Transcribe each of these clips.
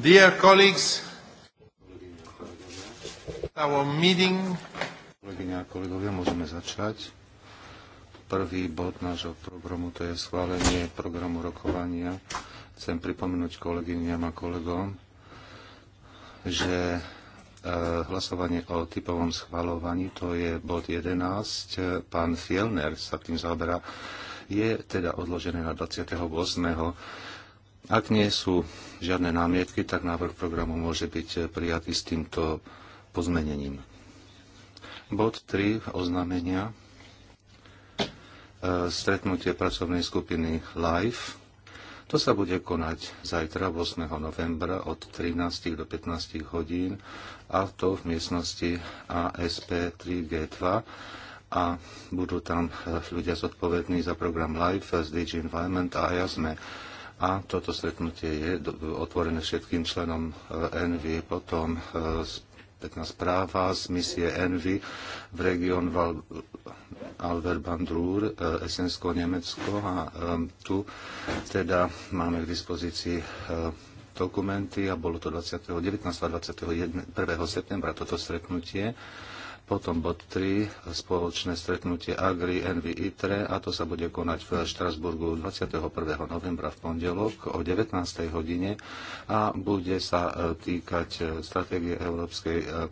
Dear colleagues, our meeting. Kolegyne a kolegovia, môžeme začať. Prvý bod nášho programu to je schválenie programu rokovania. Chcem pripomenúť kolegyňam a kolegom, že e, hlasovanie o typovom schvalovaní, to je bod 11, pán Fielner sa tým zaoberá, je teda odložené na 28 ak nie sú žiadne námietky, tak návrh programu môže byť prijatý s týmto pozmenením. Bod 3 oznámenia. E, stretnutie pracovnej skupiny LIFE. To sa bude konať zajtra 8. novembra od 13. do 15. hodín a to v miestnosti ASP 3G2 a budú tam e, ľudia zodpovední za program LIFE z e, DG Environment a ja sme a toto stretnutie je otvorené všetkým členom Envy. Eh, potom eh, pekná správa z misie Envy v región Val- Alverbandrúr, eh, Esensko, Nemecko. A tu teda máme k dispozícii dokumenty a bolo to 20. 19. a 21. septembra toto stretnutie. Potom bod 3, spoločné stretnutie Agri, Envy, ITRE a to sa bude konať v Štrasburgu 21. novembra v pondelok o 19. hodine a bude sa e, týkať e, stratégie Európskej e,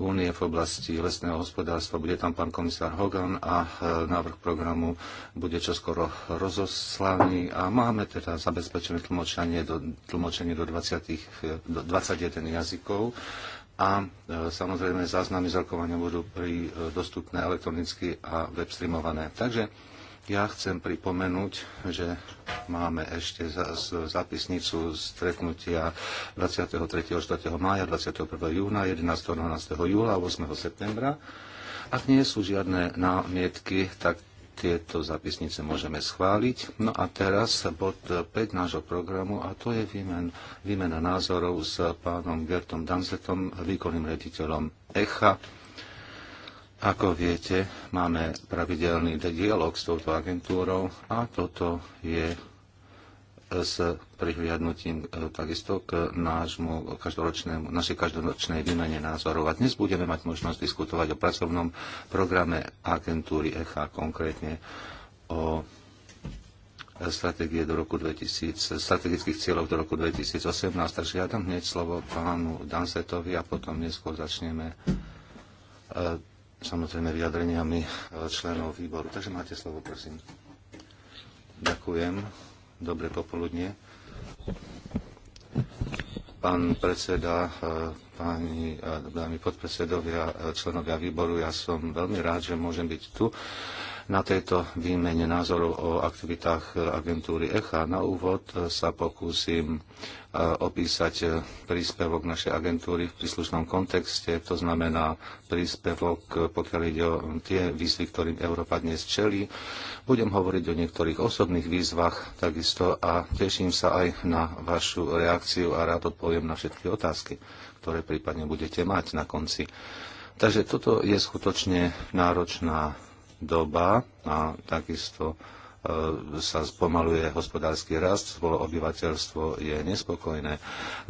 únie v oblasti lesného hospodárstva. Bude tam pán komisár Hogan a návrh programu bude čoskoro rozoslaný a máme teda zabezpečené tlmočenie do, tlmočenie do, 20, do 21 jazykov a e, samozrejme záznamy z rokovania budú pri, e, dostupné elektronicky a web streamované. Takže ja chcem pripomenúť, že máme ešte zápisnicu stretnutia 23. 4. mája, 21. júna, 11. 12. júla a 8. septembra. Ak nie sú žiadne námietky, tak tieto zapisnice môžeme schváliť. No a teraz bod 5 nášho programu a to je výmen, výmena názorov s pánom Gertom Danzetom, výkonným rediteľom ECHA. Ako viete, máme pravidelný dialog s touto agentúrou a toto je s prihliadnutím e, takisto k nášmu každoročnému, našej každoročnej výmene názorov. A dnes budeme mať možnosť diskutovať o pracovnom programe agentúry ECHA, konkrétne o stratégie do roku 2000, strategických cieľov do roku 2018. Takže ja dám hneď slovo pánu Dansetovi a potom neskôr začneme e, samozrejme vyjadreniami e, členov výboru. Takže máte slovo, prosím. Ďakujem Dobré popoludne. Pán predseda, eh, páni eh, dámy podpredsedovia, eh, členovia výboru, ja som veľmi rád, že môžem byť tu na tejto výmene názorov o aktivitách agentúry ECHA. Na úvod sa pokúsim e, opísať e, príspevok našej agentúry v príslušnom kontexte, to znamená príspevok, e, pokiaľ ide o tie výzvy, ktorým Európa dnes čelí. Budem hovoriť o niektorých osobných výzvach takisto a teším sa aj na vašu reakciu a rád odpoviem na všetky otázky, ktoré prípadne budete mať na konci. Takže toto je skutočne náročná doba a takisto e, sa spomaluje hospodársky rast, obyvateľstvo je nespokojné,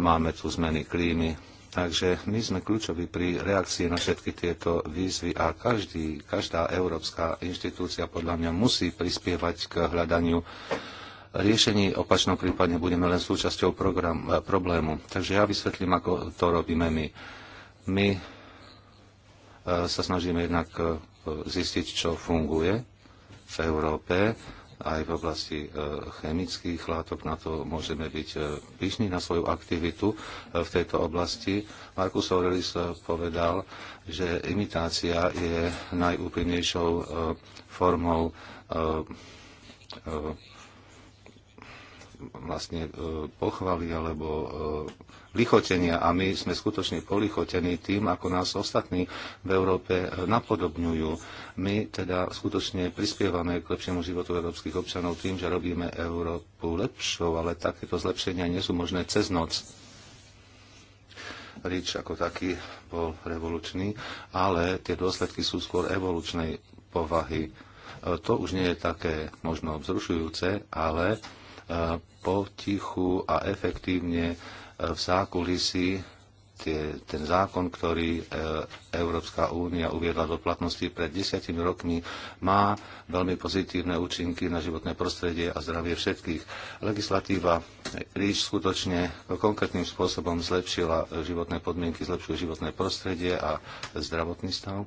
máme tu zmeny klímy. Takže my sme kľúčoví pri reakcii na všetky tieto výzvy a každý, každá európska inštitúcia podľa mňa musí prispievať k hľadaniu riešení. Opačnom prípadne budeme len súčasťou program, e, problému. Takže ja vysvetlím, ako to robíme my. My e, sa snažíme jednak zistiť, čo funguje v Európe aj v oblasti e, chemických látok. Na to môžeme byť e, pyšní na svoju aktivitu e, v tejto oblasti. Markus Aurelis povedal, že imitácia je najúprimnejšou formou vlastne pochvaly alebo lichotenia a my sme skutočne polichotení tým, ako nás ostatní v Európe napodobňujú. My teda skutočne prispievame k lepšiemu životu európskych občanov tým, že robíme Európu lepšou, ale takéto zlepšenia nie sú možné cez noc. Rič ako taký bol revolučný, ale tie dôsledky sú skôr evolučnej povahy. E, to už nie je také možno vzrušujúce, ale e, potichu a efektívne v zákulisí tie, ten zákon, ktorý e, Európska únia uviedla do platnosti pred desiatimi rokmi, má veľmi pozitívne účinky na životné prostredie a zdravie všetkých. Legislatíva ríš skutočne konkrétnym spôsobom zlepšila životné podmienky, zlepšuje životné prostredie a zdravotný stav.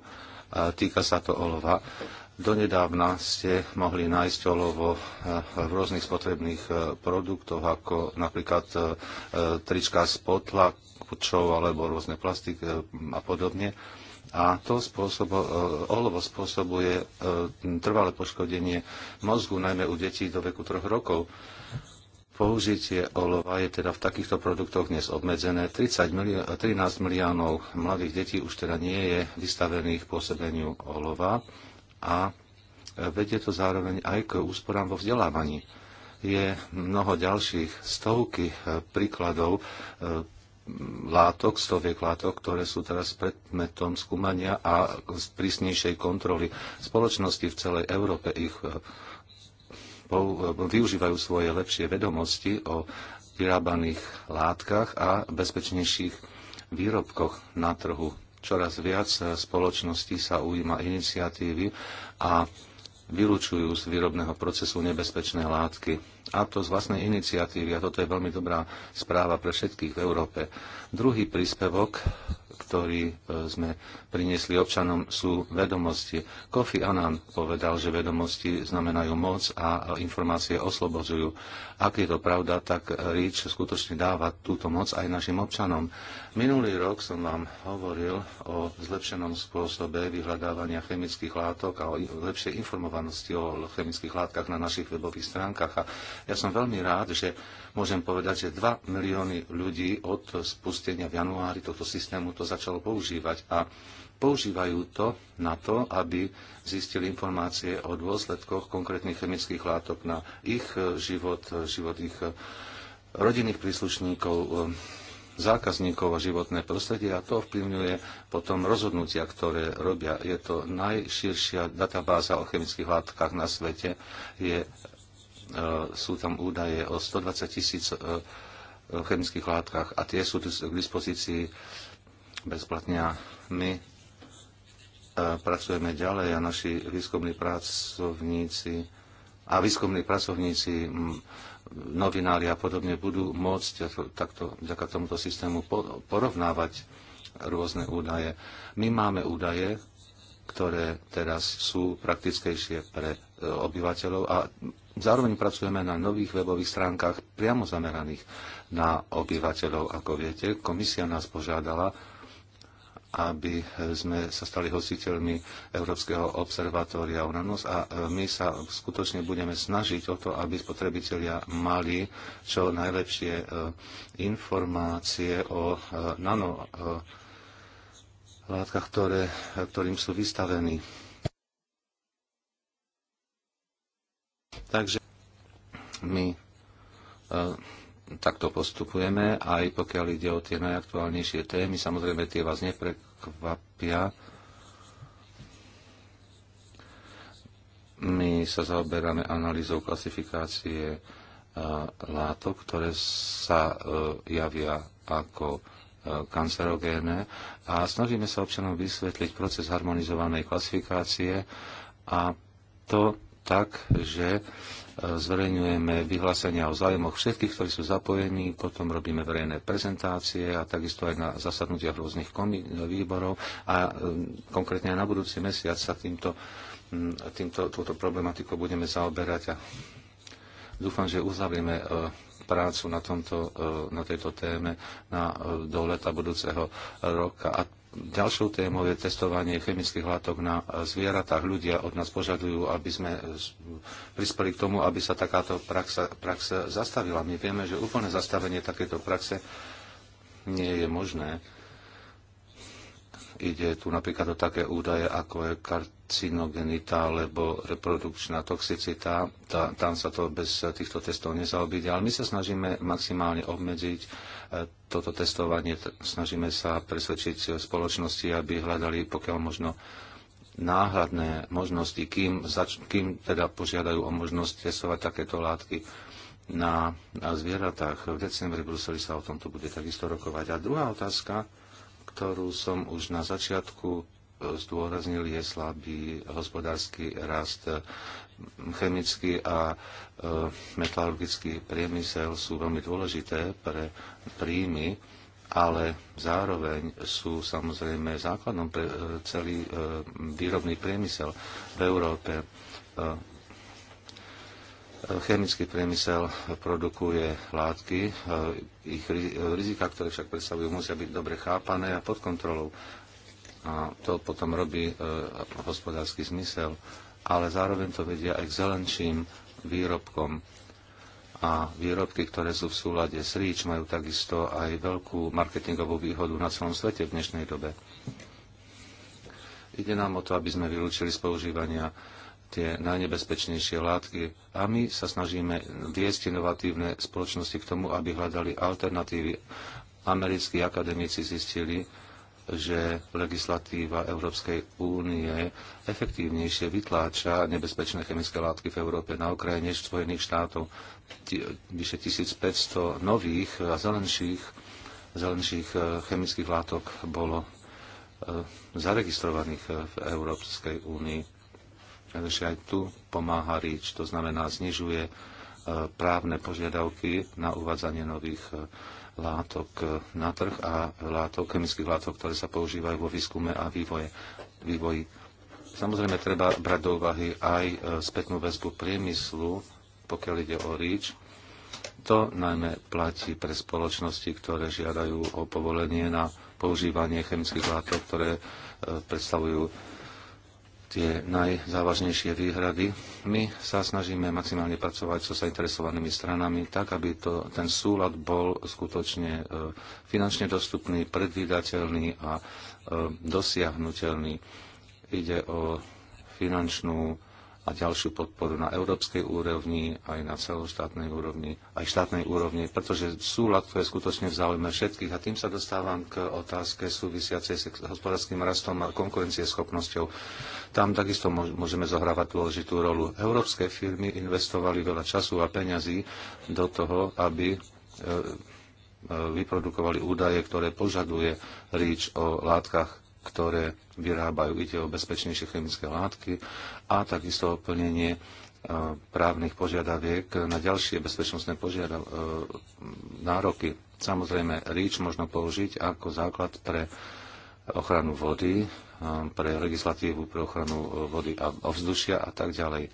Týka sa to olova Donedávna ste mohli nájsť olovo eh, v rôznych spotrebných eh, produktoch, ako napríklad eh, trička z potlačov alebo rôzne plastik a podobne. A to spôsobo, olovo spôsobuje trvalé poškodenie mozgu, najmä u detí do veku troch rokov. Použitie olova je teda v takýchto produktoch dnes obmedzené. 30 milió- 13 miliónov mladých detí už teda nie je vystavených pôsobeniu olova a vedie to zároveň aj k úsporám vo vzdelávaní. Je mnoho ďalších stovky eh, príkladov eh, látok, stoviek látok, ktoré sú teraz predmetom skúmania a prísnejšej kontroly. Spoločnosti v celej Európe ich eh, využívajú svoje lepšie vedomosti o vyrábaných látkach a bezpečnejších výrobkoch na trhu Čoraz viac spoločností sa ujíma iniciatívy a vylúčujú z výrobného procesu nebezpečné látky. A to z vlastnej iniciatívy. A toto je veľmi dobrá správa pre všetkých v Európe. Druhý príspevok ktorý e, sme priniesli občanom, sú vedomosti. Kofi Annan povedal, že vedomosti znamenajú moc a informácie oslobozujú. Ak je to pravda, tak REACH skutočne dáva túto moc aj našim občanom. Minulý rok som vám hovoril o zlepšenom spôsobe vyhľadávania chemických látok a o lepšej informovanosti o chemických látkach na našich webových stránkach. A ja som veľmi rád, že môžem povedať, že 2 milióny ľudí od spustenia v januári tohto systému to začalo používať a používajú to na to, aby zistili informácie o dôsledkoch konkrétnych chemických látok na ich život, život ich eh, rodinných príslušníkov, eh, zákazníkov a životné prostredie a to ovplyvňuje potom rozhodnutia, ktoré robia. Je to najširšia databáza o chemických látkach na svete. Je E, sú tam údaje o 120 tisíc e, e, chemických látkach a tie sú k dispozícii bezplatne. A my pracujeme ďalej a naši výskumní pracovníci a výskumní pracovníci, novinári a podobne budú môcť takto, vďaka tomuto systému porovnávať rôzne údaje. My máme údaje, ktoré teraz sú praktickejšie pre obyvateľov a Zároveň pracujeme na nových webových stránkach priamo zameraných na obyvateľov. Ako viete, komisia nás požiadala, aby sme sa stali hostiteľmi Európskeho observatória UNANUS a e, my sa skutočne budeme snažiť o to, aby spotrebitelia mali čo najlepšie e, informácie o e, nano látkach, ktoré, ktorým sú vystavení Takže my e, takto postupujeme, aj pokiaľ ide o tie najaktuálnejšie témy. Samozrejme, tie vás neprekvapia. My sa zaoberáme analýzou klasifikácie e, látok, ktoré sa e, javia ako kancerogéne a snažíme sa občanom vysvetliť proces harmonizovanej klasifikácie a to tak, že e, zverejňujeme vyhlásenia o záujmoch všetkých, ktorí sú zapojení, potom robíme verejné prezentácie a takisto aj na zasadnutiach rôznych výborov a e, konkrétne aj na budúci mesiac sa týmto, týmto, túto problematikou budeme zaoberať a dúfam, že uzavrieme e, prácu na, tomto, na tejto téme na, do leta budúceho roka. A Ďalšou témou je testovanie chemických látok na zvieratách. Ľudia od nás požadujú, aby sme prispeli k tomu, aby sa takáto praxa, prax zastavila. My vieme, že úplné zastavenie takéto praxe nie je možné. Ide tu napríklad o také údaje, ako je karcinogenita alebo reprodukčná toxicita. Tá, tam sa to bez týchto testov nezaobíde, ale my sa snažíme maximálne obmedziť toto testovanie. Snažíme sa presvedčiť spoločnosti, aby hľadali pokiaľ možno náhradné možnosti, kým, zač- kým teda požiadajú o možnosť testovať takéto látky na, na zvieratách. V decembri v Bruseli sa o tomto bude takisto rokovať. A druhá otázka, ktorú som už na začiatku e, zdôraznil, je slabý hospodársky rast chemický a e, metalurgický priemysel sú veľmi dôležité pre príjmy, ale zároveň sú samozrejme základom pre e, celý e, výrobný priemysel v Európe. Chemický priemysel produkuje látky, ich rizika, ktoré však predstavujú, musia byť dobre chápané a pod kontrolou. A to potom robí hospodársky zmysel ale zároveň to vedia aj k zelenším výrobkom. A výrobky, ktoré sú v súlade s REACH, majú takisto aj veľkú marketingovú výhodu na celom svete v dnešnej dobe. Ide nám o to, aby sme vylúčili z používania tie najnebezpečnejšie látky a my sa snažíme viesť inovatívne spoločnosti k tomu, aby hľadali alternatívy. Americkí akademici zistili, že legislatíva Európskej únie efektívnejšie vytláča nebezpečné chemické látky v Európe na okraje než Spojených štátov. Vyše 1500 nových a zelenších, zelenších e, chemických látok bolo e, zaregistrovaných e, v Európskej únii. Takže aj tu pomáha rič, to znamená znižuje E, právne požiadavky na uvádzanie nových e, látok e, na trh a látok, chemických látok, ktoré sa používajú vo výskume a vývoje, vývoji. Samozrejme, treba brať do úvahy aj spätnú väzbu priemyslu, pokiaľ ide o ríč. To najmä platí pre spoločnosti, ktoré žiadajú o povolenie na používanie chemických látok, ktoré predstavujú tie najzávažnejšie výhrady. My sa snažíme maximálne pracovať so zainteresovanými stranami tak, aby to, ten súlad bol skutočne e, finančne dostupný, predvídateľný a e, dosiahnutelný. Ide o finančnú a ďalšiu podporu na európskej úrovni, aj na celoštátnej úrovni, aj štátnej úrovni, pretože súlad to je skutočne v záujme všetkých. A tým sa dostávam k otázke súvisiacej s hospodárským rastom a konkurencieschopnosťou. Tam takisto môžeme zohrávať dôležitú rolu. Európske firmy investovali veľa času a peňazí do toho, aby e, e, vyprodukovali údaje, ktoré požaduje ríč o látkach ktoré vyrábajú. Ide o bezpečnejšie chemické látky a takisto o plnenie e, právnych požiadaviek na ďalšie bezpečnostné požiada- e, nároky. Samozrejme, REACH možno použiť ako základ pre ochranu vody, e, pre legislatívu pre ochranu vody a ovzdušia a tak ďalej.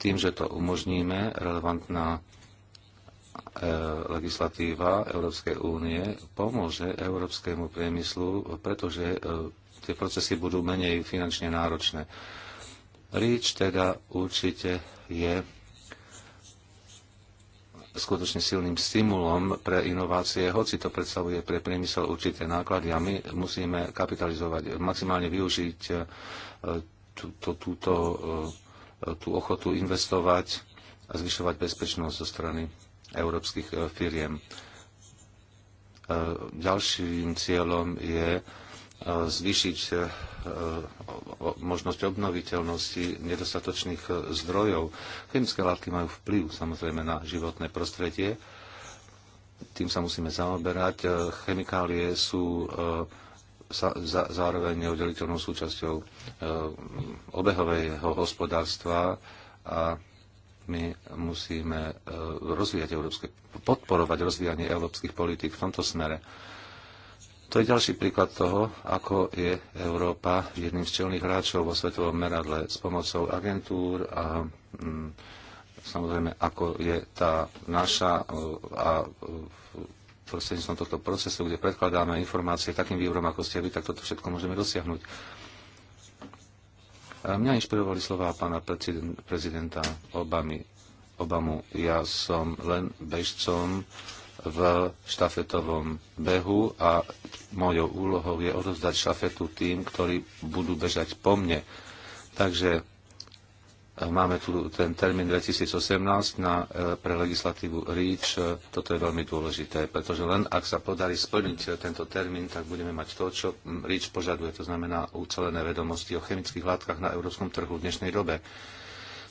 Tým, že to umožníme, relevantná Eh, legislatíva Európskej únie pomôže európskemu priemyslu, pretože eh, tie procesy budú menej finančne náročné. REACH teda určite je skutočne silným stimulom pre inovácie, hoci to predstavuje pre priemysel určité náklady a my musíme kapitalizovať, maximálne využiť eh, túto, túto, tú ochotu investovať a zvyšovať bezpečnosť zo strany európskych e, firiem. E, ďalším cieľom je e, zvýšiť možnosť obnoviteľnosti nedostatočných zdrojov. Chemické látky majú vplyv samozrejme na životné prostredie. Tým sa musíme zaoberať. Chemikálie sú zároveň neoddeliteľnou súčasťou obehového hospodárstva a my musíme e, rozvíjať európske, podporovať rozvíjanie európskych politík v tomto smere. To je ďalší príklad toho, ako je Európa jedným z čelných hráčov vo svetovom meradle s pomocou agentúr a mm, samozrejme, ako je tá naša e, a e, prostredníctvom tohto procesu, kde predkladáme informácie takým výborom, ako ste vy, tak toto všetko môžeme dosiahnuť. Mňa inšpirovali slova pána prezidenta Obamy. Obamu. Ja som len bežcom v štafetovom behu a mojou úlohou je odovzdať štafetu tým, ktorí budú bežať po mne. Takže Máme tu ten termín 2018 na, e, pre legislatívu REACH. E, toto je veľmi dôležité, pretože len ak sa podarí splniť e, tento termín, tak budeme mať to, čo REACH požaduje, to znamená ucelené vedomosti o chemických látkach na európskom trhu v dnešnej dobe.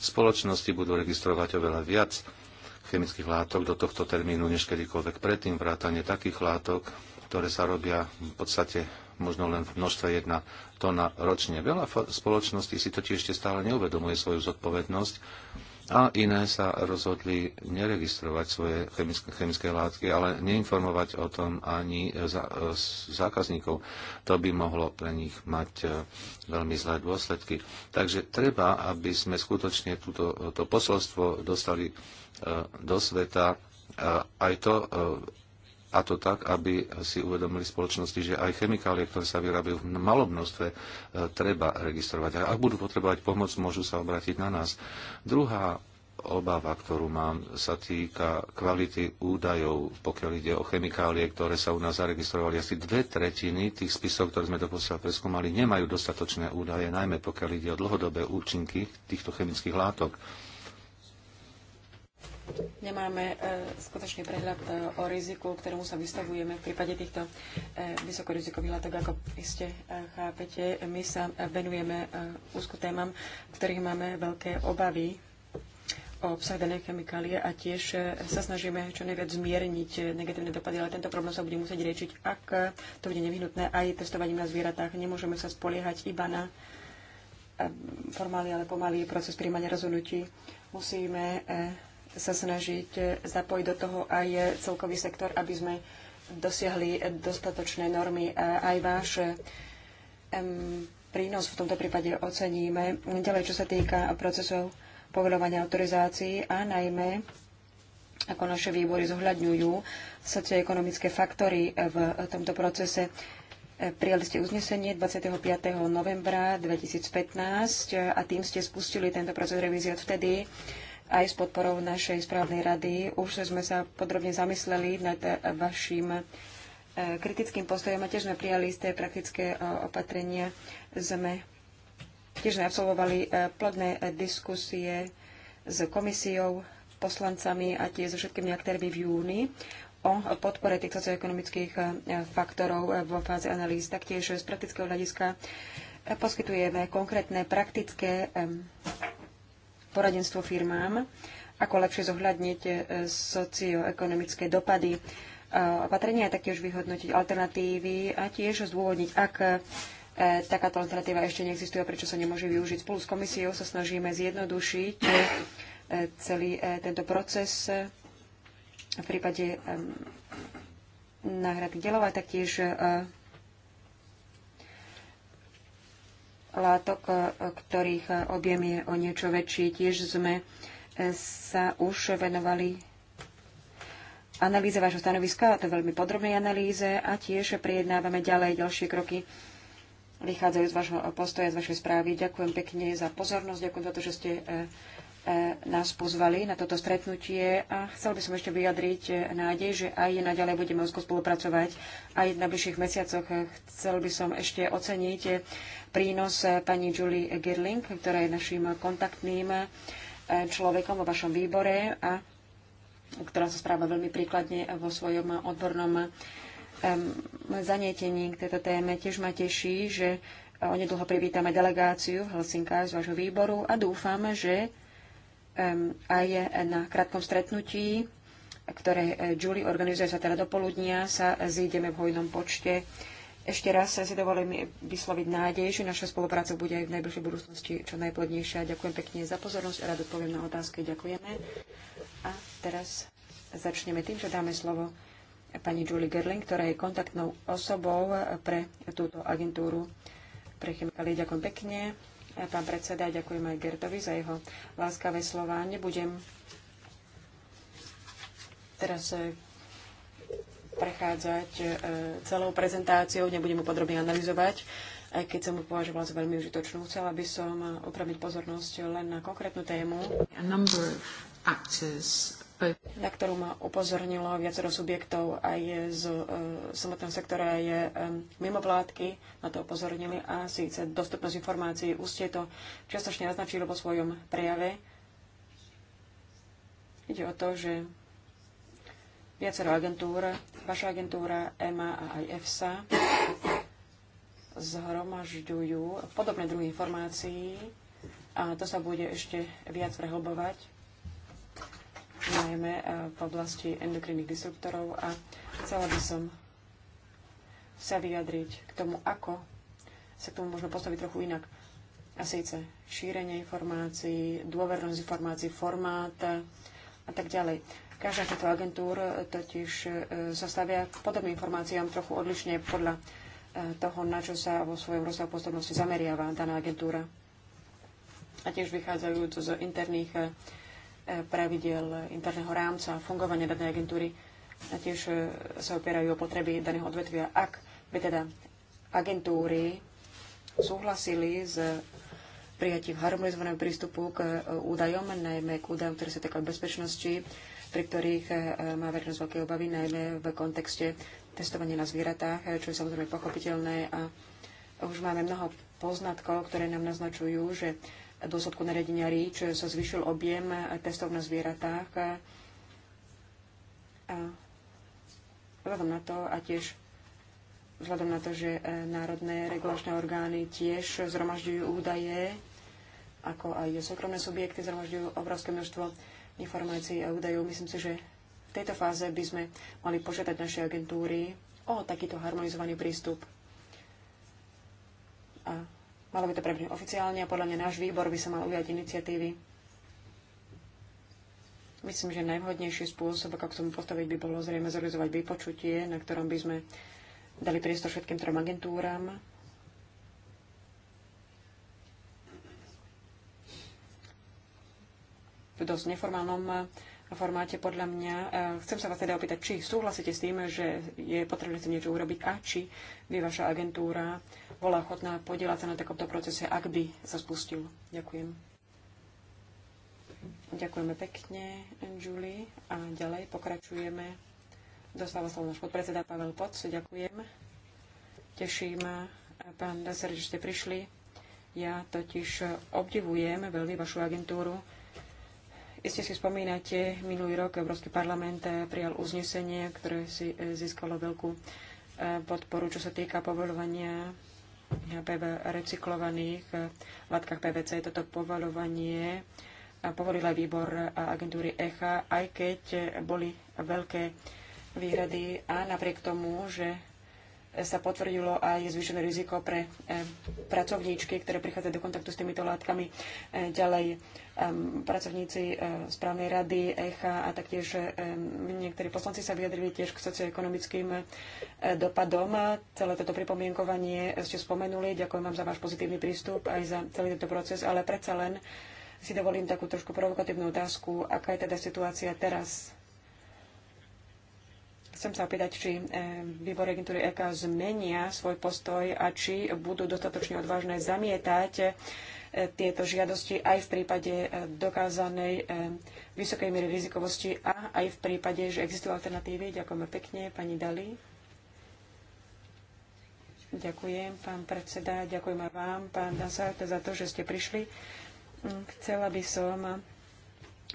Spoločnosti budú registrovať oveľa viac chemických látok do tohto termínu než kedykoľvek predtým, vrátanie takých látok, ktoré sa robia v podstate možno len v množstve jedna tona ročne. Veľa spoločností si totiž ešte stále neuvedomuje svoju zodpovednosť a iné sa rozhodli neregistrovať svoje chemické, chemické látky, ale neinformovať o tom ani za, zákazníkov. To by mohlo pre nich mať e, veľmi zlé dôsledky. Takže treba, aby sme skutočne túto, to posolstvo dostali e, do sveta. E, aj to a to tak, aby si uvedomili spoločnosti, že aj chemikálie, ktoré sa vyrábajú v malom množstve, e, treba registrovať. A ak budú potrebovať pomoc, môžu sa obrátiť na nás. Druhá obava, ktorú mám, sa týka kvality údajov, pokiaľ ide o chemikálie, ktoré sa u nás zaregistrovali. Asi dve tretiny tých spisov, ktoré sme doposiaľ preskúmali, nemajú dostatočné údaje, najmä pokiaľ ide o dlhodobé účinky týchto chemických látok nemáme e, skutočný prehľad e, o riziku, ktorému sa vystavujeme v prípade týchto e, vysokorizikových látok. Ako iste chápete, my sa venujeme úzku témam, v ktorých máme veľké obavy o obsah danej chemikálie a tiež sa snažíme čo najviac zmierniť negatívne dopady, ale tento problém sa bude musieť riešiť, ak to bude nevyhnutné aj testovaním na zvieratách. Nemôžeme sa spoliehať iba na formálny, ale pomalý proces príjmania rozhodnutí. Musíme sa snažiť zapojiť do toho aj celkový sektor, aby sme dosiahli dostatočné normy. Aj váš prínos v tomto prípade oceníme. Ďalej, čo sa týka procesov povedovania autorizácií a najmä ako naše výbory zohľadňujú socioekonomické faktory v tomto procese. Prijali ste uznesenie 25. novembra 2015 a tým ste spustili tento proces revízie odvtedy. vtedy aj s podporou našej správnej rady. Už sme sa podrobne zamysleli nad eh, vašim eh, kritickým postojom a tiež sme prijali isté praktické eh, opatrenia. Sme tiež sme absolvovali plodné diskusie s komisiou, poslancami a tiež so všetkými aktérmi v júni o podpore tých socioekonomických faktorov vo fáze analýz. Taktiež z praktického hľadiska poskytujeme konkrétne praktické poradenstvo firmám, ako lepšie zohľadniť e, socioekonomické dopady e, opatrenia, a taktiež vyhodnotiť alternatívy a tiež zdôvodniť, ak e, takáto alternatíva ešte neexistuje, prečo sa nemôže využiť. Spolu s komisiou sa snažíme zjednodušiť celý tento proces v prípade náhrady delov a taktiež látok, e, ktorých e, objem je o niečo väčší. Tiež sme e, sa už venovali analýze vášho stanoviska, a to veľmi podrobnej analýze, a tiež prijednávame ďalej ďalšie kroky vychádzajú z vašho postoja, z vašej správy. Ďakujem pekne za pozornosť, ďakujem za to, že ste E, nás pozvali na toto stretnutie a chcel by som ešte vyjadriť nádej, že aj naďalej budeme úzko spolupracovať aj v najbližších mesiacoch. Chcel by som ešte oceniť prínos pani Julie Girling, ktorá je našim kontaktným e, človekom vo vašom výbore a ktorá sa správa veľmi príkladne vo svojom odbornom zanietení k tejto téme. Tiež ma teší, že onedlho privítame delegáciu v Helsinkách z vášho výboru a dúfam, že aj na krátkom stretnutí, ktoré e, Julie organizuje sa teda do poludnia, sa zídeme v hojnom počte. Ešte raz si dovolím vysloviť nádej, že naša spolupráca bude aj v najbližšej budúcnosti čo najplodnejšia. Ďakujem pekne za pozornosť a rád odpoviem na otázky. Ďakujeme. A teraz začneme tým, že dáme slovo pani Julie Gerling, ktorá je kontaktnou osobou pre túto agentúru pre chemikálie. Ďakujem pekne pán predseda. Ďakujem aj Gertovi za jeho láskavé slova. Nebudem teraz e, prechádzať e, celou prezentáciou, nebudem ju podrobne analyzovať, aj keď som ju považovala za veľmi užitočnú. Chcela by som upraviť e, pozornosť len na konkrétnu tému. A number of actors na ktorú ma upozornilo viacero subjektov aj z e, samotného sektora, je e, mimo vládky na to upozornili a síce dostupnosť informácií. Už ste to častočne naznačili vo svojom prejave. Ide o to, že viacero agentúr, vaša agentúra, EMA a aj EFSA, zhromažďujú podobné druhy informácií a to sa bude ešte viac prehlbovať najmä eh, v oblasti endokrinných disruptorov a chcela by som sa vyjadriť k tomu, ako sa k tomu možno postaviť trochu inak. A síce šírenie informácií, dôvernosť informácií, formát eh, a tak ďalej. Každá z týchto agentúr eh, totiž sa stavia k podobným informáciám trochu odlišne podľa toho, na čo sa vo svojom rozsahu postupnosti zameriava daná agentúra. A tiež vychádzajú z interných pravidel interného rámca a fungovania danej agentúry a tiež e, sa opierajú o potreby daného odvetvia. Ak by teda agentúry súhlasili s prijatím harmonizovaného prístupu k e, údajom, najmä k údajom, ktoré sa týkajú bezpečnosti, pri ktorých e, má verejnosť veľké obavy, najmä v kontexte testovania na zvieratách, čo je samozrejme pochopiteľné a už máme mnoho poznatkov, ktoré nám naznačujú, že v dôsledku nariadenia REACH sa zvyšil objem testov na zvieratách. A vzhľadom na to a tiež vzhľadom na to, že e, národné regulačné orgány tiež zhromažďujú údaje, ako aj súkromné subjekty zhromažďujú obrovské množstvo informácií a údajov. Myslím si, že v tejto fáze by sme mali požiadať naše agentúry o takýto harmonizovaný prístup. A Malo by to prebehnúť oficiálne a podľa mňa náš výbor by sa mal ujať iniciatívy. Myslím, že najvhodnejší spôsob, ako k tomu postaviť, by bolo zrejme zorganizovať vypočutie, na ktorom by sme dali priestor všetkým trom agentúram. V dosť neformálnom eh, formáte podľa mňa. Eh, chcem sa vás teda opýtať, či súhlasíte s tým, že je potrebné si niečo urobiť a či by vaša agentúra bola ochotná podielať sa na takomto procese, ak by sa spustil. Ďakujem. Ďakujeme pekne, Julie. A ďalej pokračujeme. Dostáva slovo náš podpredseda Pavel Poc. Ďakujem. Teší ma, pán Deser, že ste prišli. Ja totiž obdivujem veľmi vašu agentúru. Iste si spomínate, minulý rok Európsky parlament prijal uznesenie, ktoré si e, získalo veľkú e, podporu, čo sa týka povolovania. PV recyklovaných eh, látkach PVC. Toto povolovanie povolila výbor eh, agentúry ECHA, aj keď eh, boli veľké výhrady a napriek tomu, že sa potvrdilo aj zvýšené riziko pre eh, pracovníčky, ktoré prichádzajú do kontaktu s týmito látkami. Eh, ďalej ehm, pracovníci eh, správnej rady ECHA a taktiež ehm, niektorí poslanci sa vyjadrili tiež k socioekonomickým dopadom. Celé toto pripomienkovanie ste spomenuli. Ďakujem vám za váš pozitívny prístup aj za celý tento proces, ale predsa len si dovolím takú trošku provokatívnu otázku, aká je teda situácia teraz Chcem sa opýtať, či e, výbory agentúry EK zmenia svoj postoj a či budú dostatočne odvážne zamietať e, tieto žiadosti aj v prípade e, dokázanej vysokej miery rizikovosti a aj v prípade, že existujú alternatívy. Ďakujeme pekne, pani Dali. Ďakujem, pán predseda, ďakujem aj vám, pán Dasart, za to, že ste prišli. Chcela by som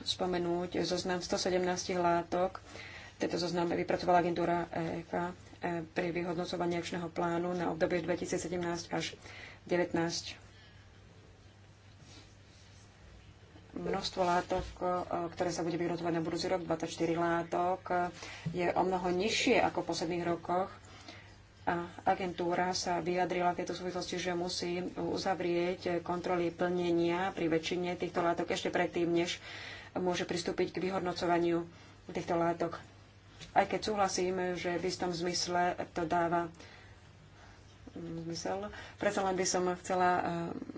spomenúť zoznam 117 látok, tento zoznam vypracovala agentúra EFA e, pri vyhodnocovaní akčného plánu na obdobie 2017 až 2019. Množstvo látok, e, ktoré sa bude vyhodnocovať na budúci rok, 24 látok, je o mnoho nižšie ako v posledných rokoch. A agentúra sa vyjadrila v tejto súvislosti, že musí uzavrieť kontroly plnenia pri väčšine týchto látok ešte predtým, než môže pristúpiť k vyhodnocovaniu týchto látok aj keď súhlasím, že v istom zmysle to dáva mm, zmysel, predsa len by som chcela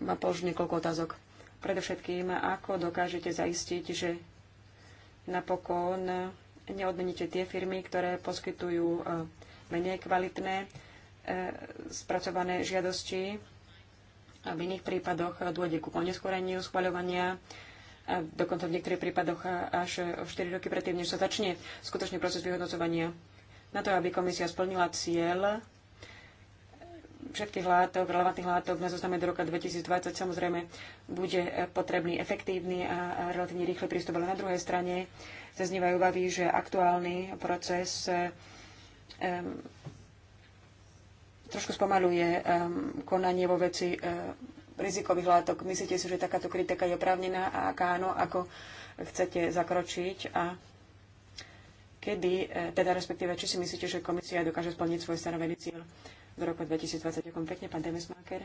vám e, položiť niekoľko otázok. Predovšetkým, ako dokážete zaistiť, že napokon neodmeníte tie firmy, ktoré poskytujú e, menej kvalitné e, spracované žiadosti. A v iných prípadoch dôjde ku poneskoreniu schvaľovania a dokonca v niektorých prípadoch až 4 roky predtým, než sa začne skutočný proces vyhodnocovania. Na to, aby komisia splnila cieľ eh, všetkých látok, relevantných látok na zozname do roka 2020, samozrejme bude eh, potrebný efektívny a relatívne rýchly prístup, ale na druhej strane zaznievajú obavy, že aktuálny proces um, trošku spomaluje um, konanie vo veci um, rizikových látok. Myslíte si, že takáto kritika je oprávnená a ak áno, ako chcete zakročiť a kedy, e, teda respektíve, či si myslíte, že komisia dokáže splniť svoj stanovený cieľ do roku 2020. Ďakujem pekne, pán Demesmaker.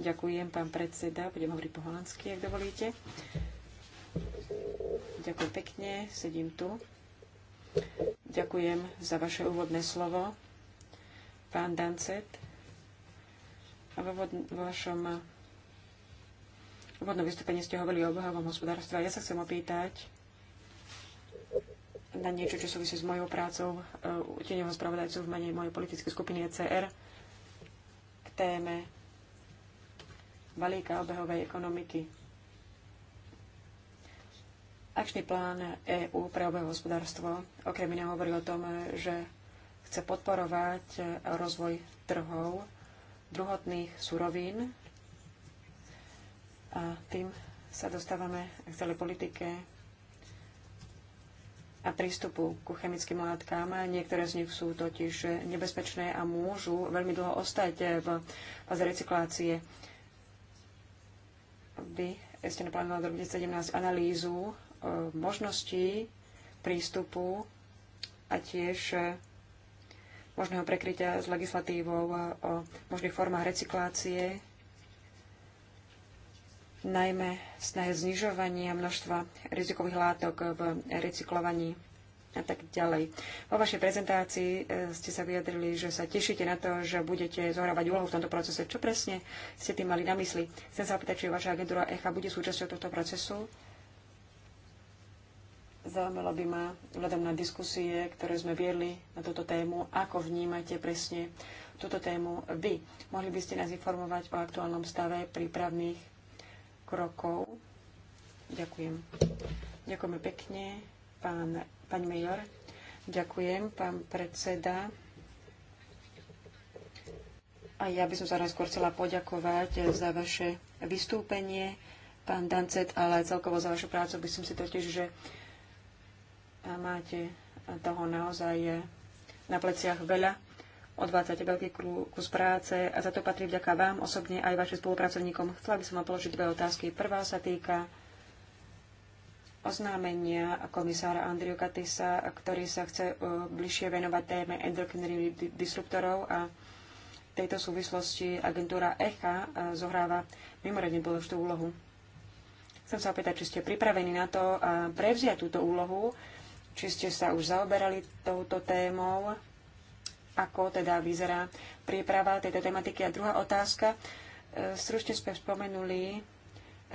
Ďakujem, pán predseda. Budem hovoriť po holandsky, ak dovolíte. Ďakujem pekne, sedím tu. Ďakujem za vaše úvodné slovo. Pán Dancet, vo vašom úvodnom eh, vystúpení ste hovorili o obehovom hospodárstve. Ja sa chcem opýtať na niečo, čo súvisí s mojou prácou eh, uteneho spravodajcu v mene mojej politickej skupiny ECR k téme balíka obehovej ekonomiky. Akčný plán EÚ pre obehové hospodárstvo okrem iného hovorí o tom, eh, že chce podporovať rozvoj trhov druhotných surovín. A tým sa dostávame k celej politike a prístupu ku chemickým látkám. Niektoré z nich sú totiž nebezpečné a môžu veľmi dlho ostať v fáze recyklácie. Vy ste naplánovali do 2017 analýzu e, možností prístupu a tiež možného prekrytia s legislatívou o možných formách recyklácie, najmä snahe znižovania množstva rizikových látok v recyklovaní a tak ďalej. Vo vašej prezentácii e, ste sa vyjadrili, že sa tešíte na to, že budete zohrávať úlohu v tomto procese. Čo presne ste tým mali na mysli? Chcem sa opýtať, či vaša agentúra ECHA bude súčasťou tohto procesu Zaujímalo by ma, vzhľadom na diskusie, ktoré sme viedli na túto tému, ako vnímate presne túto tému vy. Mohli by ste nás informovať o aktuálnom stave prípravných krokov? Ďakujem. Ďakujeme pekne, pán, pán major. Ďakujem, pán predseda. A ja by som sa najskôr chcela poďakovať za vaše vystúpenie, pán Dancet, ale celkovo za vašu prácu. By som si totiž, že máte toho naozaj na pleciach veľa. Odvádzate veľký kus práce a za to patrí vďaka vám osobne aj vašim spolupracovníkom. Chcela by som vám položiť dve otázky. Prvá sa týka oznámenia komisára Andriu Katisa, ktorý sa chce e, bližšie venovať téme endokrinných disruptorov a v tejto súvislosti agentúra ECHA e, zohráva mimoriadne dôležitú úlohu. Chcem sa opýtať, či ste pripravení na to prevziať túto úlohu či ste sa už zaoberali touto témou, ako teda vyzerá príprava tejto tematiky. A druhá otázka, e, stručne sme spomenuli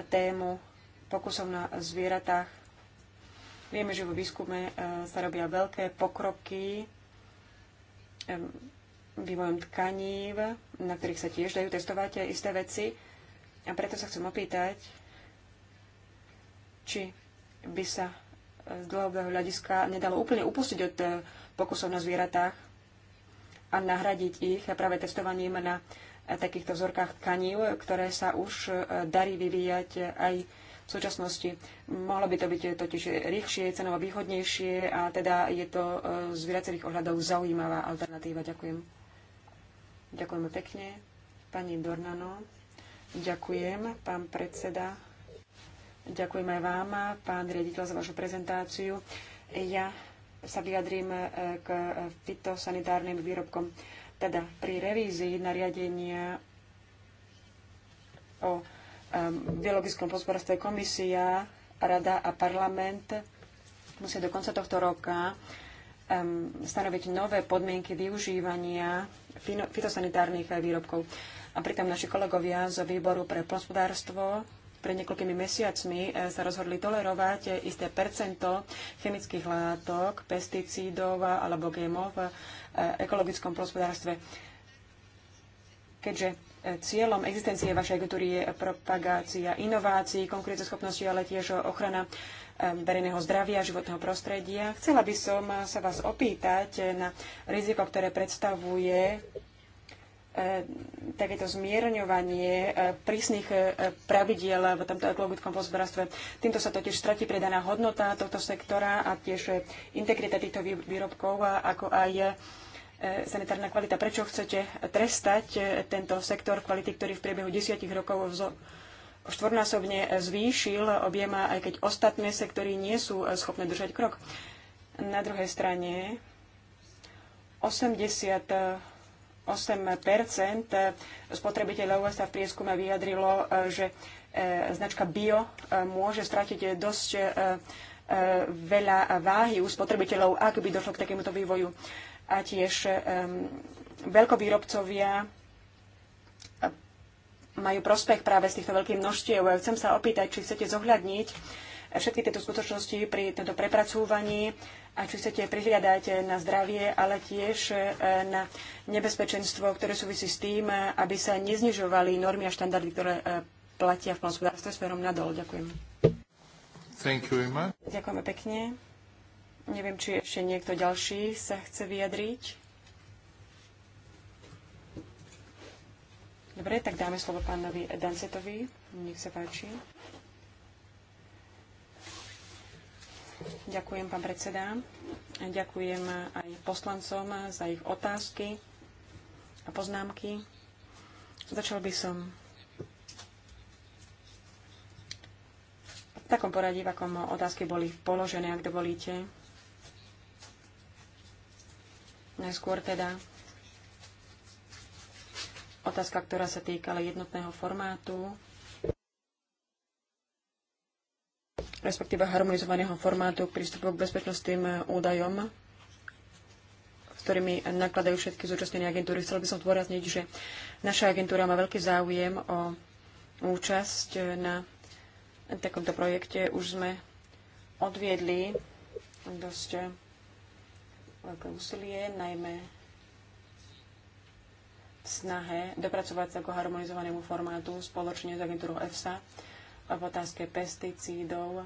tému pokusov na zvieratách. Vieme, že vo výskume e, sa robia veľké pokroky e, vývojom tkanív, na ktorých sa tiež dajú testovať isté veci. A preto sa chcem opýtať, či by sa z dlhového hľadiska nedalo úplne upustiť od eh, pokusov na zvieratách a nahradiť ich práve testovaním na eh, takýchto vzorkách tkanív, ktoré sa už eh, darí vyvíjať aj v súčasnosti. Mohlo by to byť totiž rýchšie, cenovo výhodnejšie a teda je to z viacerých ohľadov zaujímavá alternatíva. Ďakujem. Ďakujem pekne. Pani Dornano. Ďakujem, pán predseda. Ďakujem aj vám, pán riaditeľ, za vašu prezentáciu. Ja sa vyjadrím e, k fitosanitárnym výrobkom. Teda pri revízii nariadenia o e, biologickom hospodárstve komisia, rada a parlament musia do konca tohto roka e, stanoviť nové podmienky využívania fitosanitárnych výrobkov. A pritom naši kolegovia z výboru pre hospodárstvo pred niekoľkými mesiacmi e, sa rozhodli tolerovať e, isté percento chemických látok, pesticídov alebo GMO v e, ekologickom hospodárstve. Keďže cieľom existencie vašej agentúry je propagácia inovácií, schopnosti, ale tiež ochrana verejného zdravia, životného prostredia. Chcela by som sa vás opýtať na riziko, ktoré predstavuje E, takéto zmierňovanie e, prísnych e, pravidiel v tomto ekologickom hospodárstve. Týmto sa totiž stratí predaná hodnota tohto sektora a tiež integrita týchto výrobkov, ako aj sanitárna kvalita. Prečo chcete trestať tento sektor kvality, ktorý v priebehu desiatich rokov štvornásobne zvýšil objem, aj keď ostatné sektory nie sú schopné držať krok? Na druhej strane 80 spotrebiteľov sa v prieskume vyjadrilo, e, že e, značka bio e, môže stratiť dosť veľa váhy u spotrebiteľov, ak by došlo k takémuto vývoju. A tiež veľkovýrobcovia majú prospech práve z týchto veľkých množstiev. Chcem sa opýtať, či chcete zohľadniť všetky tieto skutočnosti pri tomto prepracúvaní a či chcete prihliadať na zdravie, ale tiež e, na nebezpečenstvo, ktoré súvisí s tým, aby sa neznižovali normy a štandardy, ktoré e, platia v hospodárstve smerom nadol. Ďakujem. Thank you very much. Ďakujeme pekne. Neviem, či ešte niekto ďalší sa chce vyjadriť. Dobre, tak dáme slovo pánovi Dancetovi. Nech sa páči. Ďakujem, pán predseda. Ďakujem aj poslancom za ich otázky a poznámky. Začal by som v takom poradí, v akom otázky boli položené, ak dovolíte. Najskôr teda otázka, ktorá sa týkala jednotného formátu respektíve harmonizovaného formátu prístupu k bezpečnostným údajom, s ktorými nakladajú všetky zúčastnené agentúry. Chcel by som zdôrazniť, že naša agentúra má veľký záujem o účasť na takomto projekte. Už sme odviedli dosť veľké úsilie, najmä v snahe dopracovať sa k harmonizovanému formátu spoločne s agentúrou EFSA v otázke pesticídov,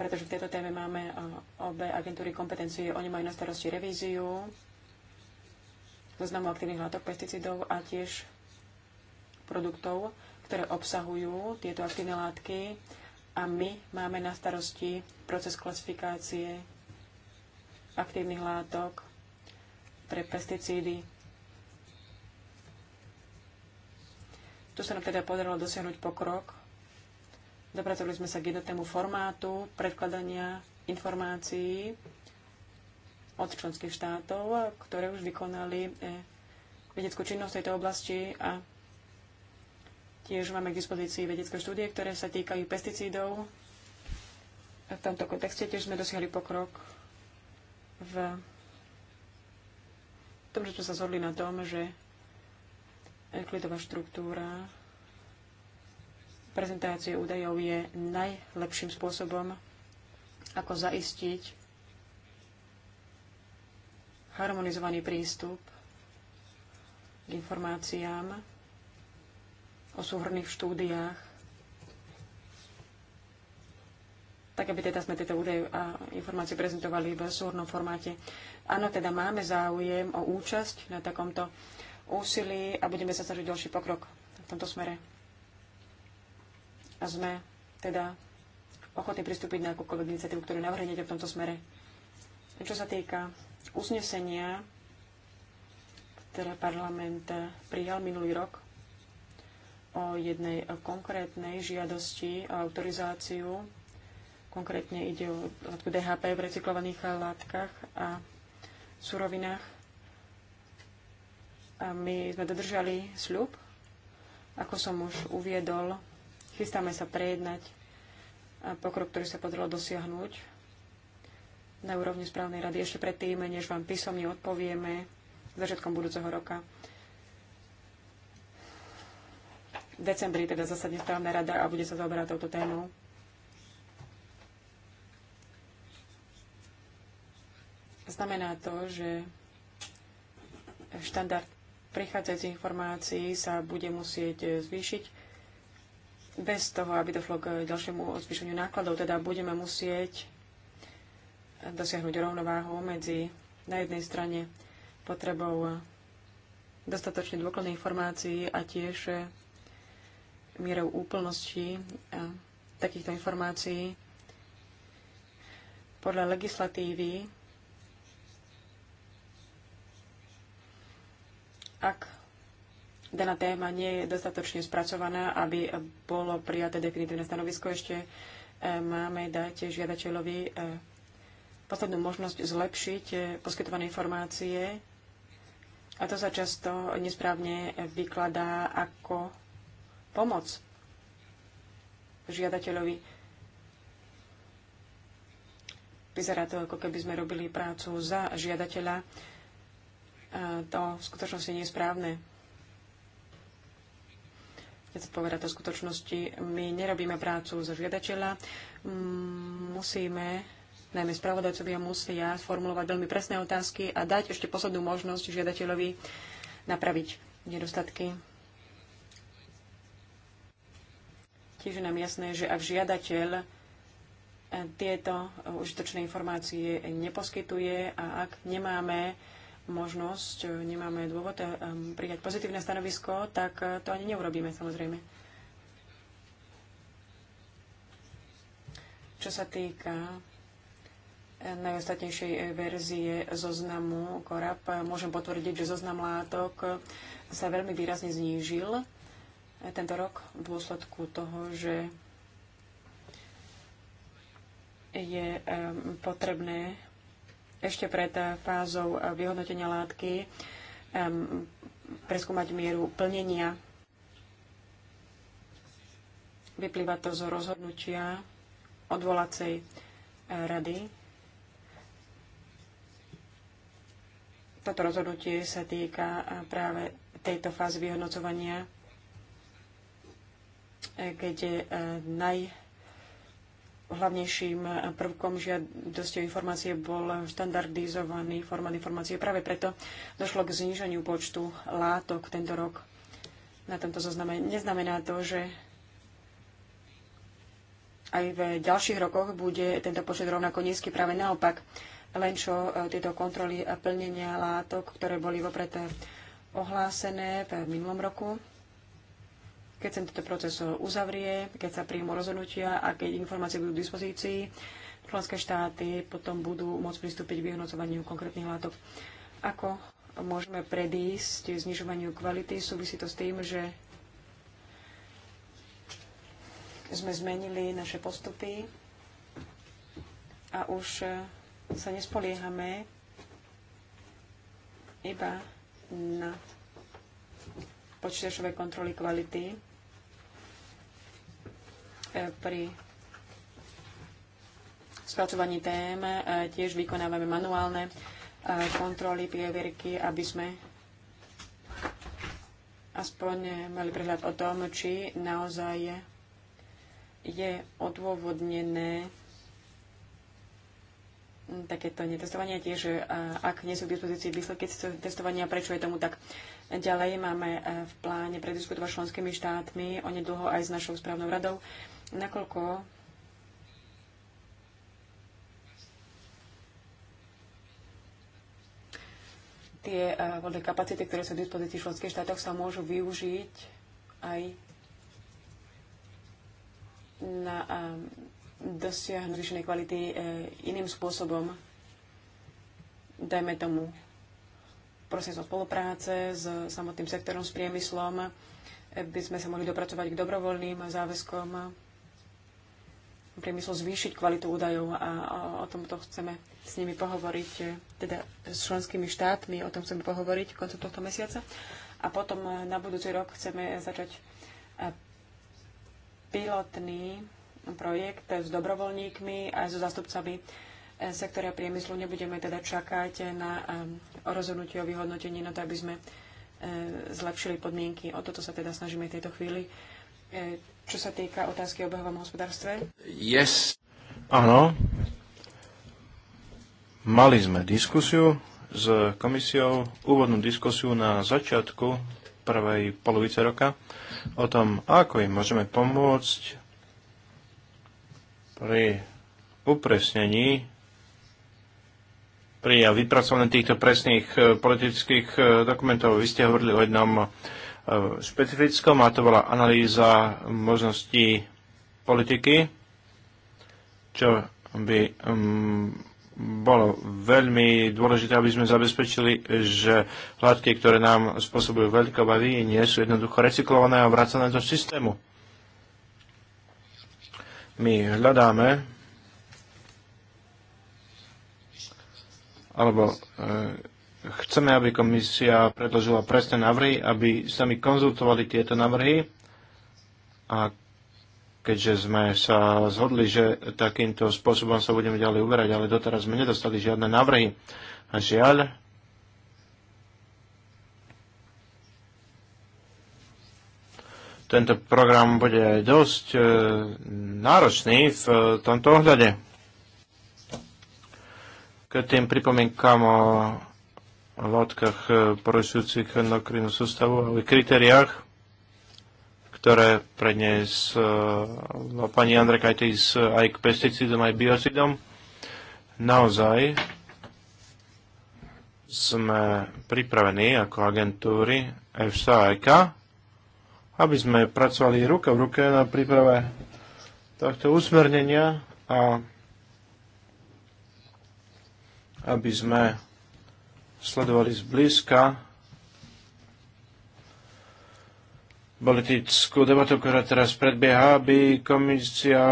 pretože v tejto téme máme obe agentúry kompetencie. Oni majú na starosti revíziu zoznamu aktívnych látok pesticídov a tiež produktov, ktoré obsahujú tieto aktívne látky a my máme na starosti proces klasifikácie aktívnych látok pre pesticídy Tu sa nám teda podarilo dosiahnuť pokrok. Dopracovali sme sa k jednotnému formátu predkladania informácií od členských štátov, ktoré už vykonali eh, vedeckú činnosť v tejto oblasti a tiež máme k dispozícii vedecké štúdie, ktoré sa týkajú pesticídov. A v tomto kontexte tiež sme dosiahli pokrok v tom, že sme sa zhodli na tom, že Euklidová štruktúra prezentácie údajov je najlepším spôsobom, ako zaistiť harmonizovaný prístup k informáciám o súhrných štúdiách, tak aby teda sme tieto údaje a informácie prezentovali v súhrnom formáte. Áno, teda máme záujem o účasť na takomto úsilí a budeme sa snažiť ďalší pokrok v tomto smere. A sme teda ochotní pristúpiť na akúkoľvek iniciatívu, ktorú navrhnete v tomto smere. Čo sa týka uznesenia, ktoré parlament prijal minulý rok o jednej konkrétnej žiadosti a autorizáciu. Konkrétne ide o látku DHP v recyklovaných látkach a surovinách my sme dodržali sľub. Ako som už uviedol, chystáme sa prejednať pokrok, ktorý sa podarilo dosiahnuť na úrovni správnej rady ešte predtým, než vám písomne odpovieme začiatkom budúceho roka. V decembri teda zasadne správna rada a bude sa zaoberať touto témou. Znamená to, že štandard prichádzajúcich informácií sa bude musieť e, zvýšiť bez toho, aby došlo k e, ďalšiemu zvýšeniu nákladov. Teda budeme musieť dosiahnuť rovnováhu medzi na jednej strane potrebou e, dostatočne dôkladnej informácií a tiež mierou úplnosti takýchto informácií podľa legislatívy ak daná téma nie je dostatočne spracovaná, aby bolo prijaté definitívne stanovisko, ešte e, máme dať žiadateľovi e, poslednú možnosť zlepšiť e, poskytované informácie. A to sa často nesprávne vykladá ako pomoc žiadateľovi. Vyzerá to, ako keby sme robili prácu za žiadateľa to v skutočnosti nie je správne. Keď sa povedať v skutočnosti, my nerobíme prácu za žiadateľa. Mm, musíme, najmä spravodajcovia musia formulovať veľmi presné otázky a dať ešte poslednú možnosť žiadateľovi napraviť nedostatky. Tiež je nám jasné, že ak žiadateľ eh, tieto užitočné informácie neposkytuje a ak nemáme možnosť, e, nemáme dôvod e, prijať pozitívne stanovisko, tak e, to ani neurobíme samozrejme. Čo sa týka najostatnejšej verzie zoznamu Korap, môžem potvrdiť, že zoznam látok sa veľmi výrazne znížil tento rok v dôsledku toho, že je potrebné ešte pred eh, fázou eh, vyhodnotenia látky preskúmať mieru plnenia. Vyplýva to z rozhodnutia odvolacej eh, rady. Toto rozhodnutie sa týka práve tejto fázy vyhodnocovania, je naj hlavnejším prvkom žiadosti o informácie bol štandardizovaný formát informácie. Práve preto došlo k zníženiu počtu látok tento rok na tomto zozname. Neznamená to, že aj v ďalších rokoch bude tento počet rovnako nízky. Práve naopak, len čo e, tieto kontroly a plnenia látok, ktoré boli vopred ohlásené v minulom roku, keď sa tento proces uzavrie, keď sa príjmu rozhodnutia a keď informácie budú k dispozícii, členské štáty potom budú môcť pristúpiť k vyhodnocovaniu konkrétnych látok. Ako môžeme predísť znižovaniu kvality? Súvisí to s tým, že sme zmenili naše postupy a už sa nespoliehame iba na počítačové kontroly kvality E, pri spracovaní tém e, tiež vykonávame manuálne e, kontroly pievierky, aby sme aspoň mali prehľad o tom, či naozaj je odôvodnené takéto netestovanie tiež, ak nie sú k dispozícii výsledky testovania, prečo je tomu tak. Ďalej máme v pláne prediskutovať členskými štátmi, onedlho aj s našou správnou radou, nakoľko tie eh, vodné kapacity, ktoré sú v dispozícii v členských štátoch, sa môžu využiť aj na eh, dosiahnuť zvýšenej kvality eh, iným spôsobom, dajme tomu o spolupráce s samotným sektorom, s priemyslom, by sme sa mohli dopracovať k dobrovoľným záväzkom priemyslu zvýšiť kvalitu údajov a o, o tomto chceme s nimi pohovoriť, e, teda s členskými štátmi, o tom chceme pohovoriť v koncu tohto mesiaca. A potom e, na budúci rok chceme začať e, pilotný projekt s dobrovoľníkmi a so zastupcami sektora priemyslu. Nebudeme teda čakať na rozhodnutie o vyhodnotení, na to, aby sme zlepšili podmienky. O toto sa teda snažíme v tejto chvíli čo sa týka otázky o obehovom hospodárstve? Yes. Áno. Mali sme diskusiu s komisiou, úvodnú diskusiu na začiatku prvej polovice roka o tom, ako im môžeme pomôcť pri upresnení pri vypracovaní týchto presných eh, politických eh, dokumentov. Vy ste hovorili o jednom špecifickom a to bola analýza možností politiky, čo by mm, bolo veľmi dôležité, aby sme zabezpečili, že látky, ktoré nám spôsobujú veľké obavy, nie sú jednoducho recyklované a vracané do systému. My hľadáme alebo e, Chceme, aby komisia predložila presné návrhy, aby sa mi konzultovali tieto návrhy a keďže sme sa zhodli, že takýmto spôsobom sa budeme ďalej uberať, ale doteraz sme nedostali žiadne návrhy. A žiaľ, tento program bude dosť e, náročný v e, tomto ohľade. K tým pripomínkam. o látkach eh, porušujúcich endokrínnu sústavu, ale kritériách, ktoré eh, no, pani Andrekajtis eh, aj k pesticídom, aj biocidom. Naozaj sme pripravení ako agentúry EFSA a EK, aby sme pracovali ruka v ruke na príprave tohto usmernenia a aby sme sledovali zblízka politickú debatu, ktorá teraz predbieha, aby komisia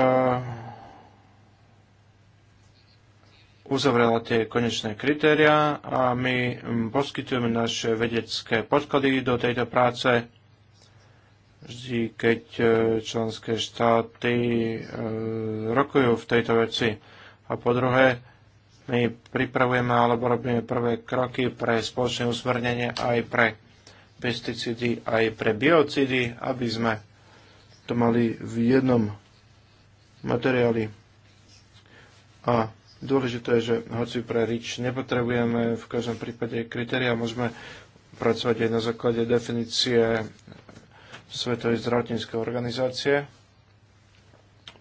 uzavrela tie konečné kritéria a my poskytujeme naše vedecké podklady do tejto práce vždy, keď e, členské štáty e, rokujú v tejto veci. A po druhé, my pripravujeme alebo robíme prvé kroky pre spoločné usmernenie aj pre pesticídy, aj pre biocidy, aby sme to mali v jednom materiáli. A dôležité je, že hoci pre RIČ nepotrebujeme v každom prípade kritéria, môžeme pracovať aj na základe definície Svetovej zdravotníckej organizácie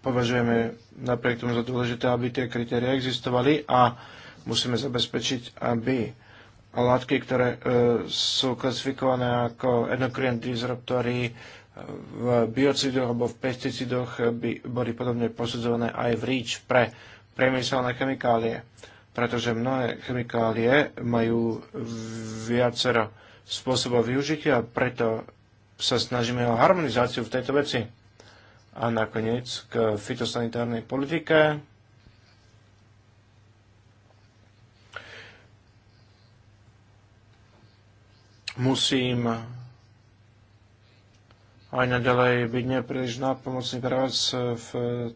považujeme napriek tomu za dôležité, aby tie kritéria existovali a musíme zabezpečiť, aby látky, ktoré e, sú klasifikované ako endokrine disruptory e, v biocidoch alebo v pesticidoch, e, by boli podobne posudzované aj v REACH pre priemyselné chemikálie, pretože mnohé chemikálie majú viacero spôsobov využitia, preto sa snažíme o harmonizáciu v tejto veci. A nakoniec k fitosanitárnej politike. Musím aj naďalej byť nepríliš nápomocný vás v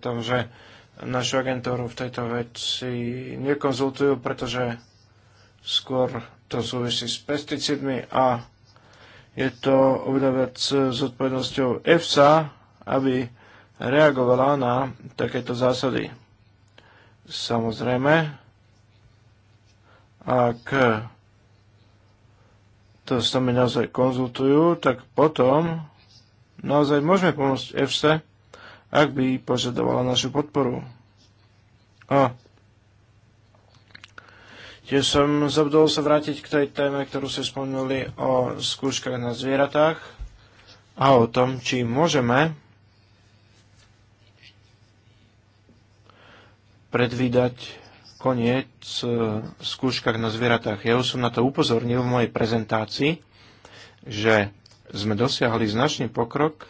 tom, že našu agentúru v tejto veci nekonzultujú, pretože skôr to súvisí s pesticidmi a je to oveľa s odpovednosťou EFSA, aby reagovala na takéto zásady. Samozrejme, ak to s nami naozaj konzultujú, tak potom naozaj môžeme pomôcť EFSA, ak by požadovala našu podporu. A tiež som zabudol sa vrátiť k tej téme, ktorú ste spomenuli o skúškach na zvieratách a o tom, či môžeme predvídať koniec v e, skúškach na zvieratách. Ja už som na to upozornil v mojej prezentácii, že sme dosiahli značný pokrok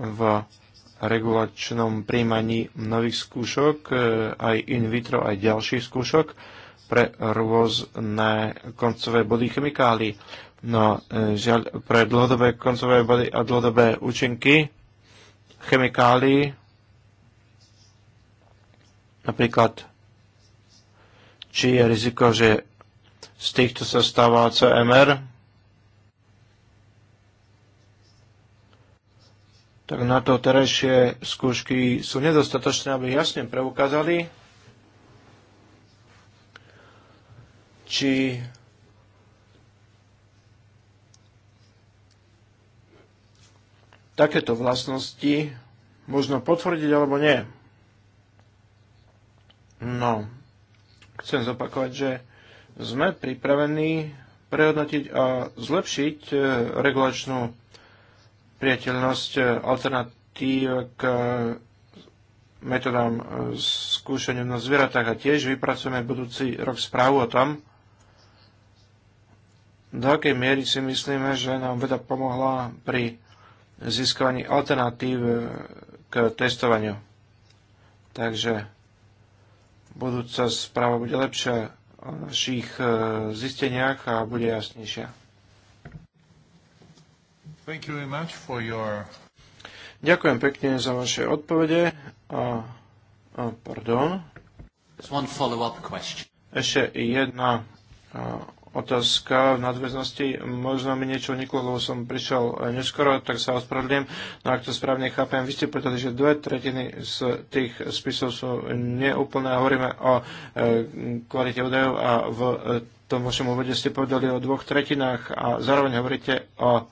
v regulačnom príjmaní nových skúšok, e, aj in vitro, aj ďalších skúšok pre rôzne koncové body chemikály. No, e, žiaľ, pre dlhodobé koncové body a dlhodobé účinky chemikálií Napríklad, či je riziko, že z týchto sa stáva CMR, tak na to terajšie skúšky sú nedostatočné, aby jasne preukázali, či takéto vlastnosti možno potvrdiť alebo nie. No, chcem zopakovať, že sme pripravení prehodnotiť a zlepšiť e, regulačnú priateľnosť e, alternatív k metodám e, skúšania na zvieratách a tiež vypracujeme budúci rok správu o tom, do akej miery si myslíme, že nám veda pomohla pri získavaní alternatív k testovaniu. Takže budúca správa bude lepšia o našich e, zisteniach a bude jasnejšia. Thank you very much for your... Ďakujem pekne za vaše odpovede. A, a pardon. One Ešte jedna a, otázka v nadväznosti. Možno mi niečo uniklo, lebo som prišiel eh, neskoro, tak sa ospravedlňujem. No ak to správne chápem, vy ste povedali, že dve tretiny z tých spisov sú neúplné hovoríme o eh, kvalite údajov a v eh, tom vašom úvode ste povedali o dvoch tretinách a zároveň hovoríte o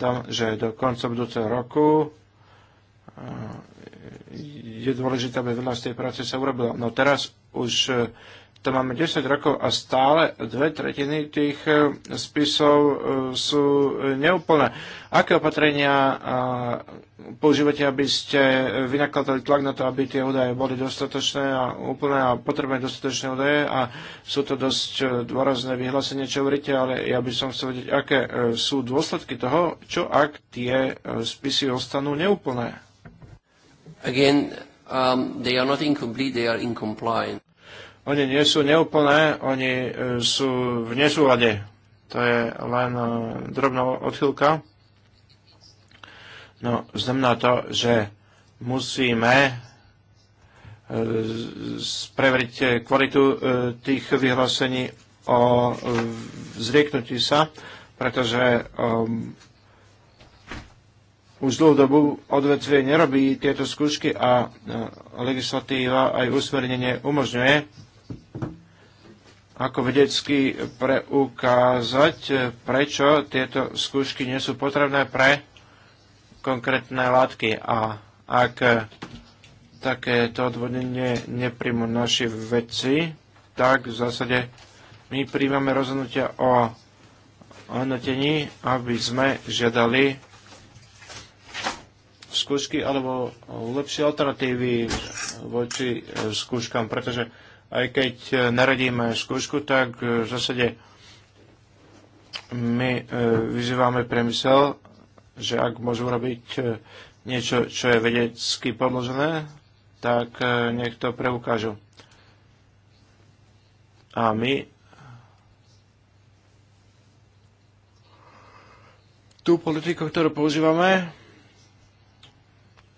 tom, že do konca budúceho roku je dôležité, aby veľa z tej práce sa urobila. No teraz už to máme 10 rokov a stále dve tretiny tých e, spisov e, sú neúplné. Aké opatrenia používate, aby ste vynakladali tlak na to, aby tie údaje boli dostatočné a úplné a potrebné dostatočné údaje a sú to dosť e, dôrazné vyhlásenie, čo hovoríte, ale ja by som chcel vedieť, aké sú dôsledky toho, čo ak tie spisy ostanú neúplné. Again, um, they are not incomplete, they are incompliant. Oni nie sú neúplné, oni e, sú v nesúlade. To je len e, drobná odchylka. No, znamená to, že musíme spreveriť e, kvalitu tých vyhlásení o zrieknutí sa, pretože už dlhú dobu odvetvie nerobí tieto skúšky a legislatíva aj usmernenie umožňuje ako vedecky preukázať, prečo tieto skúšky nie sú potrebné pre konkrétne látky. A ak takéto odvodnenie nepríjmu naši vedci, tak v zásade my príjmame rozhodnutia o hodnotení, aby sme žiadali skúšky alebo lepšie alternatívy voči skúškam, pretože aj keď e, naradíme skúšku, tak e, v zásade my e, vyzývame priemysel, že ak môžu robiť niečo, čo je vedecky podložené, tak nech to preukážu. A my tú politiku, ktorú používame,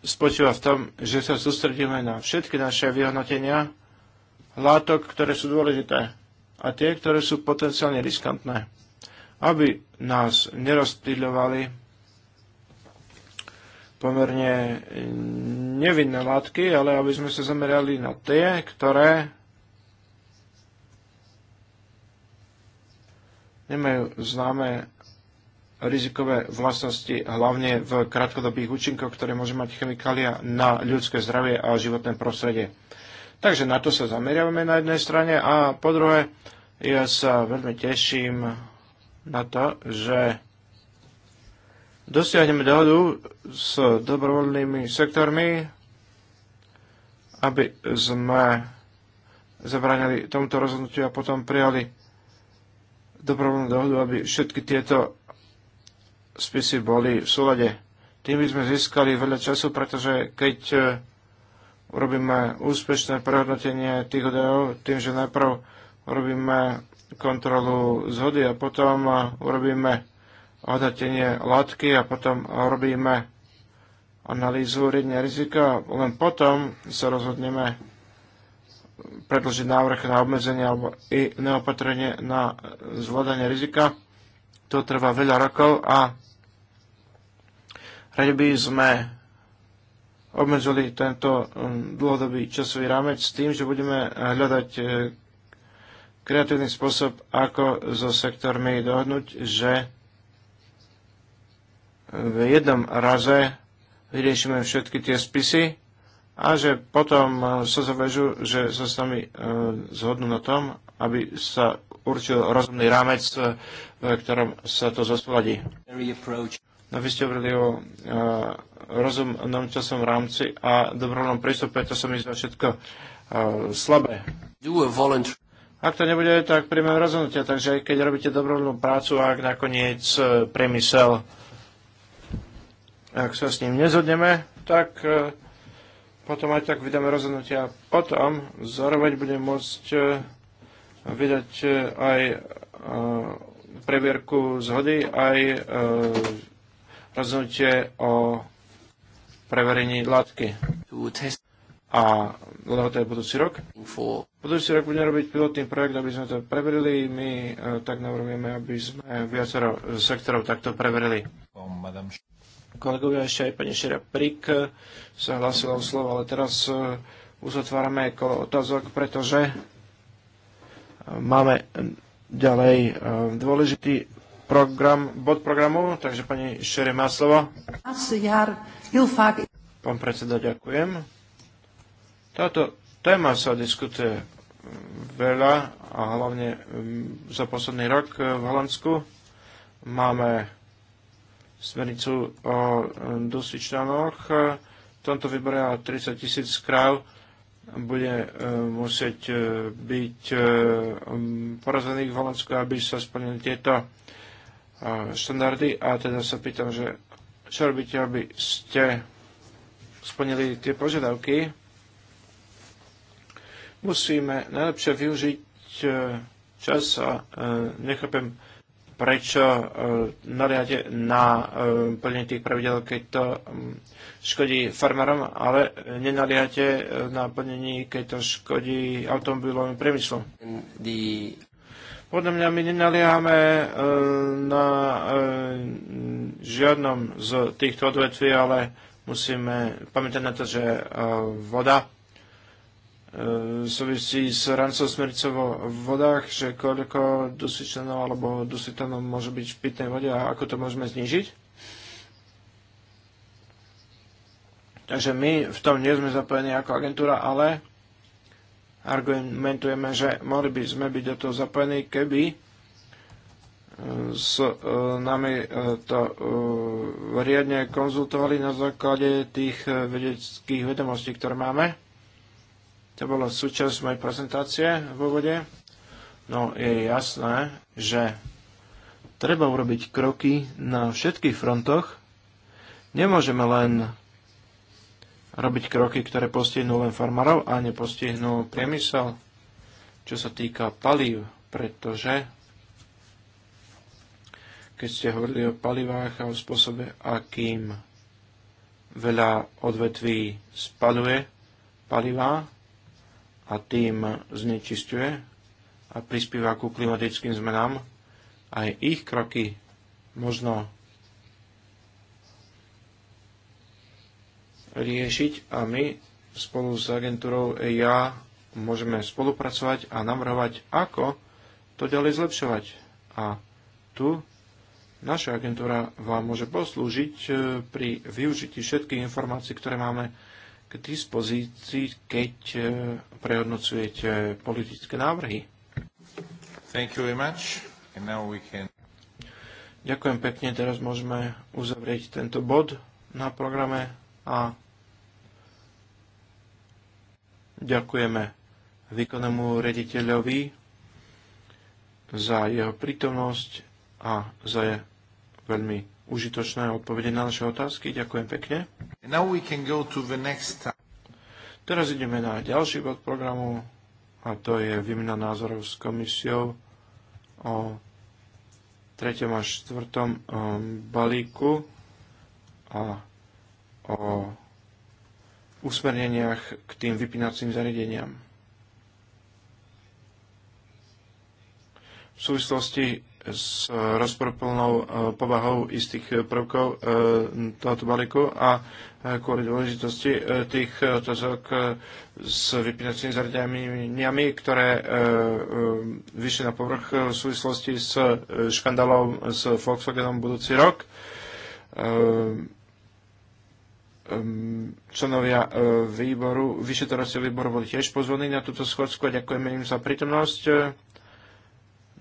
spočíva v tom, že sa sústredíme na všetky naše vyhodnotenia, látok, ktoré sú dôležité a tie, ktoré sú potenciálne riskantné, aby nás nerozptýľovali pomerne nevinné látky, ale aby sme sa zamerali na tie, ktoré nemajú známe rizikové vlastnosti, hlavne v krátkodobých účinkoch, ktoré môže mať chemikália na ľudské zdravie a životné prostredie. Takže na to sa zameriavame na jednej strane a po druhé, ja sa veľmi teším na to, že dosiahneme dohodu s dobrovoľnými sektormi, aby sme zabránili tomuto rozhodnutiu a potom prijali dobrovoľnú dohodu, aby všetky tieto spisy boli v súlade. Tým by sme získali veľa času, pretože keď eh, urobíme úspešné prehodnotenie tých údajov tým, že najprv urobíme kontrolu zhody a potom urobíme hodnotenie látky a potom robíme analýzu riadenia rizika. Len potom sa rozhodneme predlžiť návrh na obmedzenie alebo i neopatrenie na zvládanie rizika. To trvá veľa rokov a radi by sme obmedzili tento um, dlhodobý časový rámec s tým, že budeme eh, hľadať eh, kreatívny spôsob, ako so sektormi dohodnúť, že eh, v jednom raze vyriešime všetky tie spisy a že potom sa zavežu, že sa s nami zhodnú na tom, aby sa určil rozumný rámec, v ktorom sa to zospoladí. No vy ste hovorili o e, rozumnom časom rámci a dobrovoľnom prístupe, to sa mi zdá všetko e, slabé. Ak to nebude, tak príjmem rozhodnutia. Takže keď robíte dobrovoľnú prácu, ak nakoniec e, priemysel, ak sa s ním nezhodneme, tak potom aj tak vydáme rozhodnutia. Potom zároveň budem môcť vydať aj previerku zhody, aj rozhodnutie o preverení látky. A to je budúci rok. Budúci rok budeme robiť pilotný projekt, aby sme to preverili. My e, tak navrhujeme, aby sme viacero sektorov takto preverili. Kolegovia, ešte aj pani Šera Prik sa hlasila o slovo, ale teraz e, uzatvárame kolo otázok, pretože e, máme ďalej dôležitý program, bod programu, takže pani Šere má slovo. Pán predseda, ďakujem. Táto téma sa diskutuje veľa a hlavne mm, za posledný rok v Holandsku máme smernicu o mm, dosičanoch. V tomto výbore 30 tisíc kráv bude mm, musieť e, byť e, porazených v Holandsku, aby sa splnili tieto štandardy a teda sa pýtam, že čo robíte, aby ste splnili tie požiadavky. Musíme najlepšie využiť e, čas a e, nechápem, prečo e, naliate na e, plnenie tých pravidel, keď to škodí farmárom, ale nenaliate na plnení, keď to škodí automobilovým priemyslom. The... Podľa mňa my nenaliehame e, na e, žiadnom z týchto odvetví, ale musíme pamätať na to, že e, voda súvisí s rancov smrti v vodách, že koľko dusičnanov alebo dusitanov môže byť v pitnej vode a ako to môžeme znižiť. Takže my v tom nie sme zapojení ako agentúra, ale argumentujeme, že mohli by sme byť do toho zapojení, keby e, s e, nami e, to riadne konzultovali na základe tých vedeckých vedomostí, ktoré máme. To bola súčasť mojej prezentácie v úvode. No, je jasné, že treba urobiť kroky na všetkých frontoch. Nemôžeme len robiť kroky, ktoré postihnú len farmárov a nepostihnú priemysel, čo sa týka palív, pretože keď ste hovorili o palivách a o spôsobe, akým veľa odvetví spaduje palivá a tým znečisťuje a prispieva ku klimatickým zmenám, aj ich kroky možno riešiť a my spolu s agentúrou EIA môžeme spolupracovať a navrhovať, ako to ďalej zlepšovať. A tu naša agentúra vám môže poslúžiť e, pri využití všetkých informácií, ktoré máme k dispozícii, keď e, prehodnocujete politické návrhy. Thank you very much. And now we can... Ďakujem pekne, teraz môžeme uzavrieť tento bod na programe a ďakujeme výkonnému rediteľovi za jeho prítomnosť a za je veľmi užitočné odpovede na naše otázky. Ďakujem pekne. Teraz ideme na ďalší bod programu a to je výmena názorov s komisiou o 3. a 4. Ehm, balíku a o usmerneniach k tým vypínacím zariadeniam. V súvislosti s rozporplnou e, povahou istých prvkov e, tohoto balíku a e, kvôli dôležitosti tých otázok s vypínacími zariadeniami, ktoré vyšli na povrch v súvislosti s škandálom s Volkswagenom budúci rok. Ehm, členovia e, výboru, vyšetrovacieho výboru boli tiež pozvaní na túto schodsku a ďakujeme im za prítomnosť e,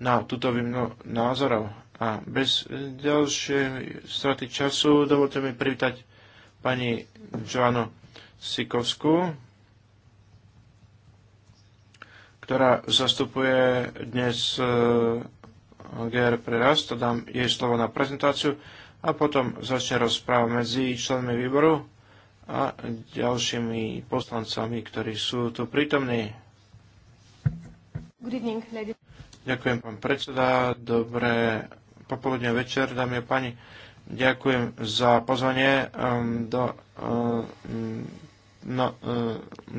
na túto výmnu názorov. A bez ďalšej straty času dovolte mi privítať pani Joano Sikovskú, ktorá zastupuje dnes e, GR pre rast. Dám jej slovo na prezentáciu a potom začne rozpráva medzi členmi výboru a ďalšími poslancami, ktorí sú tu prítomní. Evening, Ďakujem, pán predseda. Dobré popoludne večer, dámy a páni. Ďakujem za pozvanie um, do um, um,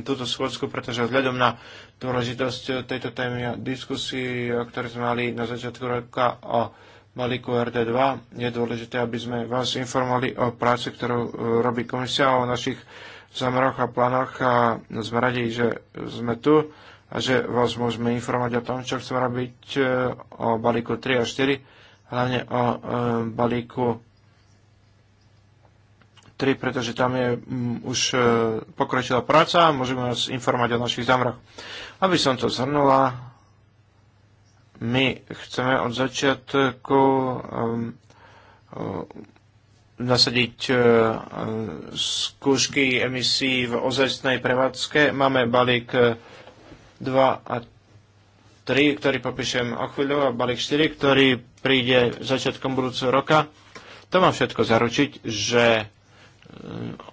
túto schôdzku, pretože vzhľadom na dôležitosť tejto témy a diskusii, o ktorej sme mali na začiatku roka o balíku RD2. Je dôležité, aby sme vás informovali o práci, ktorú e, robí komisia, o našich zameroch a plánoch a sme radi, že sme tu a že vás môžeme informovať o tom, čo chceme robiť e, o balíku 3 a 4, hlavne o e, balíku 3, pretože tam je už pokročila práca a môžeme vás informovať o našich zamroch. Aby som to zhrnula, my chceme od začiatku um, um, nasadiť uh, skúšky emisí v ozajstnej prevádzke. Máme balík 2 uh, a 3, ktorý popíšem o chvíľu, a balík 4, ktorý príde začiatkom budúceho roka. To má všetko zaručiť, že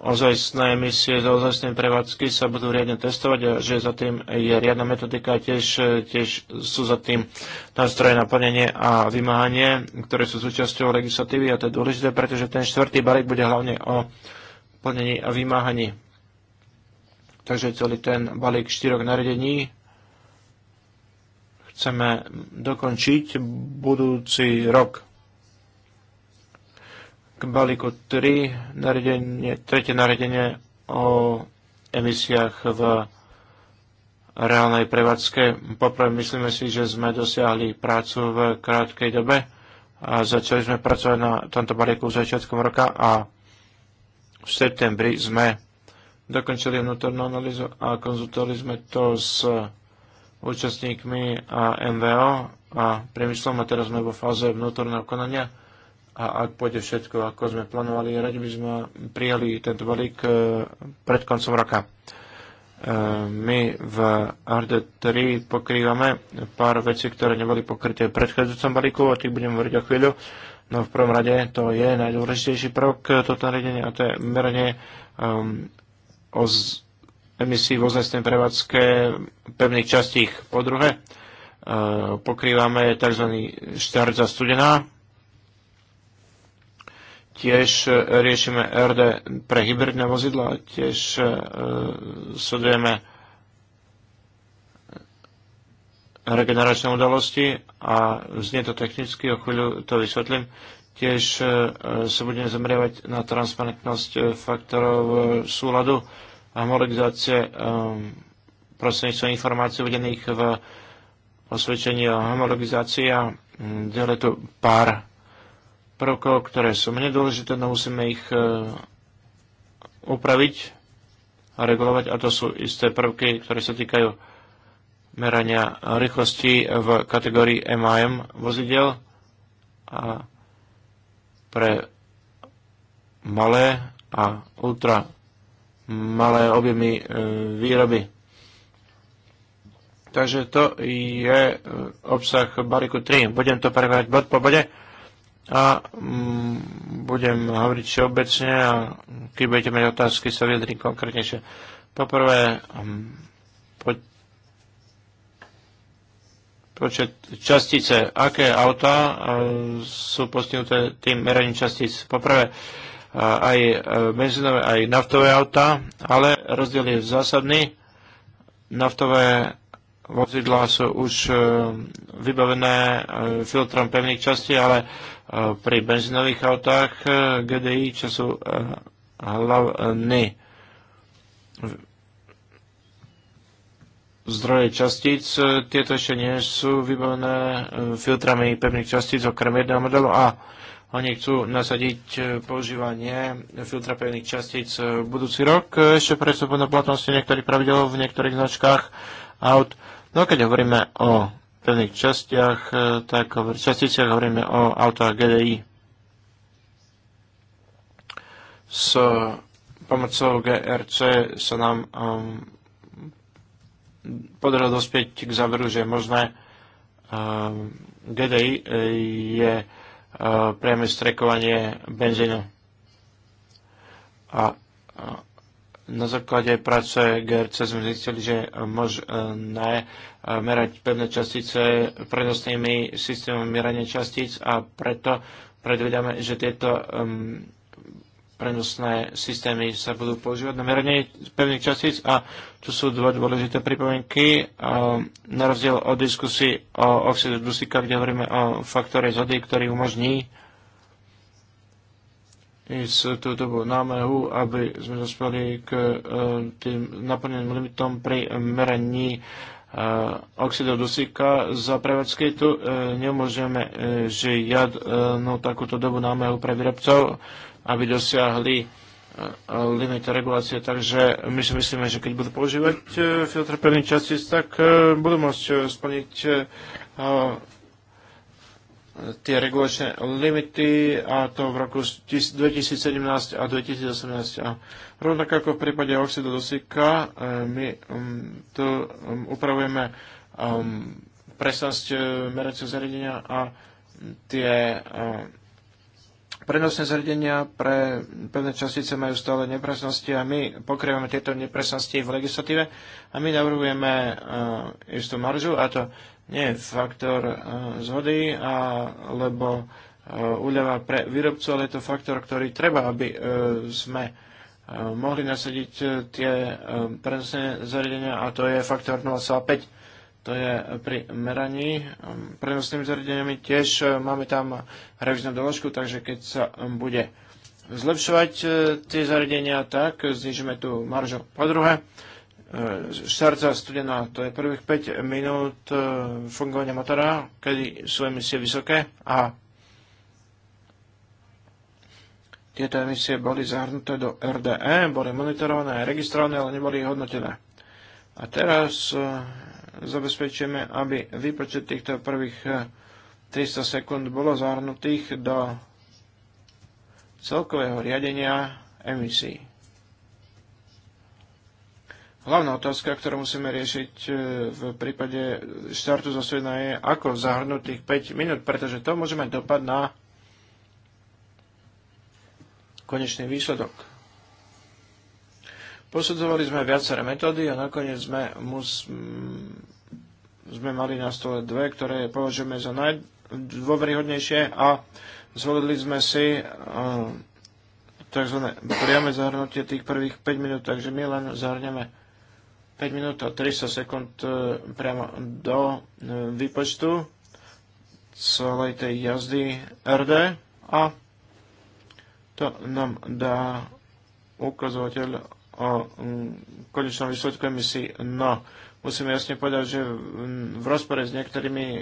ozajstné emisie z ozajstnej prevádzky sa budú riadne testovať a že za tým je riadna metodika a tiež, tiež sú za tým nástroje na plnenie a vymáhanie, ktoré sú súčasťou legislatívy a to je dôležité, pretože ten štvrtý balík bude hlavne o plnení a vymáhaní. Takže celý ten balík štyrok nariadení chceme dokončiť budúci rok k balíku 3, naredenie, tretie naredenie o emisiách v reálnej prevádzke. Poprvé myslíme si, že sme dosiahli prácu v krátkej dobe a začali sme pracovať na tomto balíku začiatkom roka a v septembri sme dokončili vnútornú analýzu a konzultovali sme to s účastníkmi a MVO a priemyslom a teraz sme vo fáze vnútorného konania a ak pôjde všetko, ako sme plánovali, radi by sme prijali tento balík e, pred koncom roka. E, my v RD3 pokrývame pár vecí, ktoré neboli pokryté v predchádzajúcom balíku, o tých budem hovoriť o chvíľu. No v prvom rade to je najdôležitejší prvok toto nariadenie a to je meranie um, o z- emisí v oznesnej prevádzke pevných častích. Po druhé, uh, pokrývame tzv. štart za studená, Tiež e, riešime RD pre hybridné vozidla, tiež e, sledujeme regeneračné udalosti a znie to technicky, o chvíľu to vysvetlím. Tiež e, sa budeme zameriavať na transparentnosť faktorov súladu a homologizácie prostredníctvom informácií uvedených v osvedčení o homologizácii a ďalej tu pár prvkov, ktoré sú mne dôležité, no musíme ich e, upraviť a regulovať a to sú isté prvky, ktoré sa týkajú merania rýchlosti v kategórii MIM vozidel a pre malé a ultra malé objemy e, výroby. Takže to je e, obsah bariku 3. Budem to preberať bod po bode a mm, budem hovoriť všeobecne a keď budete mať otázky, sa vyjadrím konkrétnejšie. Poprvé, mm, po, počet častice, aké autá e, sú postihnuté tým meraním častíc. Poprvé, e, aj e, benzínové, aj naftové auta, ale rozdiel je zásadný. Naftové vozidlá sú už e, vybavené e, filtrom pevných častí, ale e, pri benzínových autách GDI, čo sú hlavné zdroje častíc, tieto ešte nie sú vybavené filtrami pevných častíc okrem jedného modelu A. Oni chcú nasadiť používanie filtra pevných častíc v budúci rok, ešte predstupujú na platnosti niektorých pravidel v niektorých značkách aut No keď hovoríme o pevných častiach, eh, tak v časticiach hovoríme o autách GDI. S pomocou GRC sa nám um, podarilo dospieť k záveru, že je možné um, ehm, GDI eh, je uh, priame strekovanie benzínu. A, a na základe práce GRC sme zistili, že možné eh, merať pevné častice prenosnými systémom merania častíc a preto predvedáme, že tieto um, prenosné systémy sa budú používať na meranie pevných častíc a tu sú dva dôležité pripomienky. na rozdiel od diskusy o oxidu dusíka, kde hovoríme o faktore zhody, ktorý umožní ísť tú dobu na mehu, aby sme dospeli k e, tým naplneným limitom pri meraní e, oxidov dusíka za prevádzky. Tu e, nemôžeme žiadnu no, takúto dobu na mehu pre výrobcov, aby dosiahli limit regulácie, takže my si myslíme, že keď budú používať filtre pevných častíc, tak budú môcť splniť tie regulačné limity a to v roku 2017 a 2018. A rovnako ako v prípade oxidu dusíka, e, my um, tu um, upravujeme um, presnosť e, meracieho zariadenia a tie e, Prenosné zariadenia pre pevné častice majú stále nepresnosti a my pokrývame tieto nepresnosti v legislatíve a my navrhujeme uh, istú maržu a to nie je faktor uh, zhody, alebo uh, pre výrobcu, ale je to faktor, ktorý treba, aby uh, sme uh, mohli nasadiť tie uh, prenosné zariadenia a to je faktor 0,5 to je pri meraní prenosnými zariadeniami. Tiež e, máme tam reviznú doložku, takže keď sa e, bude zlepšovať e, tie zariadenia, tak znižíme tú maržu. Po druhé, štarca studená, to je prvých 5 minút fungovania motora, kedy sú emisie vysoké a tieto emisie boli zahrnuté do RDE, boli monitorované a registrované, ale neboli hodnotené. A teraz zabezpečujeme, aby výpočet týchto prvých 300 eh, sekúnd bolo zahrnutých do celkového riadenia emisí. Hlavná otázka, ktorú musíme riešiť eh, v prípade štartu zo je, ako zahrnúť tých 5 minút, pretože to môže mať dopad na konečný výsledok. Posudzovali sme viaceré metódy a nakoniec sme, mus, sme mali na stole dve, ktoré považujeme za najdôveryhodnejšie a zvolili sme si eh, tzv. priame zahrnutie tých prvých 5 minút, takže my len zahrneme 5 minút a 300 sekúnd eh, priamo do eh, výpočtu celej tej jazdy RD a to nám dá ukazovateľ o konečnom výsledku emisí. No, musím jasne povedať, že v rozpore s niektorými e,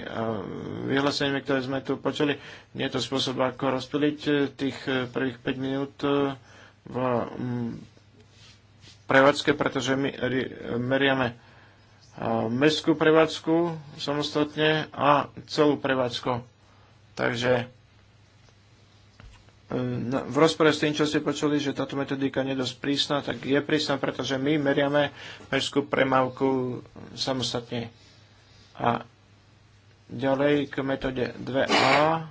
vyhláseniami, ktoré sme tu počuli, nie je to spôsob, ako rozpiliť e, tých e, prvých 5 minút v prevádzke, pretože my meriame mestskú prevádzku samostatne a celú prevádzku. Takže Ehm, no, v rozpore s tým, čo ste počuli, že táto metodika nie je dosť prísna, tak je prísna, pretože my meriame mežskú premávku samostatne. A ďalej k metóde 2a.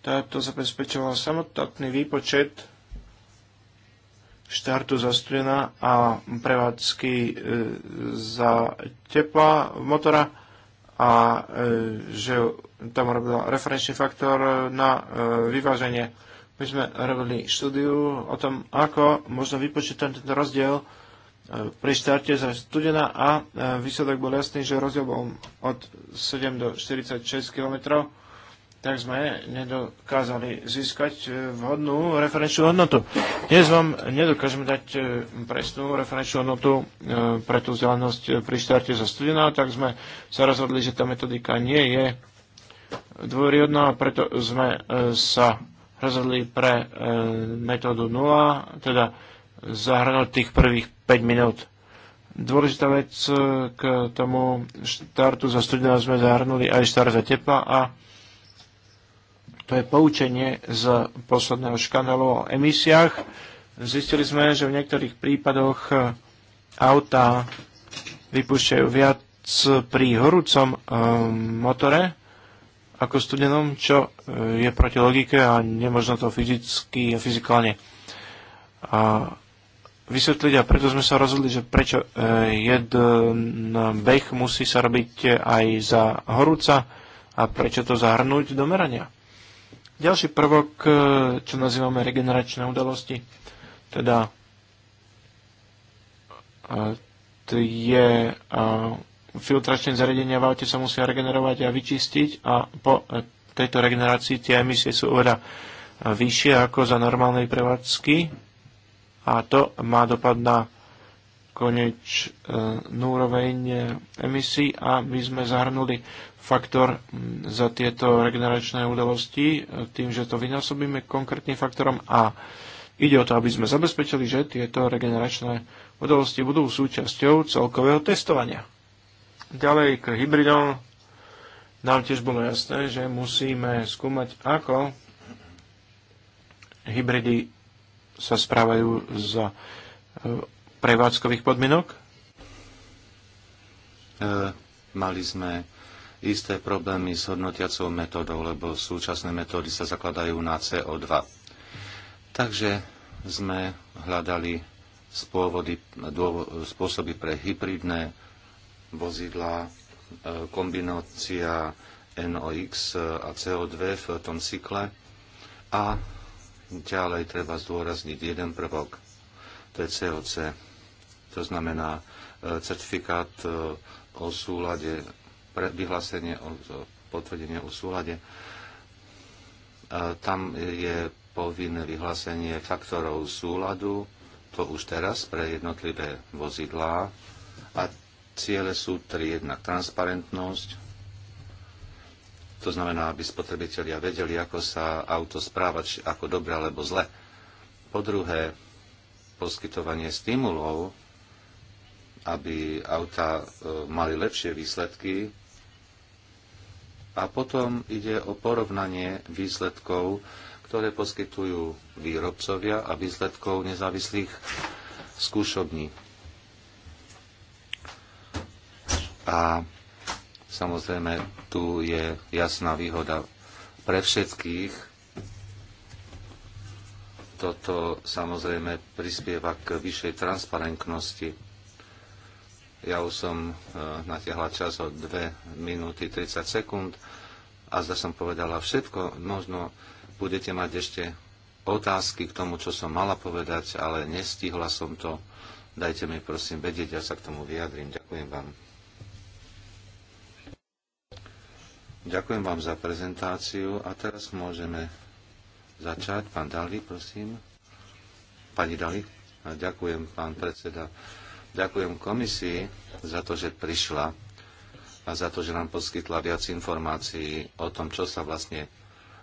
Táto zabezpečovala samostatný výpočet štartu za studená a prevádzky e, za tepla motora a e, že tam robil referenčný faktor na e, vyváženie. My sme robili štúdiu o tom, ako možno vypočítať tento rozdiel e, pri štarte za studena a e, výsledok bol jasný, že rozdiel bol od 7 do 46 km, tak sme nedokázali získať vhodnú referenčnú hodnotu. Dnes vám nedokážeme dať presnú referenčnú hodnotu pre tú vzdialenosť pri štarte za studená, tak sme sa rozhodli, že tá metodika nie je dôveryhodná a preto sme e, sa rozhodli pre e, metódu 0, teda zahrnúť tých prvých 5 minút. Dôležitá vec e, k tomu štartu za studená sme zahrnuli aj štart za tepla a to je poučenie z posledného škandálu o emisiách. Zistili sme, že v niektorých prípadoch auta vypúšťajú viac pri horúcom motore, ako studenom, čo e, je proti logike a nemožno to fyzicky a fyzikálne a vysvetliť a preto sme sa rozhodli, že prečo e, jeden beh musí sa robiť aj za horúca a prečo to zahrnúť do merania. Ďalší prvok, e, čo nazývame regeneračné udalosti, teda je filtračné zariadenia v aute sa musia regenerovať a vyčistiť a po tejto regenerácii tie emisie sú oveľa vyššie ako za normálnej prevádzky a to má dopad na konečnú e, úroveň emisí a my sme zahrnuli faktor za tieto regeneračné udalosti e, tým, že to vynásobíme konkrétnym faktorom a ide o to, aby sme zabezpečili, že tieto regeneračné udalosti budú súčasťou celkového testovania. Ďalej k hybridom nám tiež bolo jasné, že musíme skúmať, ako hybridy sa správajú z e, prevádzkových podmienok? E, mali sme isté problémy s hodnotiacou metodou, lebo súčasné metódy sa zakladajú na CO2. Takže sme hľadali spôvody, dô, spôsoby pre hybridné vozidla, e, kombinácia NOx e, a CO2 v tom cykle a ďalej treba zdôrazniť jeden prvok, to je COC, to znamená e, certifikát o súlade, vyhlásenie o potvrdenie o súlade. Tam je povinné vyhlásenie faktorov súladu, to už teraz pre jednotlivé vozidlá a Ciele sú tri. Jednak transparentnosť, to znamená, aby spotrebitelia vedeli, ako sa auto správa, či ako dobre alebo zle. Po druhé, poskytovanie stimulov, aby auta e, mali lepšie výsledky. A potom ide o porovnanie výsledkov, ktoré poskytujú výrobcovia a výsledkov nezávislých skúšobní. A samozrejme, tu je jasná výhoda pre všetkých. Toto samozrejme prispieva k vyššej transparentnosti. Ja už som e, natiahla čas o 2 minúty 30 sekúnd a zda som povedala všetko. Možno budete mať ešte otázky k tomu, čo som mala povedať, ale nestihla som to. Dajte mi prosím vedieť, ja sa k tomu vyjadrím. Ďakujem vám. Ďakujem vám za prezentáciu a teraz môžeme začať. Pán Dali, prosím. Pani Dali. A ďakujem, pán predseda. Ďakujem komisii za to, že prišla a za to, že nám poskytla viac informácií o tom, čo sa vlastne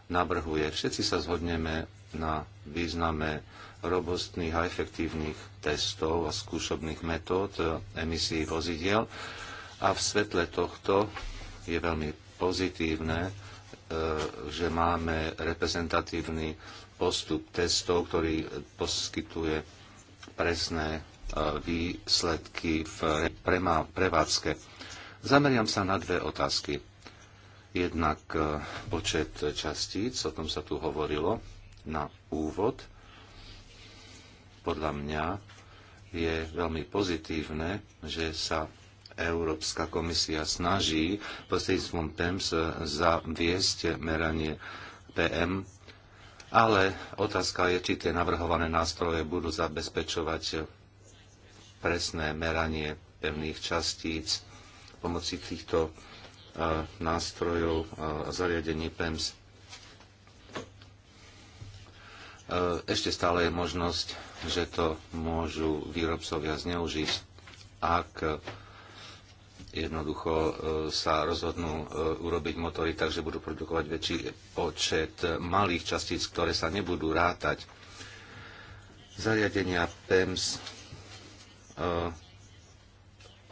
navrhuje. Všetci sa zhodneme na význame robustných a efektívnych testov a skúšobných metód emisí vozidiel a v svetle tohto je veľmi pozitívne, e, že máme reprezentatívny postup testov, ktorý poskytuje presné e, výsledky v prevádzke. Zameriam sa na dve otázky. Jednak e, počet častíc, o tom sa tu hovorilo na úvod. Podľa mňa je veľmi pozitívne, že sa Európska komisia snaží prostredníctvom PEMS zaviesť meranie PM, ale otázka je, či tie navrhované nástroje budú zabezpečovať presné meranie pevných častíc pomocí týchto e, nástrojov a e, zariadení PEMS. E, ešte stále je možnosť, že to môžu výrobcovia zneužiť, ak jednoducho e, sa rozhodnú e, urobiť motory tak, že budú produkovať väčší počet malých častíc, ktoré sa nebudú rátať. Zariadenia PEMS. E,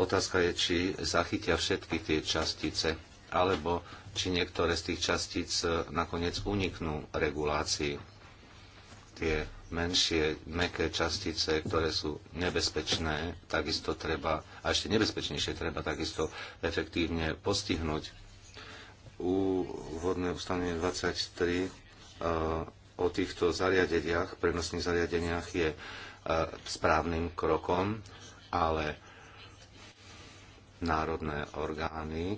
otázka je, či zachytia všetky tie častice, alebo či niektoré z tých častíc nakoniec uniknú regulácii. Tie menšie meké častice, ktoré sú nebezpečné, takisto treba, a ešte nebezpečnejšie treba takisto efektívne postihnúť. Úvodné ustanovenie 23 e, o týchto zariadeniach, prenosných zariadeniach je e, správnym krokom, ale národné orgány e,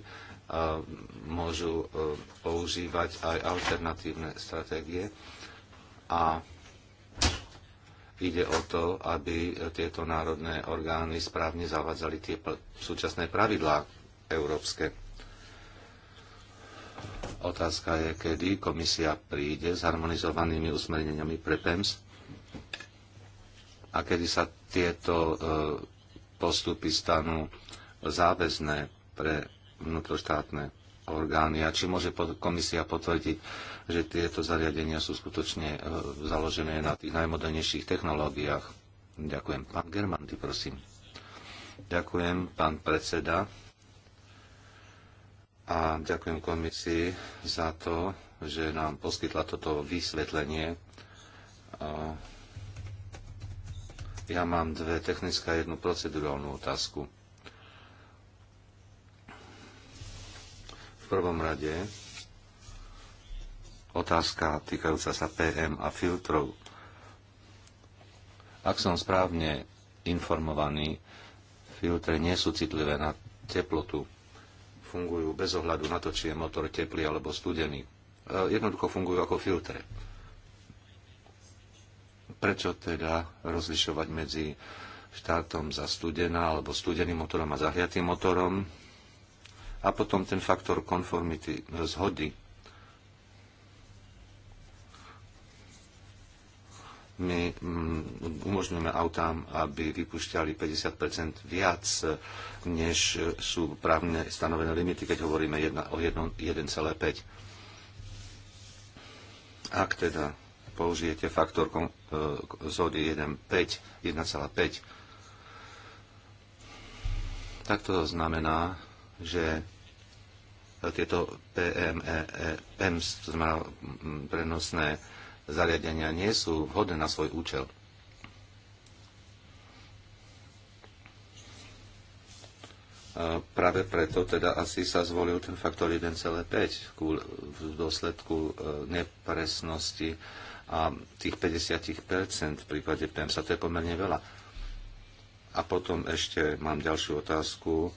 môžu používať aj alternatívne stratégie a Ide o to, aby tieto národné orgány správne zavádzali tie súčasné pravidlá európske. Otázka je, kedy komisia príde s harmonizovanými usmerneniami pre PEMS a kedy sa tieto e, postupy stanú záväzné pre vnútroštátne orgány a či môže komisia potvrdiť že tieto zariadenia sú skutočne e, založené na tých najmodernejších technológiách. Ďakujem. Pán Germanty, prosím. Ďakujem, pán predseda. A ďakujem komisii za to, že nám poskytla toto vysvetlenie. E, ja mám dve technické a jednu procedurálnu otázku. V prvom rade otázka týkajúca sa PM a filtrov. Ak som správne informovaný, filtre nie sú citlivé na teplotu. Fungujú bez ohľadu na to, či je motor teplý alebo studený. E, jednoducho fungujú ako filtre. Prečo teda rozlišovať medzi štátom za studená alebo studeným motorom a zahriatým motorom? A potom ten faktor konformity, zhody my mm, umožňujeme autám, aby vypúšťali 50 viac, než sú právne stanovené limity, keď hovoríme jedna, o 1,5. Ak teda použijete faktor zódy 1,5, 1,5, tak to znamená, že tieto PME, e, PEMS, to znamená mm, prenosné zariadenia nie sú vhodné na svoj účel. práve preto teda asi sa zvolil ten faktor 1,5 v dôsledku e, nepresnosti a tých 50% v prípade sa to je pomerne veľa. A potom ešte mám ďalšiu otázku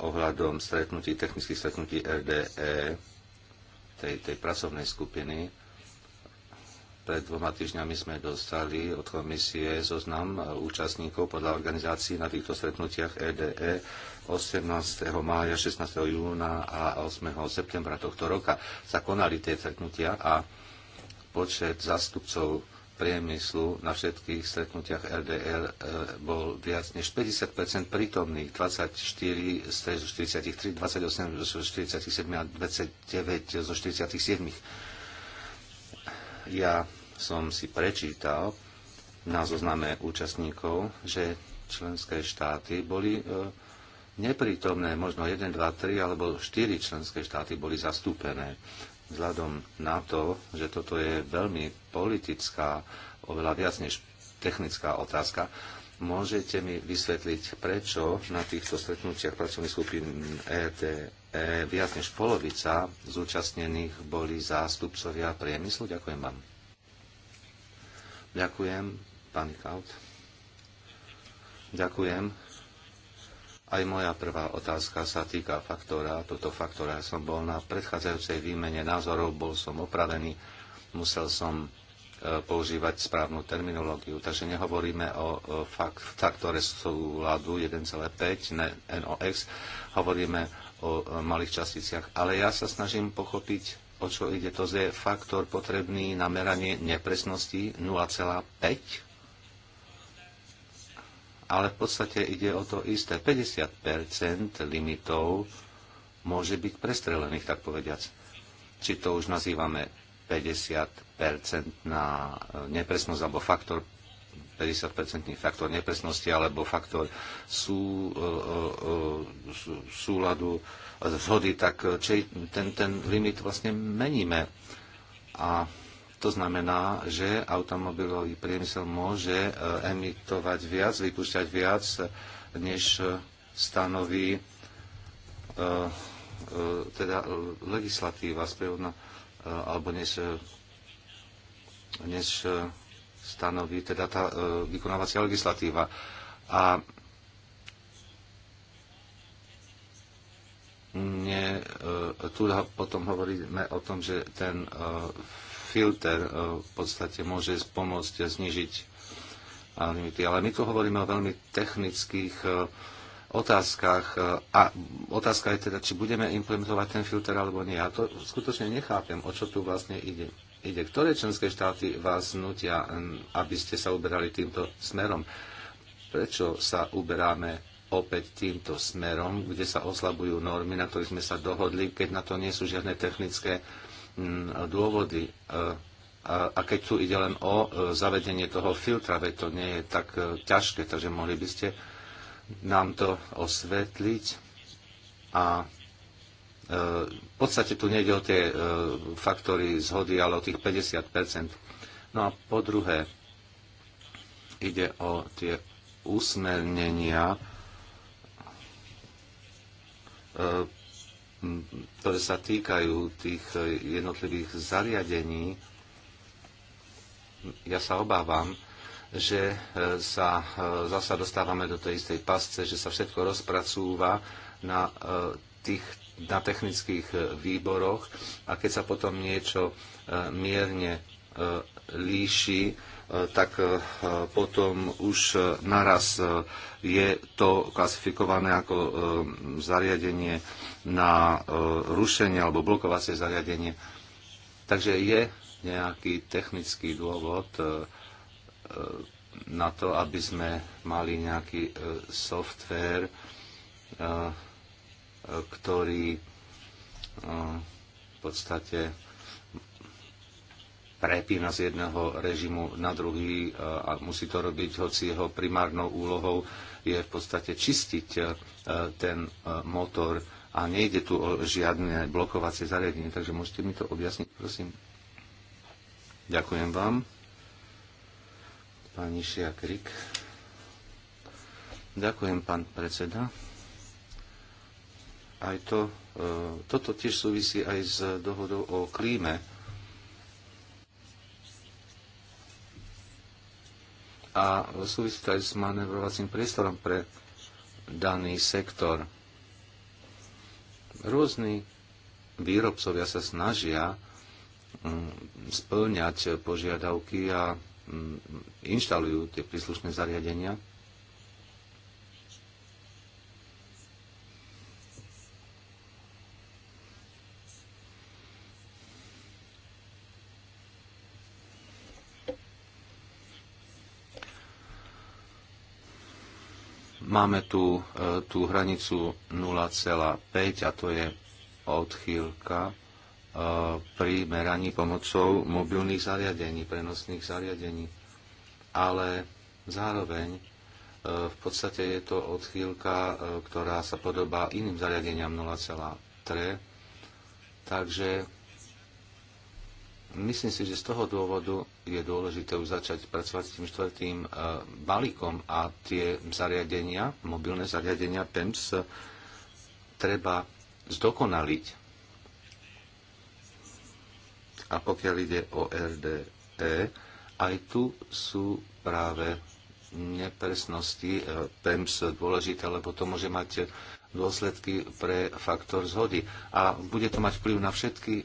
ohľadom stretnutí, technických stretnutí RDE, tej, tej pracovnej skupiny pred dvoma týždňami sme dostali od komisie zoznam e, účastníkov podľa organizácií na týchto stretnutiach EDE 18. E mája, 16. júna a 8. septembra tohto roka sa konali tie stretnutia a počet zastupcov priemyslu na všetkých stretnutiach LDR e bol viac než 50 prítomných, 24 z 43, 28 z 47 a 29 zo 47. Ja som si prečítal na zozname účastníkov, že členské štáty boli e, neprítomné, možno 1, 2, 3 alebo 4 členské štáty boli zastúpené. Vzhľadom na to, že toto je veľmi politická, oveľa viac než technická otázka, môžete mi vysvetliť, prečo na týchto stretnutiach pracovných skupín ETE e viac než polovica zúčastnených boli zástupcovia priemyslu? Ďakujem vám. Ďakujem, pán Kaut. Ďakujem. Aj moja prvá otázka sa týka faktora. Toto faktora som bol na predchádzajúcej výmene názorov, bol som opravený, musel som e, používať správnu terminológiu. Takže nehovoríme o fakt, faktore súladu 1,5 ne NOx, hovoríme o e, malých časticiach. Ale ja sa snažím pochopiť o čo ide, to je faktor potrebný na meranie nepresnosti 0,5 ale v podstate ide o to isté. 50% limitov môže byť prestrelených, tak povediac. Či to už nazývame 50% na e, nepresnosť alebo faktor 50-percentný faktor nepresnosti alebo faktor sú, e, e, e sú, súladu zhody, tak eh, či ten, ten limit vlastne meníme. A to znamená, že automobilový priemysel môže eh, emitovať viac, vypúšťať viac, eh, než stanoví teda legislatíva sprievodná, alebo než, než stanoví teda tá vykonávacia legislatíva. A ne, e, tu potom hovoríme o tom, že ten e, filter e, v podstate môže pomôcť znižiť limity. Ale my tu hovoríme o veľmi technických otázkach a otázka je teda, či budeme implementovať ten filter alebo nie. Ja to skutočne nechápem, o čo tu vlastne ide. ide. Ktoré členské štáty vás nutia, aby ste sa uberali týmto smerom? Prečo sa uberáme opäť týmto smerom, kde sa oslabujú normy, na ktorých sme sa dohodli, keď na to nie sú žiadne technické mm, dôvody. E, a keď tu ide len o e, zavedenie toho filtra, veď to nie je tak e, ťažké, takže mohli by ste nám to osvetliť. A v podstate tu nejde o tie faktory zhody, ale o tých 50 No a po druhé, ide o tie usmernenia E, ktoré sa týkajú tých e, jednotlivých zariadení, ja sa obávam, že e, sa zasa dostávame do tej istej pasce, že sa všetko rozpracúva na, tých, na technických výboroch a keď sa potom niečo mierne líši, E, tak e, potom už e, naraz je to klasifikované ako zariadenie na rušenie alebo blokovacie zariadenie. Takže je nejaký technický dôvod na to, aby sme mali nejaký software, ktorý v podstate prepína z jedného režimu na druhý e, a musí to robiť, hoci jeho primárnou úlohou je v podstate čistiť e, ten e, motor a nejde tu o žiadne blokovacie zariadenie, takže môžete mi to objasniť, prosím. Ďakujem vám. Pani Šiakrik. Ďakujem, pán predseda. Aj to, toto tiež súvisí aj s dohodou o klíme a súvisí to aj s manevrovacím priestorom pre daný sektor. Rôzni výrobcovia sa snažia mm, splňať požiadavky a mm, inštalujú tie príslušné zariadenia Máme tu e, tú hranicu 0,5 a to je odchýlka e, pri meraní pomocou mobilných zariadení, prenosných zariadení. Ale zároveň e, v podstate je to odchýlka, ktorá sa podobá iným zariadeniam 0,3. Takže Myslím si, že z toho dôvodu je dôležité už začať pracovať s tým štvrtým e, balíkom a tie zariadenia, mobilné zariadenia PEMS e, treba zdokonaliť. A pokiaľ ide o RDE, aj tu sú práve nepresnosti e, PEMS dôležité, lebo to môže mať dôsledky pre faktor zhody. A bude to mať vplyv na všetky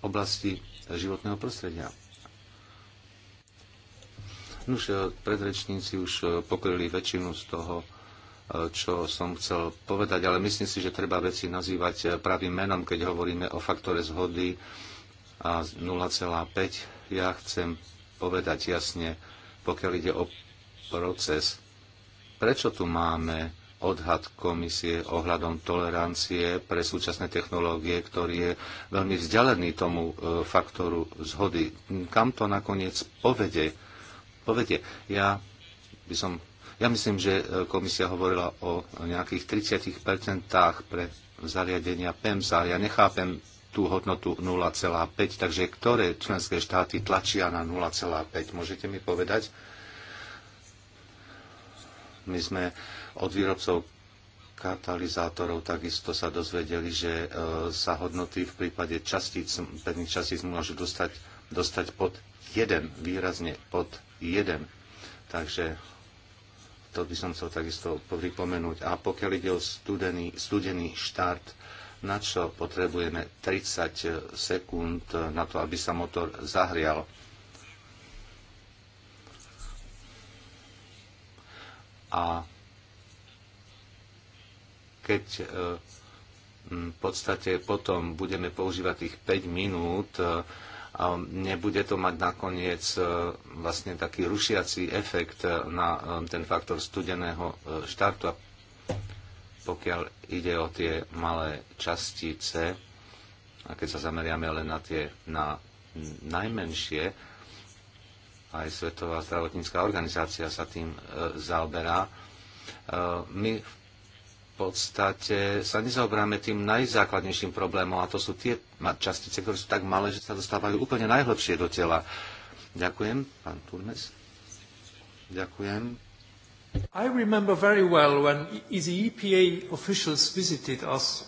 oblasti životného prostredia. Nuž, e, predrečníci už e, pokryli väčšinu z toho, e, čo som chcel povedať, ale myslím si, že treba veci nazývať pravým menom, keď hovoríme o faktore zhody a 0,5. Ja chcem povedať jasne, pokiaľ ide o proces, prečo tu máme odhad komisie ohľadom tolerancie pre súčasné technológie, ktorý je veľmi vzdialený tomu e, faktoru zhody. Kam to nakoniec povede? povede? Ja by som ja myslím, že e, komisia hovorila o nejakých 30% pre zariadenia PEMSA. Ja nechápem tú hodnotu 0,5, takže ktoré členské štáty tlačia na 0,5? Môžete mi povedať? My sme od výrobcov katalizátorov takisto sa dozvedeli, že e, sa hodnoty v prípade častíc, pevných častíc môžu dostať, dostať pod 1, výrazne pod 1. Takže to by som chcel takisto pripomenúť. A pokiaľ ide o studený, studený štart, na čo potrebujeme 30 e, sekúnd e, na to, aby sa motor zahrial. A keď e, v podstate potom budeme používať tých 5 minút, e, a nebude to mať nakoniec e, vlastne taký rušiací efekt na ten faktor studeného štartu. A pokiaľ ide o tie malé častice, a keď sa zameriame len na tie na najmenšie, aj Svetová zdravotnícká organizácia sa tým zaoberá, my v podstate sa nezaobráme tým najzákladnejším problémom a to sú tie častice, ktoré sú tak malé, že sa dostávajú úplne najhlbšie do tela. Ďakujem, pán Turmes. Ďakujem. I remember very well when the EPA officials visited us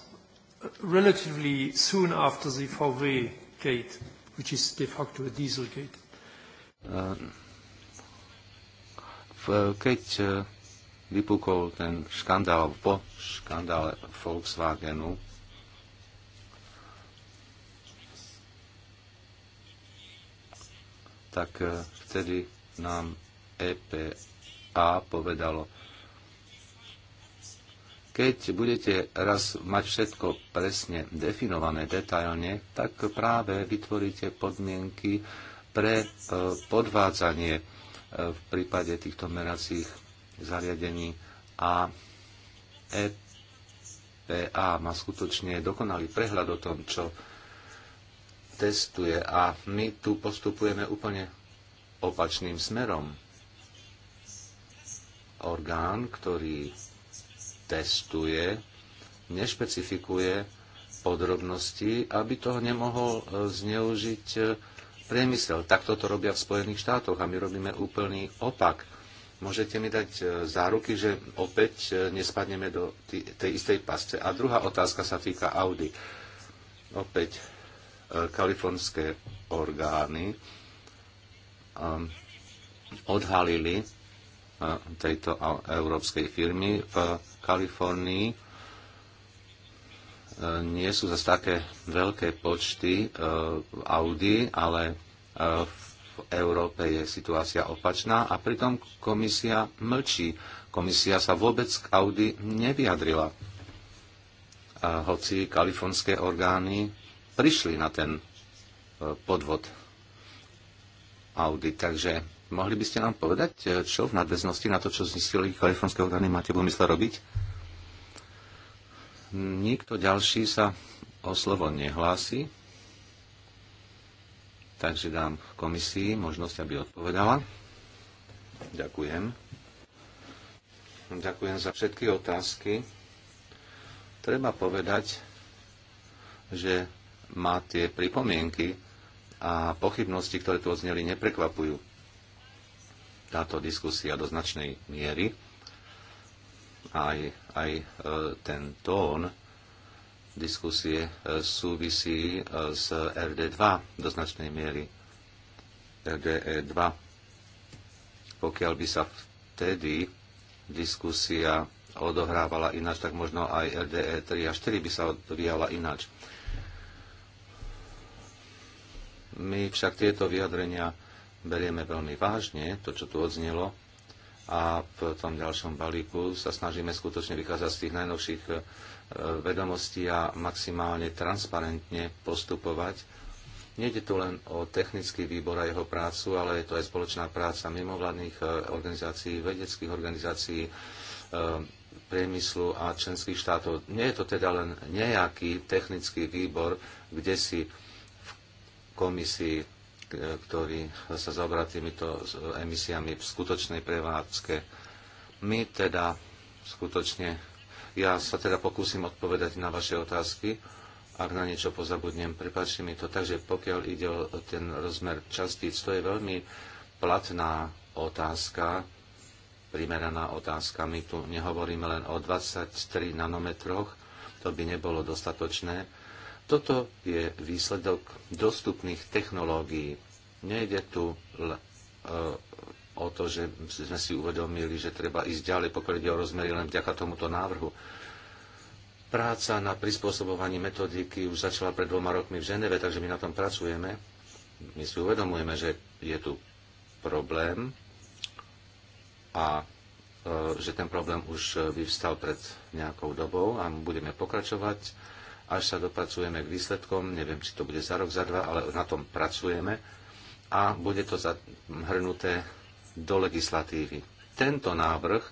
uh, relatively soon after the VW gate, which is de facto a diesel gate. Uh, keď uh, vypukol ten škandál po škandále Volkswagenu, tak eh, vtedy nám EPA povedalo, keď budete raz mať všetko presne definované detailne, tak práve vytvoríte podmienky pre eh, podvádzanie eh, v prípade týchto meracích zariadení a EPA má skutočne dokonalý prehľad o tom, čo testuje a my tu postupujeme úplne opačným smerom. Orgán, ktorý testuje, nešpecifikuje podrobnosti, aby toho nemohol e, zneužiť e, priemysel. Takto to robia v Spojených štátoch a my robíme úplný opak Môžete mi dať e, záruky, že opäť e, nespadneme do tej istej pasce? A druhá otázka sa týka Audi. Opäť e, kalifornské orgány um, odhalili tejto európskej firmy v Kalifornii nie sú zase také veľké počty Audi, ale v v Európe je situácia opačná a pritom komisia mlčí. Komisia sa vôbec k Audi nevyjadrila. A hoci kalifornské orgány prišli na ten e, podvod Audi. Takže mohli by ste nám povedať, e, čo v nadväznosti na to, čo zistili kalifornské orgány, máte v úmysle robiť? Nikto ďalší sa o slovo nehlási. Takže dám komisii možnosť, aby odpovedala. Ďakujem. Ďakujem za všetky otázky. Treba povedať, že má tie pripomienky a pochybnosti, ktoré tu odzneli, neprekvapujú táto diskusia do značnej miery. Aj, aj e, ten tón diskusie e, súvisí e, s RD2 do značnej miery. RDE2. E Pokiaľ by sa vtedy diskusia odohrávala ináč, tak možno aj RDE 3 a 4 by sa odvíjala ináč. My však tieto vyjadrenia berieme veľmi vážne, to, čo tu odznelo, a v tom ďalšom balíku sa snažíme skutočne vykázať z tých najnovších vedomosti a maximálne transparentne postupovať. Nede tu len o technický výbor a jeho prácu, ale je to aj spoločná práca mimovladných e, organizácií, vedeckých organizácií, e, priemyslu a členských štátov. Nie je to teda len nejaký technický výbor, kde si v komisii, e, ktorý sa zaoberá týmito emisiami v skutočnej prevádzke. My teda skutočne ja sa teda pokúsim odpovedať na vaše otázky. Ak na niečo pozabudnem, prepáčte mi to. Takže pokiaľ ide o ten rozmer častíc, to je veľmi platná otázka, primeraná otázka. My tu nehovoríme len o 23 nanometroch, to by nebolo dostatočné. Toto je výsledok dostupných technológií. Nejde tu e, o to, že sme si uvedomili, že treba ísť ďalej, pokiaľ ide o rozmery len vďaka tomuto návrhu. Práca na prispôsobovaní metodiky už začala pred dvoma rokmi v Ženeve, takže my na tom pracujeme. My si uvedomujeme, že je tu problém a e, že ten problém už e, vyvstal pred nejakou dobou a budeme pokračovať, až sa dopracujeme k výsledkom. Neviem, či to bude za rok, za dva, ale na tom pracujeme a bude to zahrnuté do legislatívy. Tento návrh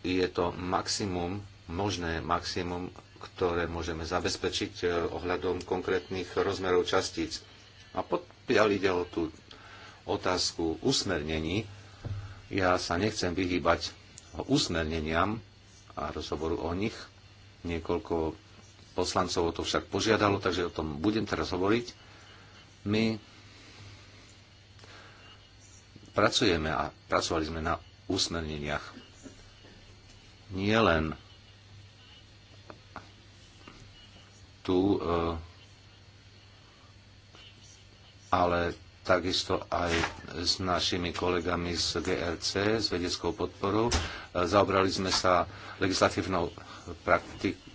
je to maximum, možné maximum, ktoré môžeme zabezpečiť e, ohľadom konkrétnych rozmerov častíc. A pokiaľ ide o tú otázku usmernení, ja sa nechcem vyhýbať usmerneniam a rozhovoru o nich. Niekoľko poslancov o to však požiadalo, takže o tom budem teraz hovoriť. My pracujeme a pracovali sme na usmerneniach. Nie len tu, e, ale takisto aj s našimi kolegami z GRC, s vedeckou podporou. E, zaobrali sme sa legislatívnou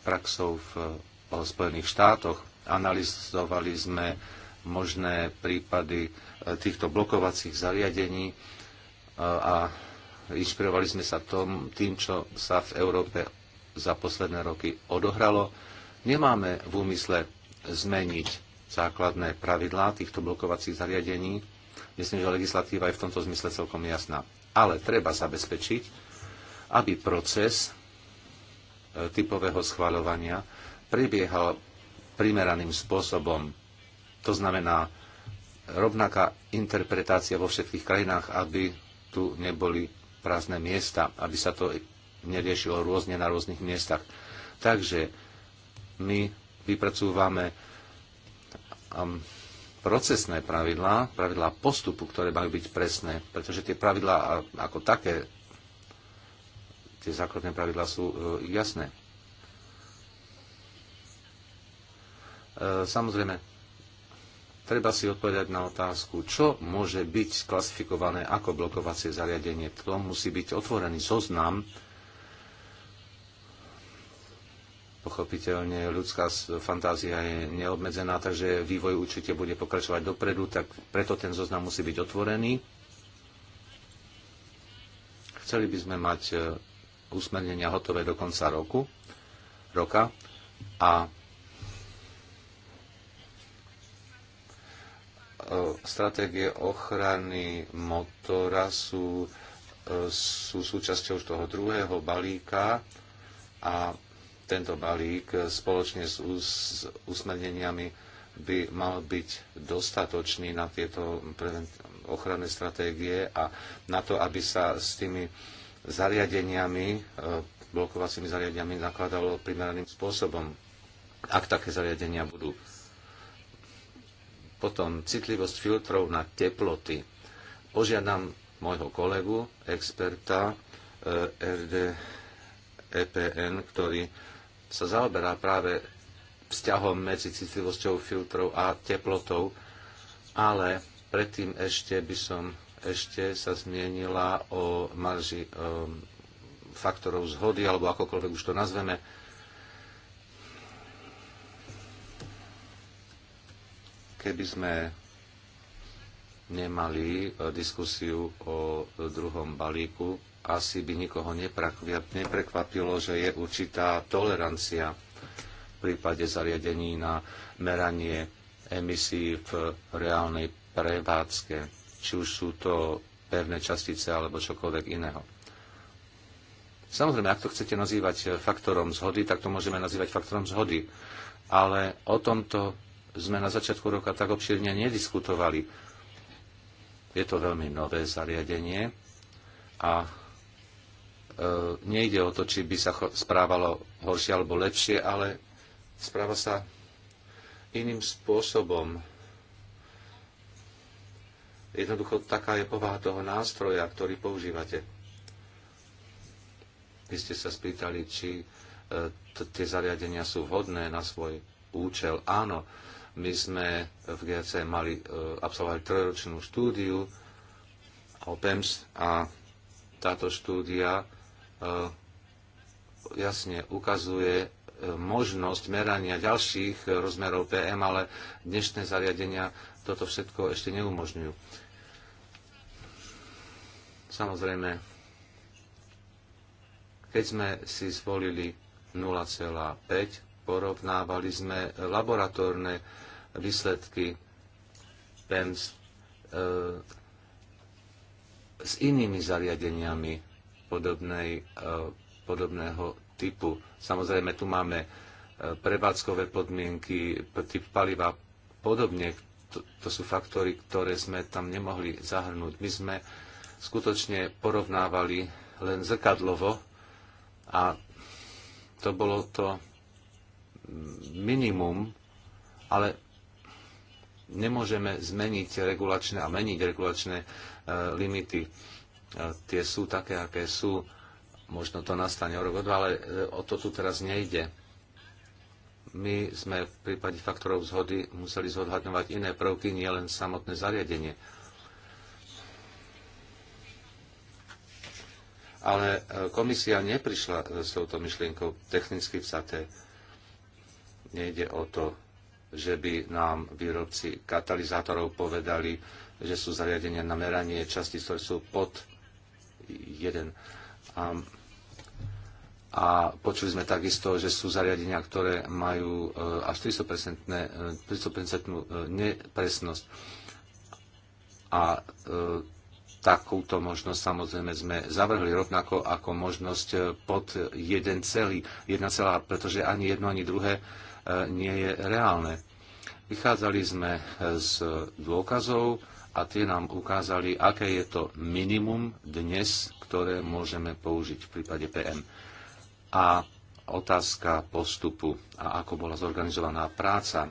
praxou v Spojených štátoch. Analizovali sme možné prípady týchto blokovacích zariadení a inšpirovali sme sa tom, tým, čo sa v Európe za posledné roky odohralo. Nemáme v úmysle zmeniť základné pravidlá týchto blokovacích zariadení. Myslím, že legislatíva je v tomto zmysle celkom jasná. Ale treba zabezpečiť, aby proces e, typového schvaľovania prebiehal primeraným spôsobom. To znamená, rovnaká interpretácia vo všetkých krajinách, aby tu neboli prázdne miesta, aby sa to neriešilo rôzne na rôznych miestach. Takže my vypracúvame um, procesné pravidlá, pravidlá postupu, ktoré majú byť presné, pretože tie pravidlá ako také, tie základné pravidlá sú uh, jasné. Uh, samozrejme, treba si odpovedať na otázku, čo môže byť klasifikované ako blokovacie zariadenie. To musí byť otvorený zoznam. Pochopiteľne ľudská fantázia je neobmedzená, takže vývoj určite bude pokračovať dopredu, tak preto ten zoznam musí byť otvorený. Chceli by sme mať e, usmernenia hotové do konca roku, roka a stratégie ochrany motora sú, e, sú súčasťou toho druhého balíka a tento balík spoločne s, s usmerneniami by mal byť dostatočný na tieto ochranné stratégie a na to, aby sa s tými zariadeniami, e, blokovacími zariadeniami nakladalo primeraným spôsobom, ak také zariadenia budú potom citlivosť filtrov na teploty. Požiadam môjho kolegu, experta eh, RD EPN, ktorý sa zaoberá práve vzťahom medzi citlivosťou filtrov a teplotou, ale predtým ešte by som ešte sa zmienila o marži eh, faktorov zhody, alebo akokoľvek už to nazveme, keby sme nemali e, diskusiu o e, druhom balíku, asi by nikoho neprekvapilo, že je určitá tolerancia v prípade zariadení na meranie emisí v reálnej prevádzke, či už sú to pevné častice alebo čokoľvek iného. Samozrejme, ak to chcete nazývať faktorom zhody, tak to môžeme nazývať faktorom zhody. Ale o tomto sme na začiatku roka tak obširne nediskutovali. Je to veľmi nové zariadenie a e, nejde o to, či by sa správalo horšie alebo lepšie, ale správa sa iným spôsobom. Jednoducho taká je povaha toho nástroja, ktorý používate. Vy ste sa spýtali, či e, tie zariadenia sú vhodné na svoj účel. Áno, my sme v GC mali e, absolvovať trojročnú štúdiu o PEMS a táto štúdia e, jasne ukazuje e, možnosť merania ďalších rozmerov PM, ale dnešné zariadenia toto všetko ešte neumožňujú. Samozrejme, keď sme si zvolili 0,5, porovnávali sme laboratórne výsledky PEMS e, s inými zariadeniami podobnej, e, podobného typu. Samozrejme, tu máme e, prevádzkové podmienky, typ paliva podobne. To, to sú faktory, ktoré sme tam nemohli zahrnúť. My sme skutočne porovnávali len zrkadlovo a to bolo to minimum, ale nemôžeme zmeniť regulačné a meniť regulačné e, limity. E, tie sú také, aké sú. Možno to nastane o rok, o ale e, o to tu teraz nejde. My sme v prípade faktorov zhody museli zhodhadňovať iné prvky, nielen samotné zariadenie. Ale komisia neprišla s touto myšlienkou technicky vzaté. Nejde o to že by nám výrobci katalizátorov povedali, že sú zariadenia na meranie častíc, ktoré sú pod jeden. A, a počuli sme takisto, že sú zariadenia, ktoré majú e, až 300% e, e, nepresnosť. A takúto možnosť samozrejme sme zavrhli rovnako ako možnosť pod jeden celý, jedna celá, pretože ani jedno, ani druhé nie je reálne. Vychádzali sme eh, z dôkazov a tie nám ukázali, aké je to minimum dnes, ktoré môžeme použiť v prípade PM. A otázka postupu a ako bola zorganizovaná práca.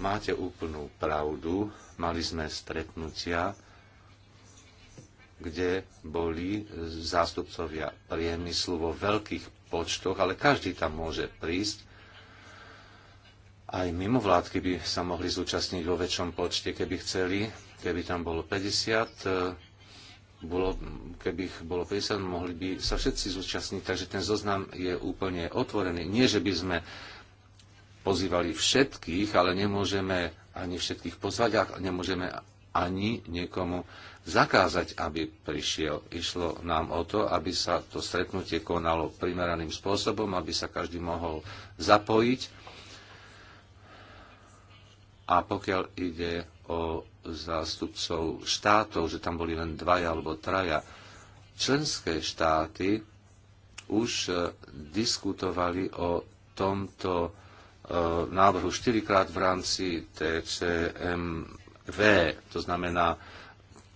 Máte úplnú pravdu, mali sme stretnutia, kde boli zástupcovia priemyslu vo veľkých počtoch, ale každý tam môže prísť aj mimovládky by sa mohli zúčastniť vo väčšom počte, keby chceli. Keby tam bolo 50, e, bolo, keby ich bolo 50, mohli by sa všetci zúčastniť. Takže ten zoznam je úplne otvorený. Nie, že by sme pozývali všetkých, ale nemôžeme ani všetkých pozvať a nemôžeme ani niekomu zakázať, aby prišiel. Išlo nám o to, aby sa to stretnutie konalo primeraným spôsobom, aby sa každý mohol zapojiť a pokiaľ ide o zástupcov štátov, že tam boli len dvaja alebo traja, členské štáty už e, diskutovali o tomto e, návrhu štyrikrát v rámci TCMV, to znamená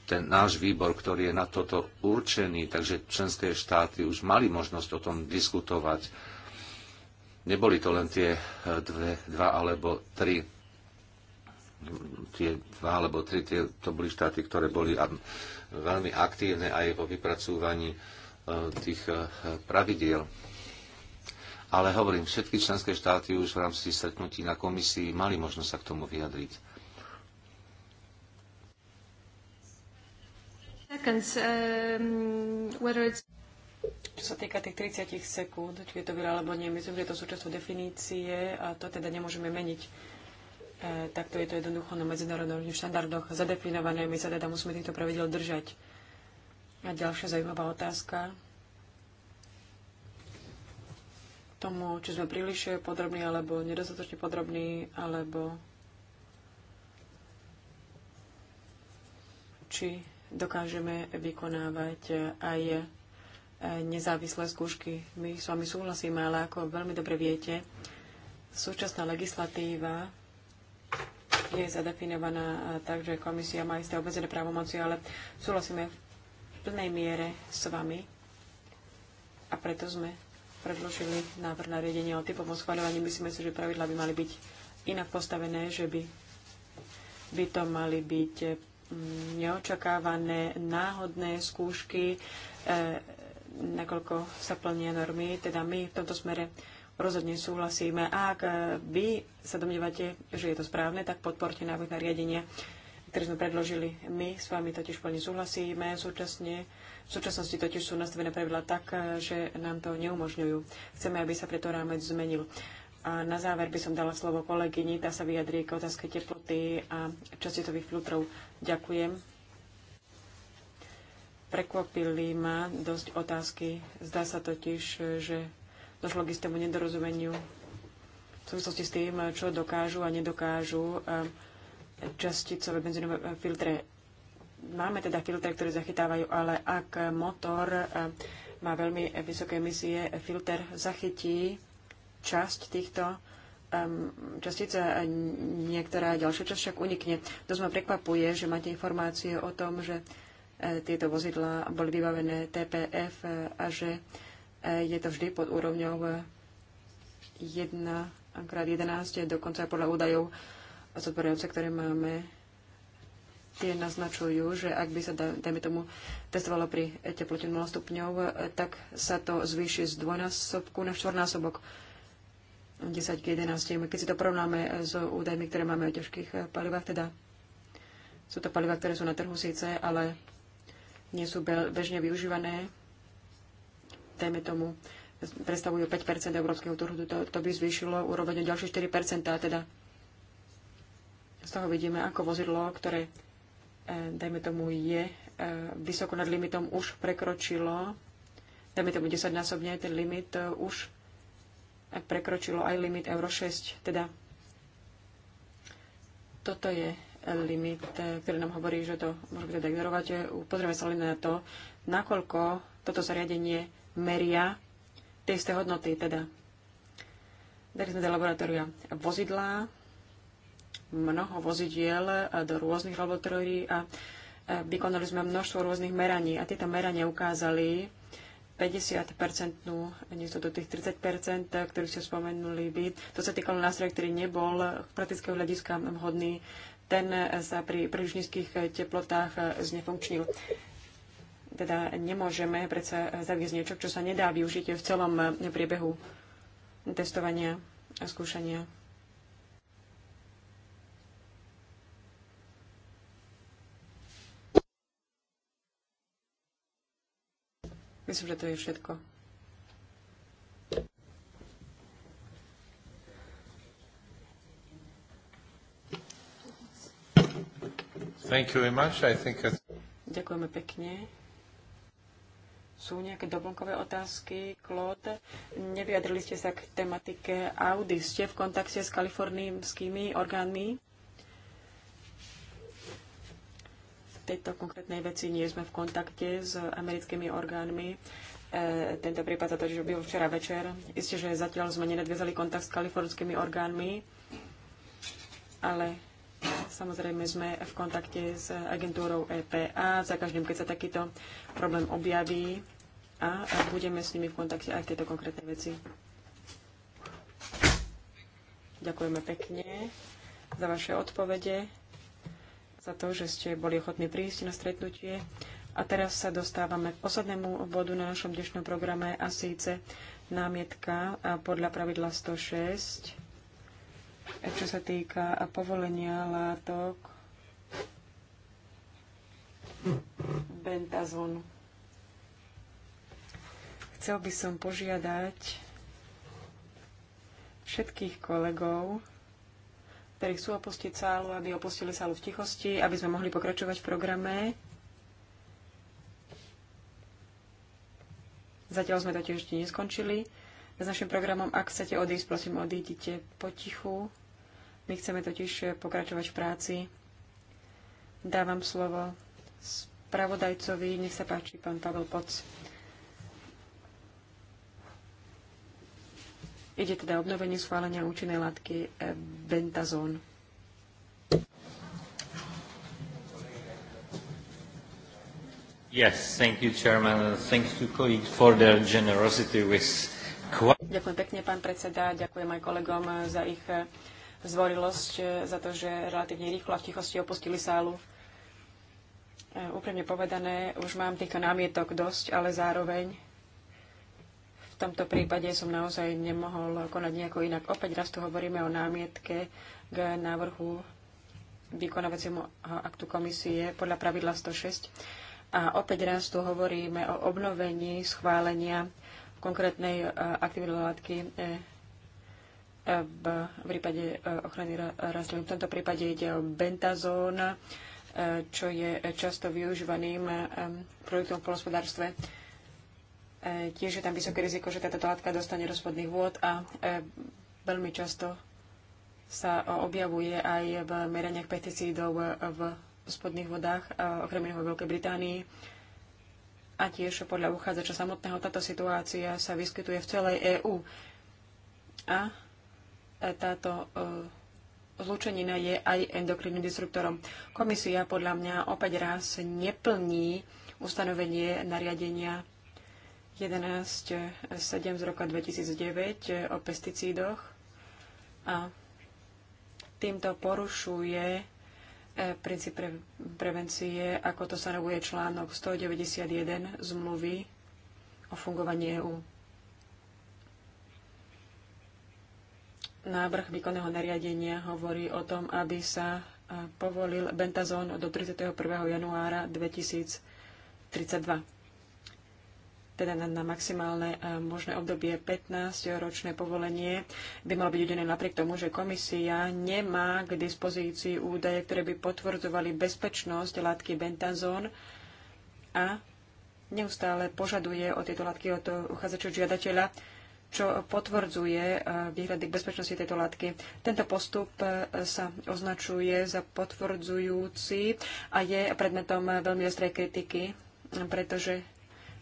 ten náš výbor, ktorý je na toto určený, takže členské štáty už mali možnosť o tom diskutovať. Neboli to len tie e, dve, dva alebo tri tie dva alebo tri, tie, to boli štáty, ktoré boli veľmi aktívne aj vo vypracúvaní e, tých e, pravidiel. Ale hovorím, všetky členské štáty už v rámci stretnutí na komisii mali možnosť sa k tomu vyjadriť. Um, Čo sa týka tých 30 sekúnd, či je to veľa alebo nie, myslím, že je to súčasťou definície a to teda nemôžeme meniť E, takto je to jednoducho na medzinárodných štandardoch zadefinované. My sa teda musíme týchto pravidel držať. A ďalšia zaujímavá otázka tomu, či sme príliš podrobní alebo nedostatočne podrobní, alebo či dokážeme vykonávať aj nezávislé skúšky. My s vami súhlasíme, ale ako veľmi dobre viete, súčasná legislatíva nie je zadefinovaná, e, takže komisia má isté obmedzené právomoci, ale súhlasíme v plnej miere s vami a preto sme predložili návrh nariadenia o typovom schváľovaní. Myslíme si, že pravidla by mali byť inak postavené, že by, by to mali byť e, mm, neočakávané, náhodné skúšky, e, nakoľko sa plnia normy. Teda my v tomto smere rozhodne súhlasíme. A ak e, vy sa domnievate, že je to správne, tak podporte návrh nariadenia, ktoré sme predložili. My s vami totiž plne súhlasíme. Súčasne, v súčasnosti totiž sú nastavené pravidla tak, e, že nám to neumožňujú. Chceme, aby sa preto rámec zmenil. A na záver by som dala slovo kolegyni, tá sa vyjadrí k otázke teploty a častitových filtrov. Ďakujem. Prekvapili ma dosť otázky. Zdá sa totiž, e, že došlo k istému nedorozumeniu v súvislosti s tým, čo dokážu a nedokážu eh, časticové benzínové eh, filtre. Máme teda filtre, ktoré zachytávajú, ale ak motor eh, má veľmi vysoké emisie, filter zachytí časť týchto častica a niektorá ďalšia časť však unikne. Dosť ma prekvapuje, že máte informácie o tom, že tieto vozidlá boli vybavené TPF a že je to vždy pod úrovňou 1 x 11, dokonca aj podľa údajov a odborovca, ktoré máme, tie naznačujú, že ak by sa, dajme tomu, testovalo pri teplote 0 stupňov, tak sa to zvýši z dvojnásobku na štvornásobok 10 k 11. Keď si to porovnáme s údajmi, ktoré máme o ťažkých palivách, teda sú to paliva, ktoré sú na trhu síce, ale nie sú bežne využívané, dajme tomu, predstavujú 5 európskeho trhu, to, to by zvýšilo úroveň o ďalšie 4 teda z toho vidíme, ako vozidlo, ktoré, e, dajme tomu, je e, vysoko nad limitom, už prekročilo, dajme tomu 10-násobne, ten limit e, už prekročilo aj limit Euro 6. Teda toto je limit, ktorý nám hovorí, že to môžeme teda ignorovať. Pozrieme sa len na to, nakoľko toto zariadenie meria tie isté hodnoty. Teda dali sme do laboratória vozidlá, mnoho vozidiel e, do rôznych laboratórií a e, vykonali sme množstvo rôznych meraní a tieto merania ukázali 50-percentnú do tých 30 e, ktorí ste spomenuli by. To sa týkalo nástroja, ktorý nebol z praktického hľadiska vhodný. Ten sa pri príliš nízkych teplotách znefunkčnil. Teda nemôžeme predsa zaviesť niečo, čo sa nedá využiť v celom priebehu testovania a skúšania. Myslím, že to je všetko. Thank you very much. I think Ďakujeme pekne sú nejaké doplnkové otázky? Claude, nevyjadrili ste sa k tematike Audi. Ste v kontakte s kalifornijskými orgánmi? V tejto konkrétnej veci nie sme v kontakte s americkými orgánmi. E, tento prípad sa totiž byl včera večer. Isté, že zatiaľ sme nenadviazali kontakt s kalifornskými orgánmi, ale Samozrejme sme v kontakte s agentúrou EPA. Za každým, keď sa takýto problém objaví, a budeme s nimi v kontakte aj v tejto konkrétnej veci. Ďakujeme pekne za vaše odpovede, za to, že ste boli ochotní prísť na stretnutie. A teraz sa dostávame k poslednému bodu na našom dnešnom programe a síce námietka podľa pravidla 106, čo sa týka povolenia látok bentazónu. Chcel by som požiadať všetkých kolegov, ktorí chcú opustiť sálu, aby opustili sálu v tichosti, aby sme mohli pokračovať v programe. Zatiaľ sme to tiež ešte neskončili s našim programom. Ak chcete odísť, prosím, odídite potichu. My chceme totiž pokračovať v práci. Dávam slovo spravodajcovi. Nech sa páči, pán Pavel Poc. Ide teda obnovenie schválenia účinnej látky eh, bentazón. Yes, thank you, Chairman. Thanks to colleagues for their generosity with... Ďakujem pekne, pán predseda. Ďakujem aj kolegom eh, za ich eh, zvorilosť, za to, že relatívne rýchlo a v tichosti opustili sálu. Úprimne povedané, už mám týchto námietok dosť, ale zároveň v tomto prípade som naozaj nemohol konať nejako inak. Opäť raz tu hovoríme o námietke k návrhu vykonávaciemu aktu komisie podľa pravidla 106. A opäť raz tu hovoríme o obnovení schválenia konkrétnej e, aktivity látky e, e, v, v prípade ochrany rastlín. V tomto prípade ide o bentazón, čo je často využívaným produktom v polospodárstve. E, tiež je tam vysoké riziko, že táto látka dostane do spodných vôd a e, veľmi často sa e, objavuje aj v meraniach pesticídov v spodných vodách, okrem iného Veľkej Británii. A tiež podľa uchádzača samotného táto situácia sa vyskytuje v celej EÚ. A táto zlučenina je aj endokrinným disruptorom. Komisia podľa mňa opäť raz neplní ustanovenie nariadenia 11.7 z roka 2009 o pesticídoch a týmto porušuje eh, princíp pre, prevencie, ako to stanovuje článok 191 zmluvy o fungovaní EÚ. Návrh výkonného nariadenia hovorí o tom, aby sa eh, povolil bentazón do 31. januára 2032 teda na, na maximálne e, možné obdobie 15-ročné povolenie, by malo byť udené napriek tomu, že komisia nemá k dispozícii údaje, ktoré by potvrdzovali bezpečnosť látky bentazón a neustále požaduje o tieto látky od uchádzačov žiadateľa, čo potvrdzuje e, výhľady k bezpečnosti tejto látky. Tento postup e, sa označuje za potvrdzujúci a je predmetom veľmi ostrej kritiky, pretože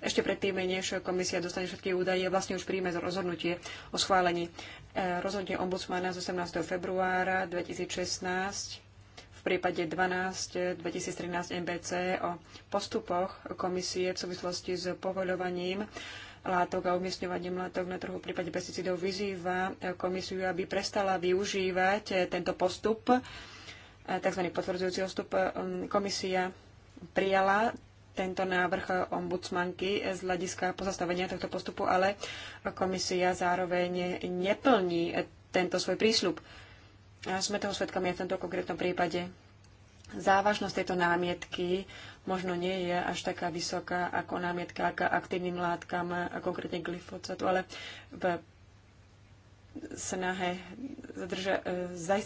ešte predtým, než komisia dostane všetky údaje, vlastne už príjme rozhodnutie o schválení. E, rozhodnutie ombudsmana z 18. februára 2016 v prípade 12-2013 MBC o postupoch komisie v súvislosti s povoľovaním látok a umiestňovaním látok na trhu v prípade pesticidov vyzýva komisiu, aby prestala využívať tento postup, e, tzv. potvrdzujúci postup. E, komisia prijala tento návrh ombudsmanky z hľadiska pozastavenia tohto postupu, ale komisia zároveň neplní tento svoj prísľub. A sme toho svedkami aj v tomto konkrétnom prípade. Závažnosť tejto námietky možno nie je až taká vysoká ako námietka k aktívnym látkam, a konkrétne glyfocatu, ale v snahe zadrža-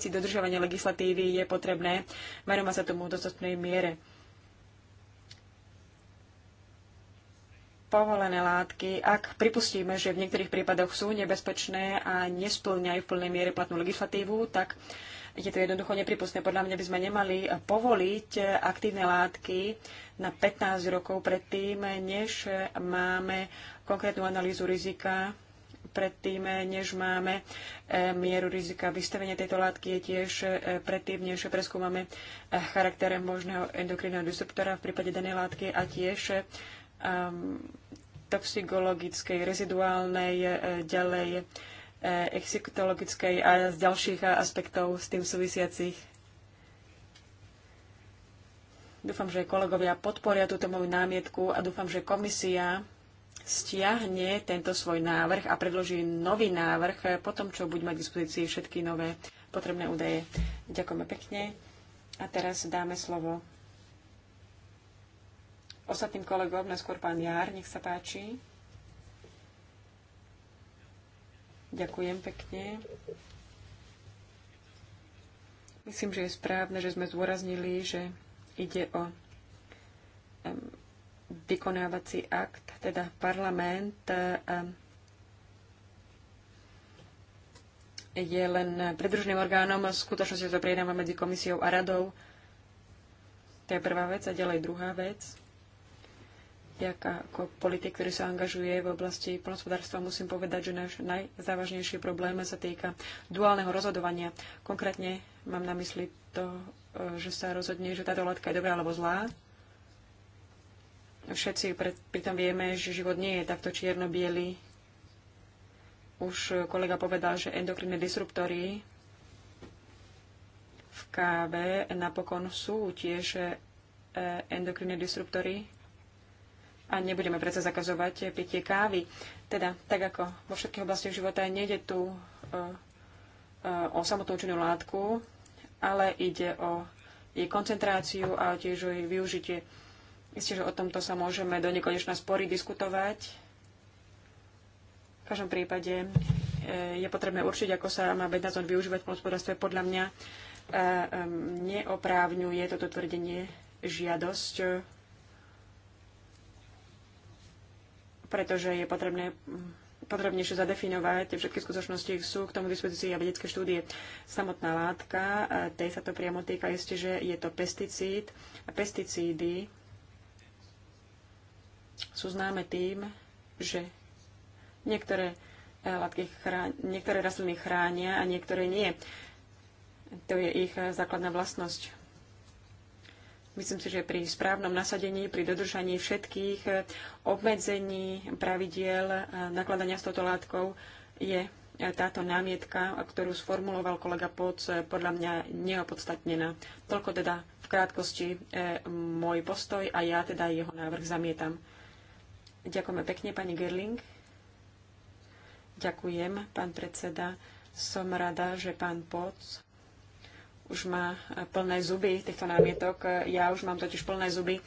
e, dodržovanie legislatívy je potrebné venovať sa tomu v dostatnej miere povolené látky, ak pripustíme, že v niektorých prípadoch sú nebezpečné a nesplňajú v plnej miere platnú legislatívu, tak je to jednoducho nepripustné. Podľa mňa by sme nemali povoliť aktívne látky na 15 rokov predtým, než máme konkrétnu analýzu rizika, predtým, než máme e, mieru rizika vystavenia tejto látky, je tiež e, predtým, než preskúmame e, charakter možného endokrinného disruptora v prípade danej látky a tiež Um, toxikologickej, reziduálnej, e, ďalej e, exikotologickej a z ďalších aspektov s tým súvisiacich. Dúfam, že kolegovia podporia túto moju námietku a dúfam, že komisia stiahne tento svoj návrh a predloží nový návrh po tom, čo budú mať k dispozícii všetky nové potrebné údaje. Ďakujeme pekne a teraz dáme slovo ostatným kolegom, neskôr pán Jár, nech sa páči. Ďakujem pekne. Myslím, že je správne, že sme zdôraznili, že ide o vykonávací akt, teda parlament je len predružným orgánom, v skutočnosti to prejednáva medzi komisiou a radou. To je prvá vec. A ďalej druhá vec. Ja ako politik, ktorý sa angažuje v oblasti polnospodárstva, musím povedať, že náš najzávažnejší problém sa týka duálneho rozhodovania. Konkrétne mám na mysli to, e, že sa rozhodne, že táto látka je dobrá alebo zlá. Všetci pritom vieme, že život nie je takto čierno-biely. Už kolega povedal, že endokrinné disruptory v káve napokon sú tiež e, endokrinné disruptory, a nebudeme predsa zakazovať pitie kávy. Teda, tak ako vo všetkých oblastiach života, nejde tu e, e, o samotnú činnú látku, ale ide o jej koncentráciu a tiež o jej využitie. Isté, že o tomto sa môžeme do nekonečna spory diskutovať. V každom prípade e, je potrebné určiť, ako sa má bednazón využívať v hospodárstve. Podľa mňa neoprávňuje toto tvrdenie žiadosť pretože je potrebné mm, podrobnejšie zadefinovať všetky skutočnosti, sú k tomu dispozícii a vedecké štúdie. Samotná látka, e, tej sa to priamo týka, isté, že je to pesticíd. A pesticídy sú známe tým, že niektoré e, látky chránia, niektoré rastliny chránia a niektoré nie. To je ich e, základná vlastnosť. Myslím si, že pri správnom nasadení, pri dodržaní všetkých eh, obmedzení pravidiel eh, nakladania s touto látkou je eh, táto námietka, ktorú sformuloval kolega Poc, podľa mňa neopodstatnená. Toľko teda v krátkosti môj postoj a ja teda jeho návrh zamietam. Ďakujeme pekne, pani Gerling. Ďakujem, pán predseda. Som rada, že pán Poc už má e, plné zuby týchto námietok. E, ja už mám totiž plné zuby e,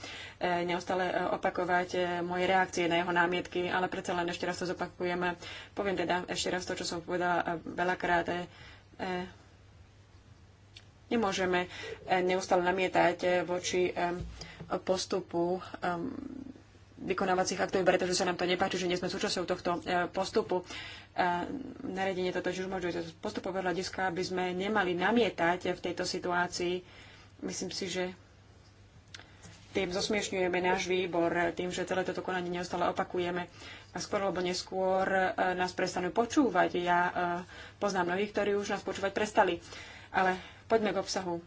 neustále opakovať moje reakcie na jeho námietky, ale predsa len ešte raz to zopakujem. Poviem teda ešte raz to, čo som povedala veľakrát. Nemôžeme neustále namietať voči postupu vykonávacích aktov, pretože sa nám to nepáči, že nie sme súčasťou tohto e, postupu. E, Naredenie toto už môžu z postupového hľadiska, aby sme nemali namietať v tejto situácii. Myslím si, že tým zosmiešňujeme náš výbor, tým, že celé toto konanie neustále opakujeme. A skôr alebo neskôr e, nás prestanú počúvať. Ja poznám mnohých, ktorí už nás počúvať prestali. Ale poďme k obsahu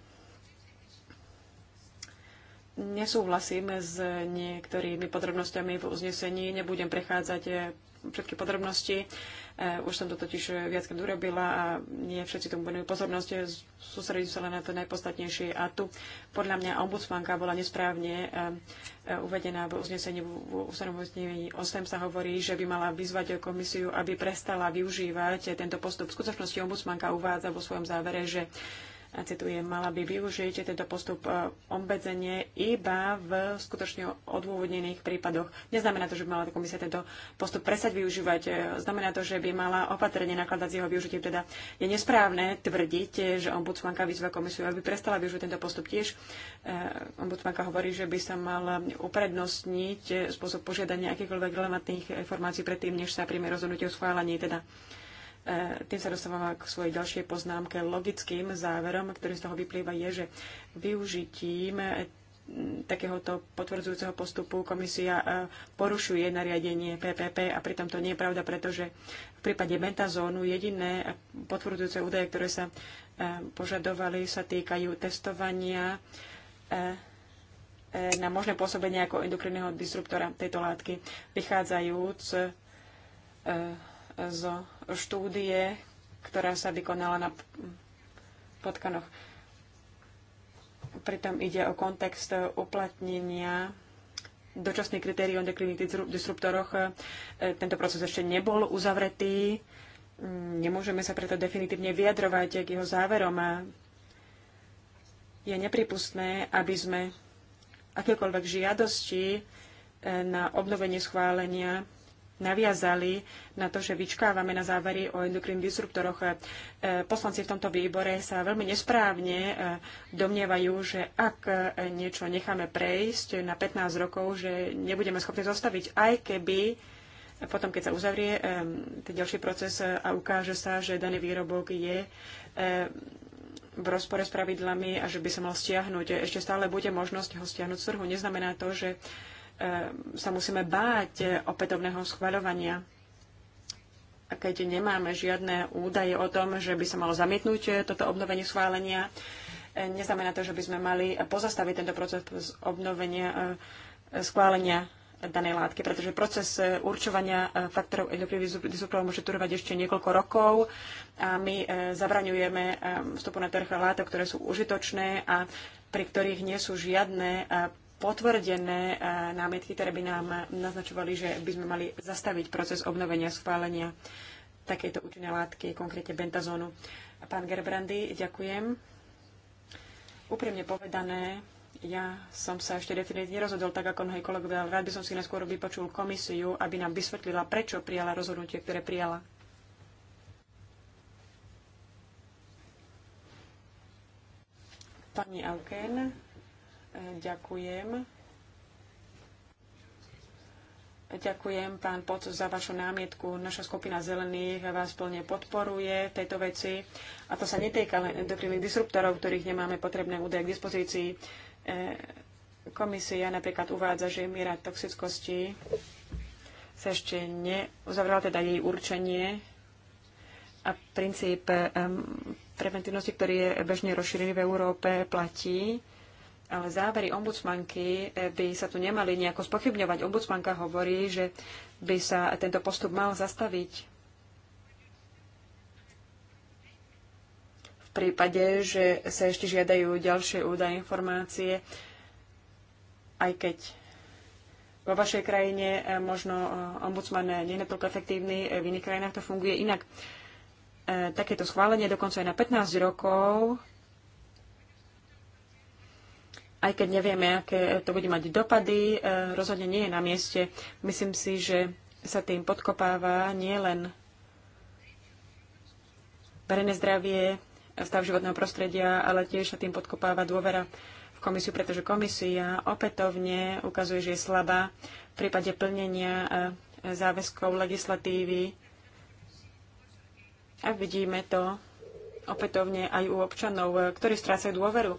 nesúhlasím s niektorými podrobnosťami v uznesení, nebudem prechádzať eh, všetky podrobnosti. Eh, už som to totiž viackrát urobila a nie všetci tomu venujú pozornosť. Eh, sústredím sa len na to najpodstatnejšie. A tu podľa mňa ombudsmanka bola nesprávne uvedená v uznesení v ustanovení 8 sa hovorí, že by mala vyzvať komisiu, aby prestala využívať tento postup. V skutočnosti ombudsmanka uvádza vo svojom závere, že a citujem, mala by využiť tento postup e, obmedzenie iba v skutočne odôvodnených prípadoch. Neznamená to, že by mala komisia tento postup presať využívať. E, znamená to, že by mala opatrne nakladať s jeho využitím. Teda je nesprávne tvrdiť, že ombudsmanka vyzva komisiu, aby prestala využiť tento postup tiež. E, ombudsmanka hovorí, že by sa mal uprednostniť spôsob požiadania akýchkoľvek relevantných informácií predtým, než sa príjme rozhodnutie o schválení. Teda E, tým sa dostávam k svojej ďalšej poznámke. Logickým záverom, ktorý z toho vyplýva, je, že využitím e, takéhoto potvrdzujúceho postupu komisia e, porušuje nariadenie PPP a pritom to nie je pravda, pretože v prípade metazónu jediné potvrdzujúce údaje, ktoré sa požadovali, sa týkajú testovania na možné pôsobenie ako endokrinného disruptora tejto látky, vychádzajúc zo štúdie, ktorá sa vykonala na potkanoch. Pritom ide o kontext uplatnenia dočasný kritérium deklinitých disruptoroch. E, tento proces ešte nebol uzavretý. Mm, nemôžeme sa preto definitívne vyjadrovať k jeho záverom. Je nepripustné, aby sme akékoľvek žiadosti e, na obnovenie schválenia naviazali na to, že vyčkávame na závery o endokrín disruptoroch. E, poslanci v tomto výbore sa veľmi nesprávne e, domnievajú, že ak e, niečo necháme prejsť na 15 rokov, že nebudeme schopní zostaviť, aj keby potom, keď sa uzavrie ten ďalší proces a ukáže sa, že daný výrobok je v rozpore s pravidlami a že by sa mal stiahnuť. Ešte stále bude možnosť ho stiahnuť z trhu. Neznamená to, že Ehm, sa musíme báť opätovného schvaľovania. A keď nemáme žiadne údaje o tom, že by sa malo zamietnúť toto obnovenie schválenia, eh, neznamená to, že by sme mali pozastaviť tento proces obnovenia eh, schválenia danej látky, pretože proces eh, určovania faktorov endokrinových disruptorov môže trvať ešte niekoľko rokov a my zabraňujeme vstupu na trh látok, ktoré sú užitočné a pri ktorých nie sú žiadne potvrdené e, námietky, ktoré by nám naznačovali, že by sme mali zastaviť proces obnovenia schválenia takejto účinné látky, konkrétne bentazónu. pán Gerbrandy, ďakujem. Úprimne povedané, ja som sa ešte definitívne nerozhodol tak ako mnohí kolegovia, ale rád by som si neskôr vypočul komisiu, aby nám vysvetlila, prečo prijala rozhodnutie, ktoré prijala. Pani Auken, Ďakujem. Ďakujem, pán Poc, za vašu námietku. Naša skupina zelených vás plne podporuje v tejto veci. A to sa netýka len endokrinných disruptorov, ktorých nemáme potrebné údaje k dispozícii. E, komisia napríklad uvádza, že miera toxickosti sa ešte neuzavrela, teda jej určenie a princíp preventívnosti, ktorý je bežne rozšírený v Európe, platí ale závery ombudsmanky eh, by sa tu nemali nejako spochybňovať. Ombudsmanka hovorí, že by sa tento postup mal zastaviť. V prípade, že sa ešte žiadajú ďalšie údaje, informácie, aj keď vo vašej krajine eh, možno eh, ombudsman nie je natoľko efektívny, v iných krajinách to funguje inak. Takéto schválenie dokonca aj na 15 rokov aj keď nevieme, aké to bude mať dopady, e, rozhodne nie je na mieste. Myslím si, že sa tým podkopáva nielen verejné zdravie, stav životného prostredia, ale tiež sa tým podkopáva dôvera v komisiu, pretože komisia opätovne ukazuje, že je slabá v prípade plnenia e, záväzkov legislatívy. A vidíme to opätovne aj u občanov, e, ktorí strácajú dôveru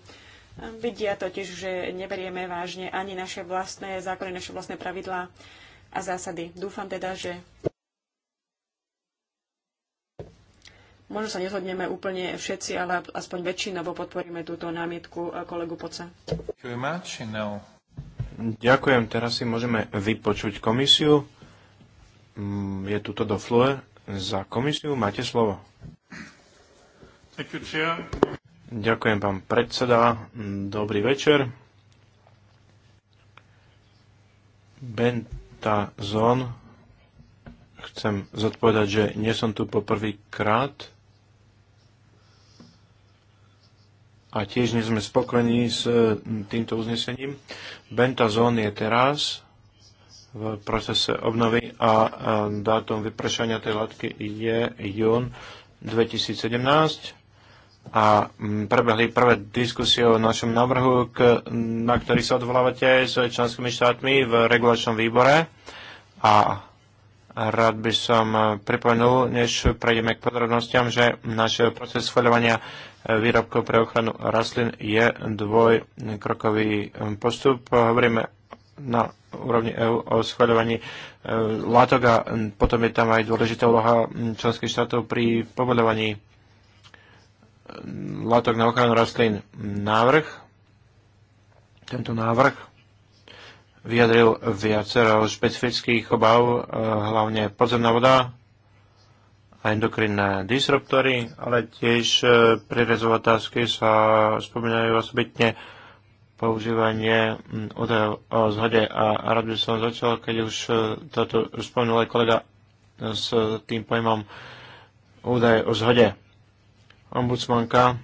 Vidia totiž, že neberieme vážne ani naše vlastné zákony, naše vlastné pravidlá a zásady. Dúfam teda, že možno sa nezhodneme úplne všetci, ale aspoň väčšina, bo podporíme túto námietku kolegu Poca. Ďakujem, teraz si môžeme vypočuť komisiu. Mm, je tuto do Flue. Za komisiu máte slovo. You, Ďakujem, pán predseda. Dobrý večer. Benta Zon. Chcem zodpovedať, že nie som tu poprvýkrát. A tiež nie sme spokojní s e, týmto uznesením. zón je teraz v procese obnovy a dátum vypršania tej látky je jún 2017 a mm, prebehli prvé diskusie o našom návrhu, na ktorý sa odvolávate s členskými štátmi v regulačnom výbore. A rád by som pripomenul, než prejdeme k podrobnostiam, že náš proces schváľovania e, výrobkov pre ochranu rastlín je dvojkrokový e, postup. Hovoríme na úrovni EU o schváľovaní e, látok a potom je tam aj dôležitá úloha členských štátov pri povolovaní látok na ochranu rastlín návrh. Tento návrh vyjadril viacero špecifických obav, eh, hlavne podzemná voda a endokrinné disruptory, ale tiež eh, prierezové otázky sa spomínajú osobitne používanie hm, údajov o zhode a rád by som začal, keď už eh, toto spomenul aj kolega s tým pojmom údaj o zhode ombudsmanka,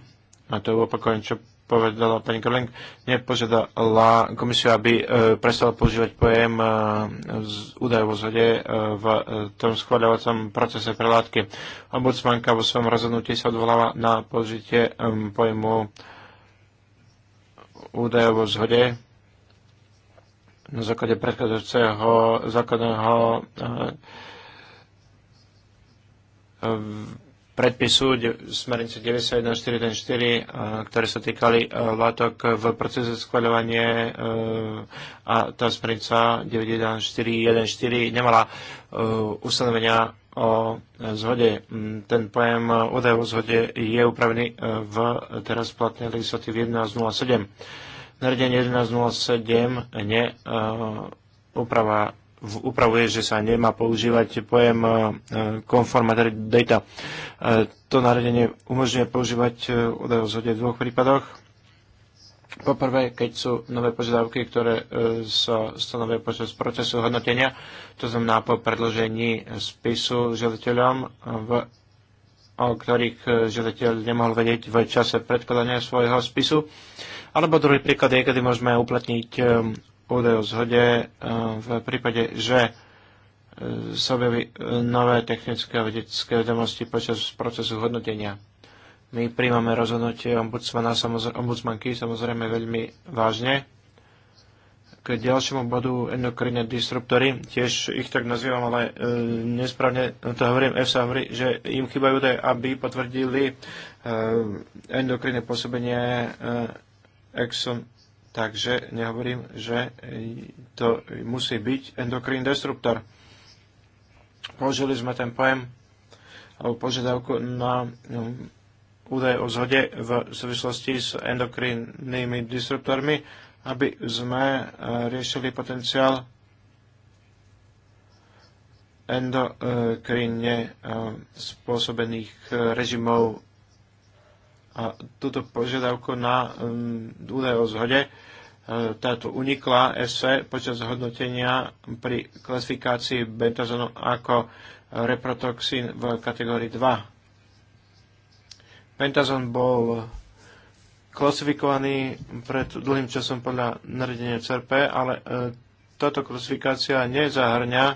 a to opakujem, čo povedala pani Karling, nepožiadala komisiu, aby e, prestala používať pojem e, údaj vo zvede e, v e, tom schváľovacom procese pre látky. Ombudsmanka vo svojom rozhodnutí sa odvoláva na použitie e, pojmu údajov vo zhode na základe predchádzajúceho zákonného e, predpisu smernice 91.4.4, eh, ktoré sa týkali eh, látok v procese schvaľovania eh, a tá smernica 91.4.1.4 nemala ustanovenia o zhode. Mm, ten pojem údaj o zhode je upravený v teraz platnej legislatív 11.07. Nariadenie 11.07 neupravá uprava upravuje, že sa nemá používať pojem conformatory e, data. E, to nariadenie umožňuje používať e, údaje o zhode v dvoch prípadoch. Poprvé, keď sú nové požiadavky, ktoré sa stanovia počas procesu hodnotenia, to znamená po predložení spisu žiadateľom, o ktorých žiadateľ nemohol vedieť v čase predkladania svojho spisu. Alebo druhý príklad je, kedy môžeme uplatniť údaj o zhode e, v prípade, že e, sa objaví e, nové technické a vedecké vedomosti počas procesu hodnotenia. My príjmame rozhodnutie ombudsmana, ombudsmanky samozrejme veľmi vážne. K ďalšiemu bodu endokrinné disruptory, tiež ich tak nazývam, ale e, nesprávne to hovorím, sa hovorí, že im chýbajú údaje, aby potvrdili e, endokrinné pôsobenie e, exon Takže nehovorím, že to musí byť endokrín destruktor. Položili sme ten pojem alebo požiadavku na no, údaj o zhode v súvislosti s endokrinnými disruptormi, aby sme e, riešili potenciál endokrinne e, spôsobených e, režimov a túto požiadavku na údaj o zhode táto unikla ESE počas hodnotenia pri klasifikácii bentazonu ako reprotoxín v kategórii 2. Pentazon bol klasifikovaný pred dlhým časom podľa naredenia CRP, ale e, táto klasifikácia nezahrňa e,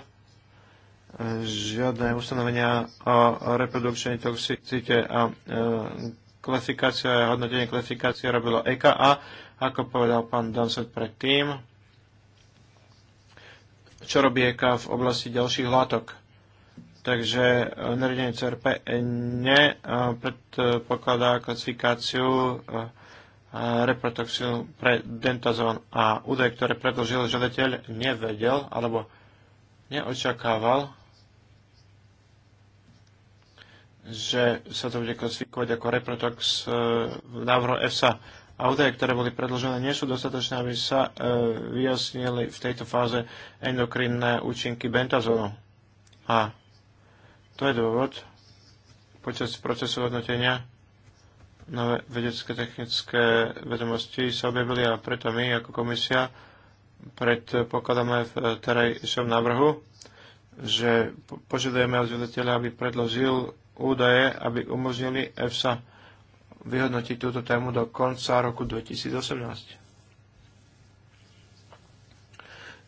žiadne ustanovenia o reprodukčnej toxicite a e, klasifikácia, hodnotenie klasifikácie robilo EKA ako povedal pán Dunset predtým, čo robí EK v oblasti ďalších látok. Takže eh, nariadenie CRP ne eh, predpokladá klasifikáciu eh, reprotoxinu pre dentazón a údaj, ktoré predložil žiadateľ, nevedel alebo neočakával, že sa to bude klasifikovať ako reprotox v návrhu EFSA a údaje, ktoré boli predložené, nie sú dostatočné, aby sa e, vyjasnili v tejto fáze endokrinné účinky bentazónu. A to je dôvod počas procesu hodnotenia nové vedecké technické vedomosti sa objavili a preto my ako komisia predpokladáme v terajšom návrhu, že požiadajeme od vedeteľa, aby predložil údaje, aby umožnili EFSA vyhodnotiť túto tému do konca roku 2018.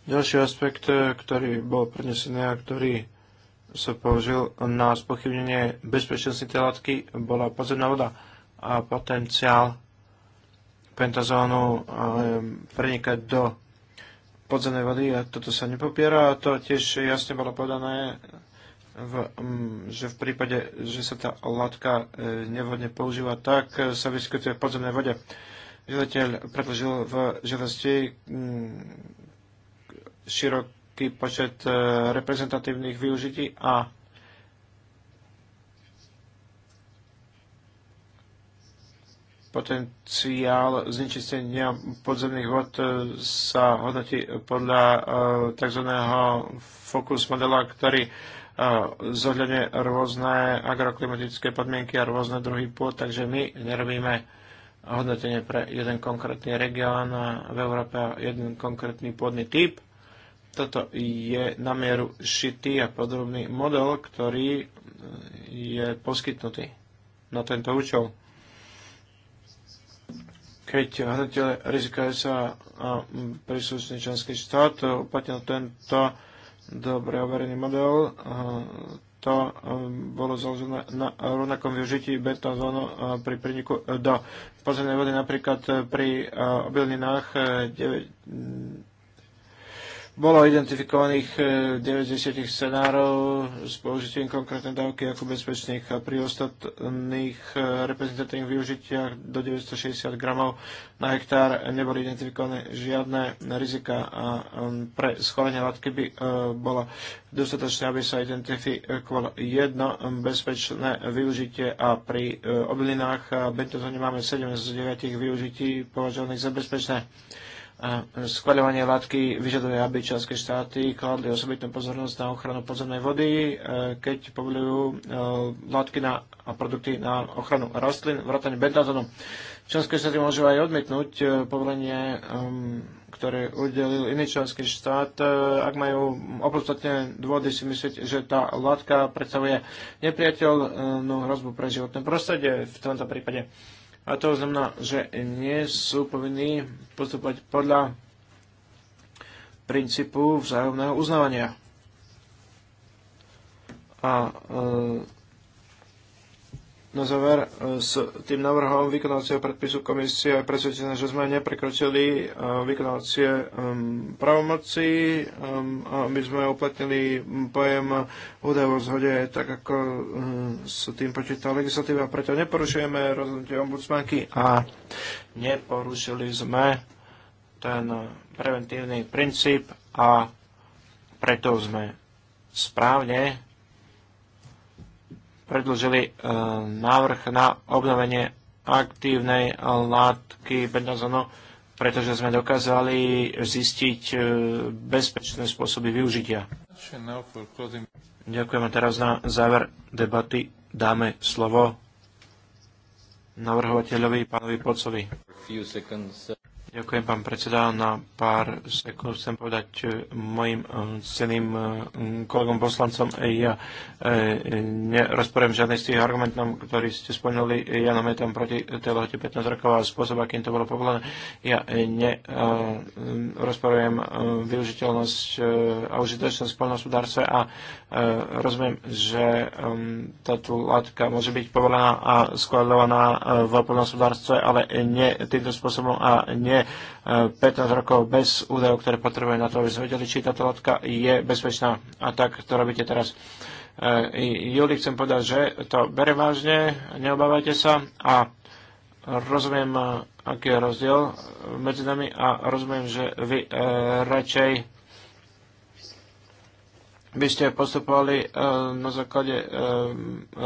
Ďalší aspekt, ktorý bol prenesený a ktorý sa použil na spochybnenie bezpečnosti tej látky, bola podzemná voda a potenciál pentazónu eh, prenikať do podzemnej vody a toto sa nepopiera a to tiež jasne bolo podané v, mm, že v prípade, že sa tá látka e, nevhodne používa, tak e, sa vyskytuje v podzemnej vode. Žiadateľ predložil v žiadosti mm, široký počet e, reprezentatívnych využití a potenciál znečistenia podzemných vod sa hodnotí podľa tzv. focus modela, ktorý zohľadne rôzne agroklimatické podmienky a rôzne druhy pôd, takže my nerobíme hodnotenie pre jeden konkrétny región v Európe a jeden konkrétny pôdny typ. Toto je na mieru šitý a podrobný model, ktorý e, je poskytnutý na tento účel. Keď hodnotiteľ rizika sa príslušný členský štát uplatnil tento dobre overený model. To eh, bolo založené na rovnakom využití betonzónu eh, pri priniku do podzemnej vody, napríklad eh, pri obilninách 9 bolo identifikovaných 90 e, scenárov s použitím konkrétnej dávky ako bezpečných a pri ostatných e, reprezentatívnych využitiach do 960 gramov na hektár neboli identifikované žiadne rizika a pre schválenie látky by e, bolo dostatočné, aby sa identifikovalo jedno bezpečné využitie a pri obilinách a bentozóne máme 7 z 9 využití považovaných za bezpečné skvaľovanie látky vyžaduje, aby členské štáty kladli osobitnú pozornosť na ochranu podzemnej vody, e, keď povolujú e, látky na, a produkty na ochranu rastlín, vrátane bentátonom. Členské štáty môžu aj odmietnúť e, povolenie, ktoré udelil iný členský štát, ak majú opodstatné dôvody si myslieť, že tá látka predstavuje nepriateľnú hrozbu pre životné prostredie v tomto prípade. A to znamená, že nie sú povinní postupovať podľa princípu vzájomného uznávania. A e, na záver e, s tým návrhom vykonávacieho predpisu komisie je presvedčené, že sme neprekročili e, vykonávacie pravomoci, a my sme uplatnili pojem údaj o zhode, tak ako e, s tým počíta legislatíva. Preto neporušujeme rozhodnutie ombudsmanky a neporušili sme ten preventívny princíp a preto sme správne predložili e, návrh na obnovenie aktívnej látky prednazonu, pretože sme dokázali zistiť e, bezpečné spôsoby využitia. Ďakujem a teraz na záver debaty dáme slovo navrhovateľovi pánovi Pocovi. Ďakujem, pán predseda. Na pár sekúnd chcem povedať e, mojim e, ceným e, kolegom poslancom. Ja nerozporujem žiadnej z tých argumentov, ktorý ste spomenuli. Ja namietam proti tej lehote 15 rokov a spôsob, akým to bolo povolené. Ja nerozporujem využiteľnosť a užitočnosť v poľnohospodárstve a rozumiem, že táto látka môže byť povolená a skladovaná v poľnohospodárstve, ale nie týmto spôsobom a nie 15 rokov bez údajov, ktoré potrebujeme na to, aby sme vedeli, či táto látka je bezpečná. A tak to robíte teraz. E, Juli, chcem povedať, že to bere vážne, neobávajte sa a rozumiem, aký je rozdiel medzi nami a rozumiem, že vy e, radšej by ste postupovali eh, na základe eh,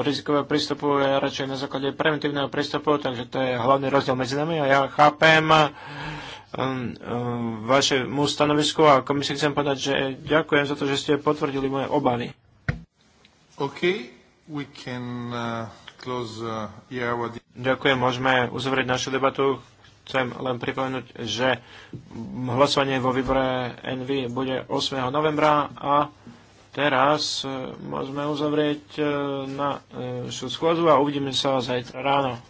rizikového prístupu, ja radšej na základe preventívneho prístupu, takže to je hlavný rozdiel medzi nami a ja chápem eh, vaše mu stanovisko a si chcem povedať, že ďakujem za to, že ste potvrdili moje obavy. OK, we can close yeah, what... Ďakujem, môžeme uzavrieť našu debatu chcem len pripomenúť, že hlasovanie vo výbore NV bude 8. novembra a teraz e, môžeme uzavrieť e, na našu e, schôdzu a uvidíme sa zajtra ráno.